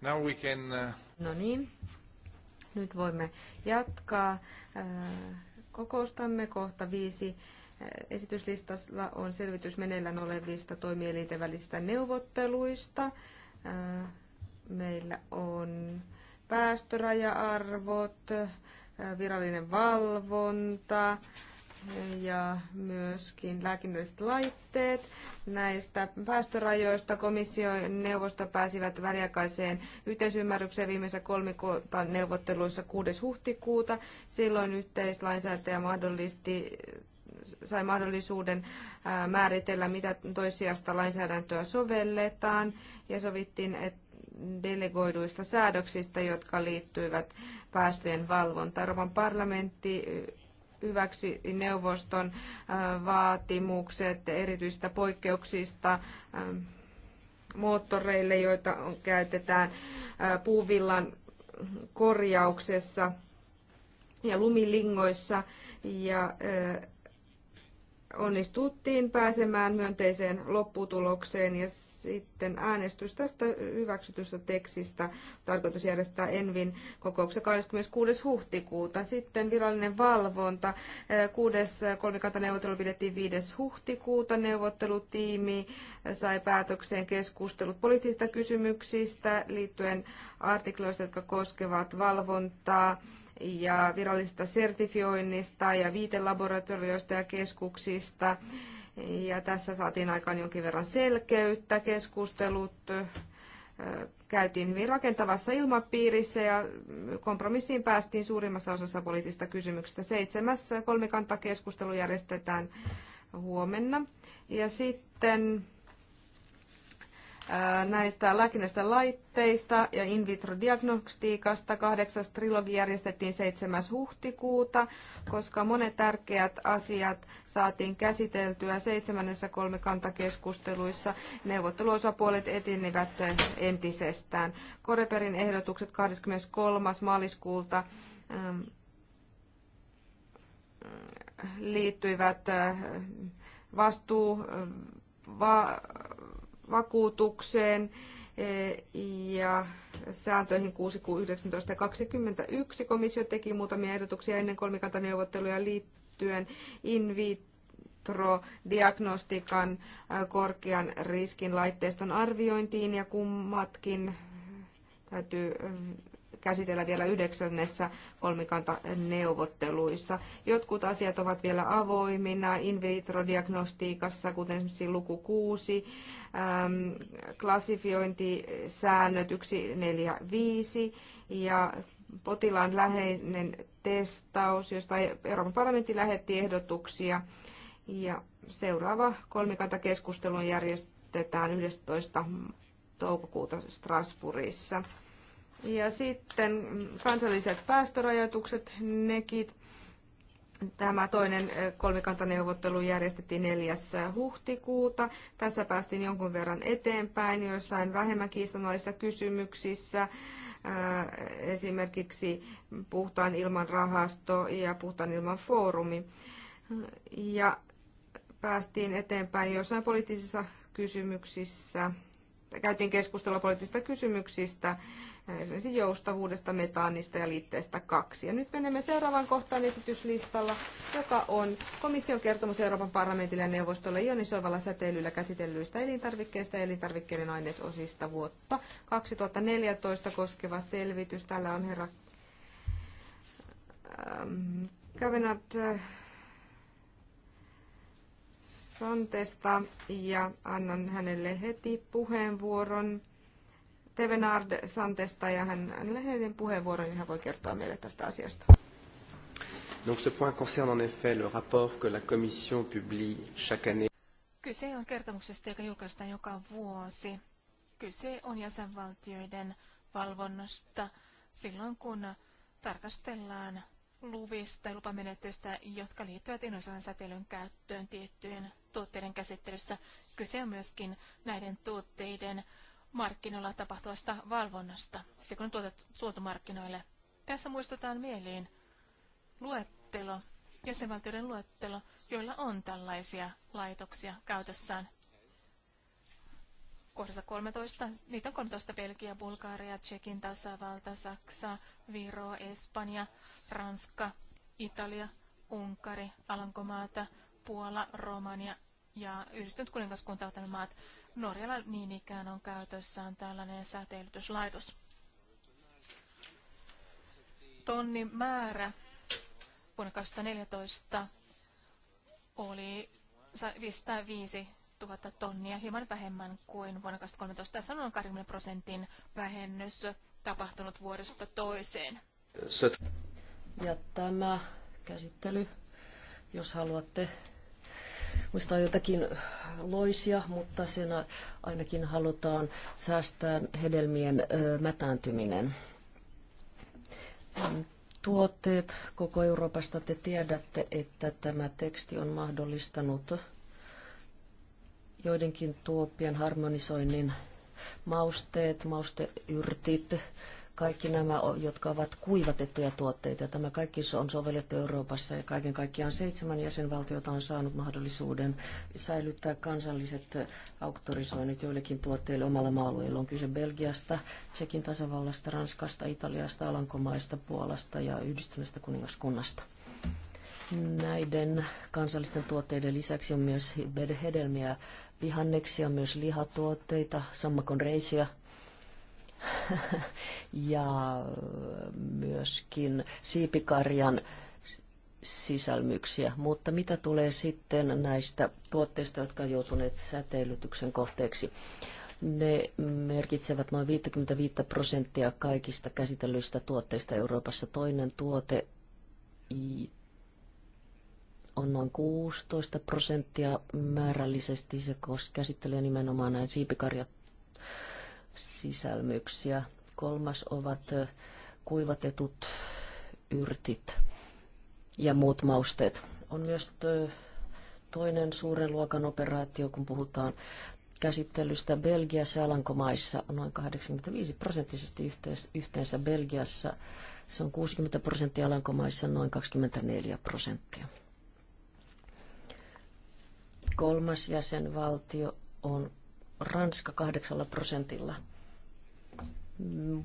Now we can... Uh, no niin, nyt voimme jatkaa äh, kokoustamme kohta viisi. Äh, esityslistalla on selvitys meneillään olevista toimielinten välisistä neuvotteluista. Äh, meillä on päästöraja-arvot, virallinen valvonta, ja myöskin lääkinnälliset laitteet. Näistä päästörajoista komissio ja neuvosto pääsivät väliaikaiseen yhteisymmärrykseen viimeisessä kolmikolta neuvotteluissa 6. huhtikuuta. Silloin yhteislainsäätäjä mahdollisti sai mahdollisuuden määritellä, mitä toisiasta lainsäädäntöä sovelletaan, ja sovittiin että delegoiduista säädöksistä, jotka liittyivät päästöjen valvontaan. Euroopan parlamentti hyväksi neuvoston äh, vaatimukset erityistä poikkeuksista äh, moottoreille, joita käytetään äh, puuvillan korjauksessa ja lumilingoissa ja onnistuttiin pääsemään myönteiseen lopputulokseen ja sitten äänestys tästä hyväksytystä tekstistä tarkoitus järjestää Envin kokouksessa 26. huhtikuuta. Sitten virallinen valvonta. Äh, kuudes kolmikantaneuvottelu pidettiin 5. huhtikuuta. Neuvottelutiimi sai päätökseen keskustelut poliittisista kysymyksistä liittyen artikloista, jotka koskevat valvontaa ja virallisesta sertifioinnista ja viitelaboratorioista ja keskuksista. Ja tässä saatiin aikaan jonkin verran selkeyttä, keskustelut käytiin hyvin rakentavassa ilmapiirissä ja kompromissiin päästiin suurimmassa osassa poliittisista kysymyksistä. seitsemässä kolmikantakeskustelu järjestetään huomenna. Ja sitten näistä lääkinnästä laitteista ja in vitro diagnostiikasta. Kahdeksas trilogi järjestettiin 7. huhtikuuta, koska monet tärkeät asiat saatiin käsiteltyä seitsemännessä kolmikantakeskusteluissa. Neuvotteluosapuolet etenivät entisestään. Koreperin ehdotukset 23. maaliskuuta liittyivät vastuu va- vakuutukseen eh, ja sääntöihin 6, 19 ja 21 komissio teki muutamia ehdotuksia ennen kolmikantaneuvotteluja liittyen in vitro diagnostikan eh, korkean riskin laitteiston arviointiin ja kummatkin täytyy eh, käsitellä vielä yhdeksännessä kolmikantaneuvotteluissa. Jotkut asiat ovat vielä avoimina in vitro-diagnostiikassa, kuten esimerkiksi luku 6, klassifiointisäännöt viisi ja potilaan läheinen testaus, josta Euroopan parlamentti lähetti ehdotuksia. Ja seuraava kolmikantakeskustelu järjestetään 11. toukokuuta Strasbourgissa. Ja sitten kansalliset päästörajoitukset, nekin. Tämä toinen kolmikantaneuvottelu järjestettiin 4. huhtikuuta. Tässä päästiin jonkun verran eteenpäin joissain vähemmän kiistanalaisissa kysymyksissä. Esimerkiksi puhtaan ilman rahasto ja puhtaan ilman foorumi. Ja päästiin eteenpäin joissain poliittisissa kysymyksissä. Käytiin keskustelua poliittisista kysymyksistä esimerkiksi joustavuudesta, metaanista ja liitteestä kaksi. Ja nyt menemme seuraavaan kohtaan esityslistalla, joka on komission kertomus Euroopan parlamentille ja neuvostolle ionisoivalla säteilyllä käsitellyistä elintarvikkeista ja elintarvikkeiden ainesosista vuotta 2014 koskeva selvitys. Täällä on herra ähm, Kavenat äh, Santesta ja annan hänelle heti puheenvuoron. Tevenard Santesta ja hän, hänellä hänen puheenvuoron, niin hän voi kertoa meille tästä asiasta. Donc ce point concerne en effet le rapport que la Commission publie chaque année. Kyse on kertomuksesta, joka julkaistaan joka vuosi. Kyse on jäsenvaltioiden valvonnasta silloin, kun tarkastellaan luvista ja lupamenettelystä, jotka liittyvät innosaan säteilyn käyttöön tiettyjen tuotteiden käsittelyssä. Kyse on myöskin näiden tuotteiden markkinoilla tapahtuvasta valvonnasta, se kun on tuotu markkinoille. Tässä muistutaan mieliin luettelo, jäsenvaltioiden luettelo, joilla on tällaisia laitoksia käytössään. Kohdassa 13, niitä on 13 Belgia, Bulgaria, Tsekin tasavalta, Saksa, Viro, Espanja, Ranska, Italia, Unkari, Alankomaata, Puola, Romania ja yhdistynyt kuningaskunta maat. Norjalla niin ikään on käytössään tällainen säteilytyslaitos. Tonnin määrä vuonna 2014 oli 505 000 tonnia, hieman vähemmän kuin vuonna 2013. Tässä on noin 20 prosentin vähennys tapahtunut vuodesta toiseen. Ja tämä käsittely, jos haluatte muistaa jotakin loisia, mutta sen ainakin halutaan säästää hedelmien mätääntyminen. Tuotteet koko Euroopasta te tiedätte, että tämä teksti on mahdollistanut joidenkin tuoppien harmonisoinnin mausteet, mausteyrtit, kaikki nämä, jotka ovat kuivatettuja tuotteita. Tämä kaikki on sovellettu Euroopassa ja kaiken kaikkiaan seitsemän jäsenvaltiota on saanut mahdollisuuden säilyttää kansalliset auktorisoinnit joillekin tuotteille omalla maa On kyse Belgiasta, Tsekin tasavallasta, Ranskasta, Italiasta, Alankomaista, Puolasta ja Yhdistyneestä kuningaskunnasta. Näiden kansallisten tuotteiden lisäksi on myös hedelmiä, vihanneksia, myös lihatuotteita, sammakon reisiä, ja myöskin siipikarjan sisälmyksiä. Mutta mitä tulee sitten näistä tuotteista, jotka ovat joutuneet säteilytyksen kohteeksi? Ne merkitsevät noin 55 prosenttia kaikista käsitellyistä tuotteista Euroopassa. Toinen tuote on noin 16 prosenttia määrällisesti. Se käsittelee nimenomaan näin siipikarja sisälmyksiä. Kolmas ovat kuivatetut yrtit ja muut mausteet. On myös toinen suuren luokan operaatio, kun puhutaan käsittelystä Belgiassa ja Alankomaissa on noin 85 prosenttisesti yhteensä Belgiassa. Se on 60 prosenttia Alankomaissa noin 24 prosenttia. Kolmas jäsenvaltio on Ranska 8 prosentilla.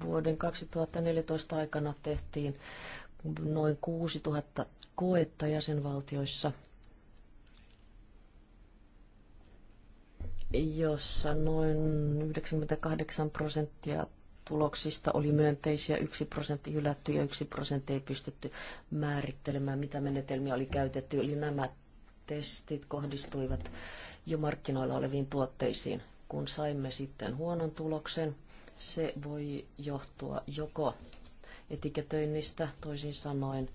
Vuoden 2014 aikana tehtiin noin 6000 koetta jäsenvaltioissa, jossa noin 98 prosenttia tuloksista oli myönteisiä, yksi prosentti hylätty ja yksi prosentti ei pystytty määrittelemään, mitä menetelmiä oli käytetty. Eli nämä testit kohdistuivat jo markkinoilla oleviin tuotteisiin kun saimme sitten huonon tuloksen, se voi johtua joko etiketöinnistä, toisin sanoen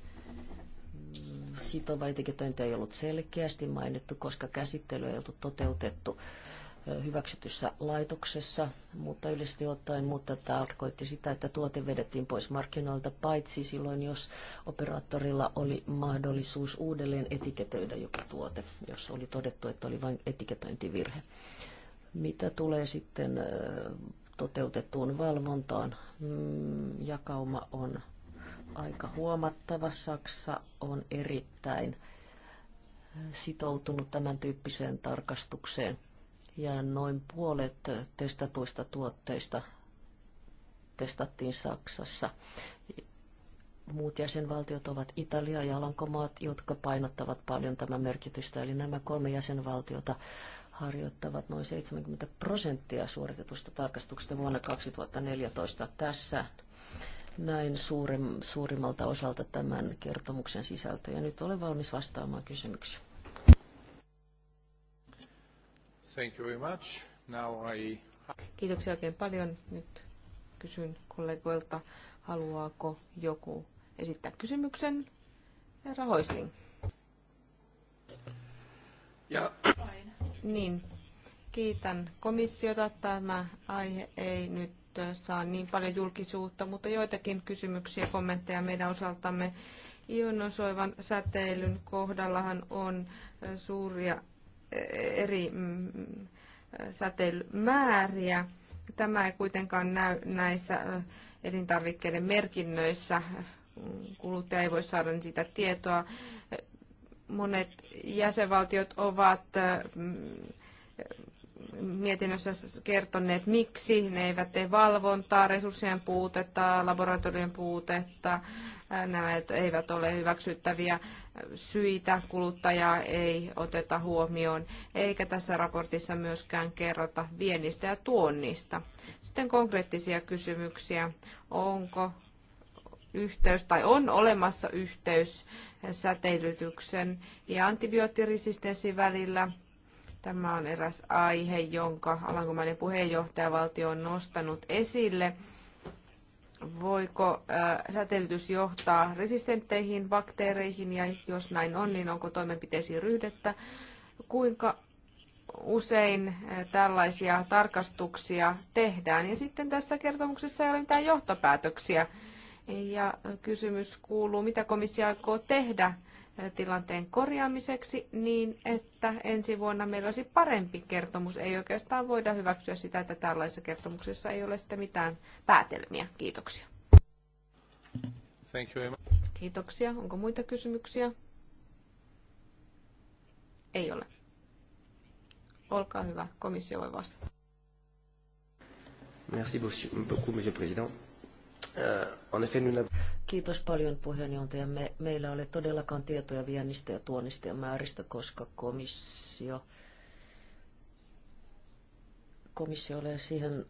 mm, sitova etiketöinti ei ollut selkeästi mainittu, koska käsittely ei ollut toteutettu hyväksytyssä laitoksessa, mutta yleisesti ottaen, mutta tarkoitti sitä, että tuote vedettiin pois markkinoilta, paitsi silloin, jos operaattorilla oli mahdollisuus uudelleen etiketöidä joku tuote, jos oli todettu, että oli vain etiketöintivirhe. Mitä tulee sitten toteutettuun valvontaan, mm, jakauma on aika huomattava. Saksa on erittäin sitoutunut tämän tyyppiseen tarkastukseen ja noin puolet testatuista tuotteista testattiin Saksassa. Muut jäsenvaltiot ovat Italia ja Alankomaat, jotka painottavat paljon tämän merkitystä. Eli nämä kolme jäsenvaltiota harjoittavat noin 70 prosenttia suoritetusta tarkastuksesta vuonna 2014. Tässä näin suurim, suurimmalta osalta tämän kertomuksen sisältö. Ja nyt olen valmis vastaamaan kysymyksiin. Thank you very much. Now I... Kiitoksia oikein paljon. Nyt kysyn kollegoilta, haluaako joku esittää kysymyksen. Herra Hoisling. Ja... Fine. Niin, kiitän komissiota. Tämä aihe ei nyt saa niin paljon julkisuutta, mutta joitakin kysymyksiä ja kommentteja meidän osaltamme. Ionosoivan säteilyn kohdallahan on suuria eri mm, säteilymääriä. Tämä ei kuitenkaan näy näissä elintarvikkeiden merkinnöissä. Kuluttaja ei voi saada sitä tietoa monet jäsenvaltiot ovat äh, mm, mietinnössä kertoneet, miksi ne eivät tee valvontaa, resurssien puutetta, laboratorion puutetta. Äh, nämä eivät ole hyväksyttäviä syitä, kuluttajaa ei oteta huomioon, eikä tässä raportissa myöskään kerrota viennistä ja tuonnista. Sitten konkreettisia kysymyksiä. Onko yhteys tai on olemassa yhteys säteilytyksen ja antibioottiresistenssin välillä. Tämä on eräs aihe, jonka Alankomainen puheenjohtajavaltio on nostanut esille. Voiko säteilytys johtaa resistentteihin bakteereihin ja jos näin on, niin onko toimenpiteisiin ryhdettä? Kuinka usein tällaisia tarkastuksia tehdään? Ja sitten tässä kertomuksessa ei ole mitään johtopäätöksiä ja kysymys kuuluu, mitä komissio aikoo tehdä tilanteen korjaamiseksi niin, että ensi vuonna meillä olisi parempi kertomus. Ei oikeastaan voida hyväksyä sitä, että tällaisessa kertomuksessa ei ole sitä mitään päätelmiä. Kiitoksia. Thank you, Kiitoksia. Onko muita kysymyksiä? Ei ole. Olkaa hyvä. Komissio voi vastata. Merci beaucoup, monsieur le président. Eh, Kiitos paljon puheenjohtajamme. Me, meillä oli todellakaan tietoja viennistä ja tuonnista ja määristä, koska komissio, komissio siihen,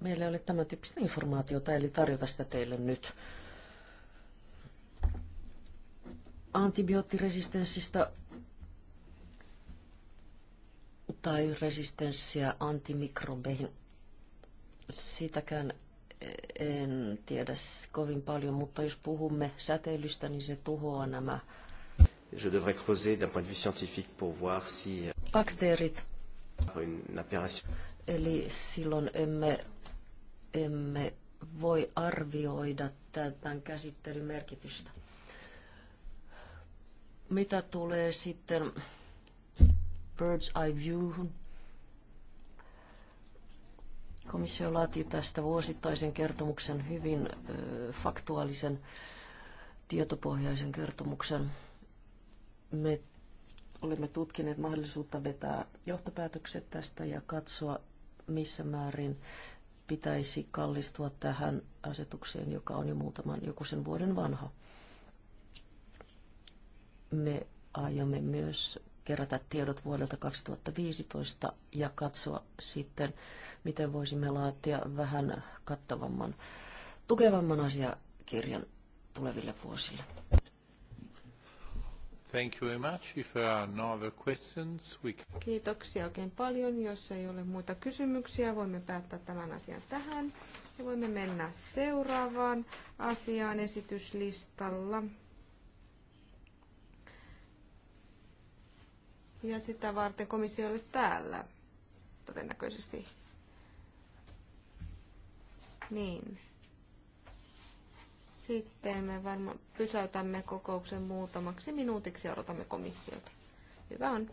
meillä ei ole tämän tyyppistä informaatiota, eli tarjota sitä teille nyt. Antibioottiresistenssistä tai resistenssiä antimikrobeihin, sitäkään en tiedä kovin paljon, mutta jos puhumme säteilystä, niin se tuhoaa nämä Je devrais creuser d'un point de vue scientifique pour voir si... Euh, bakteerit. Une Eli silloin emme, emme voi arvioida tämän käsittelyn merkitystä. Mitä tulee sitten bird's eye view Komissio laatii tästä vuosittaisen kertomuksen hyvin faktuaalisen tietopohjaisen kertomuksen. Me olemme tutkineet mahdollisuutta vetää johtopäätökset tästä ja katsoa, missä määrin pitäisi kallistua tähän asetukseen, joka on jo muutaman joku sen vuoden vanha. Me aiomme myös kerätä tiedot vuodelta 2015 ja katsoa sitten, miten voisimme laatia vähän kattavamman, tukevamman asiakirjan tuleville vuosille. Thank you very much. If there are no other questions, we can... Kiitoksia oikein paljon. Jos ei ole muita kysymyksiä, voimme päättää tämän asian tähän. Ja voimme mennä seuraavaan asiaan esityslistalla. Ja sitä varten komissio oli täällä, todennäköisesti. Niin. Sitten me varmaan pysäytämme kokouksen muutamaksi minuutiksi ja odotamme komissiota. Hyvä on.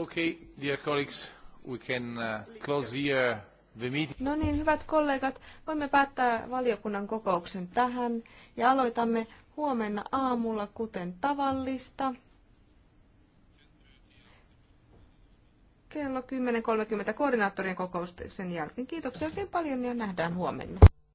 Okay, dear colleagues, we can uh, close here the meeting. No niin, hyvät kollegat, voimme päättää valiokunnan kokouksen tähän ja aloitamme huomenna aamulla kuten tavallista. Kello 10.30 koordinaattorien sen jälkeen. Kiitoksia oikein paljon ja nähdään huomenna.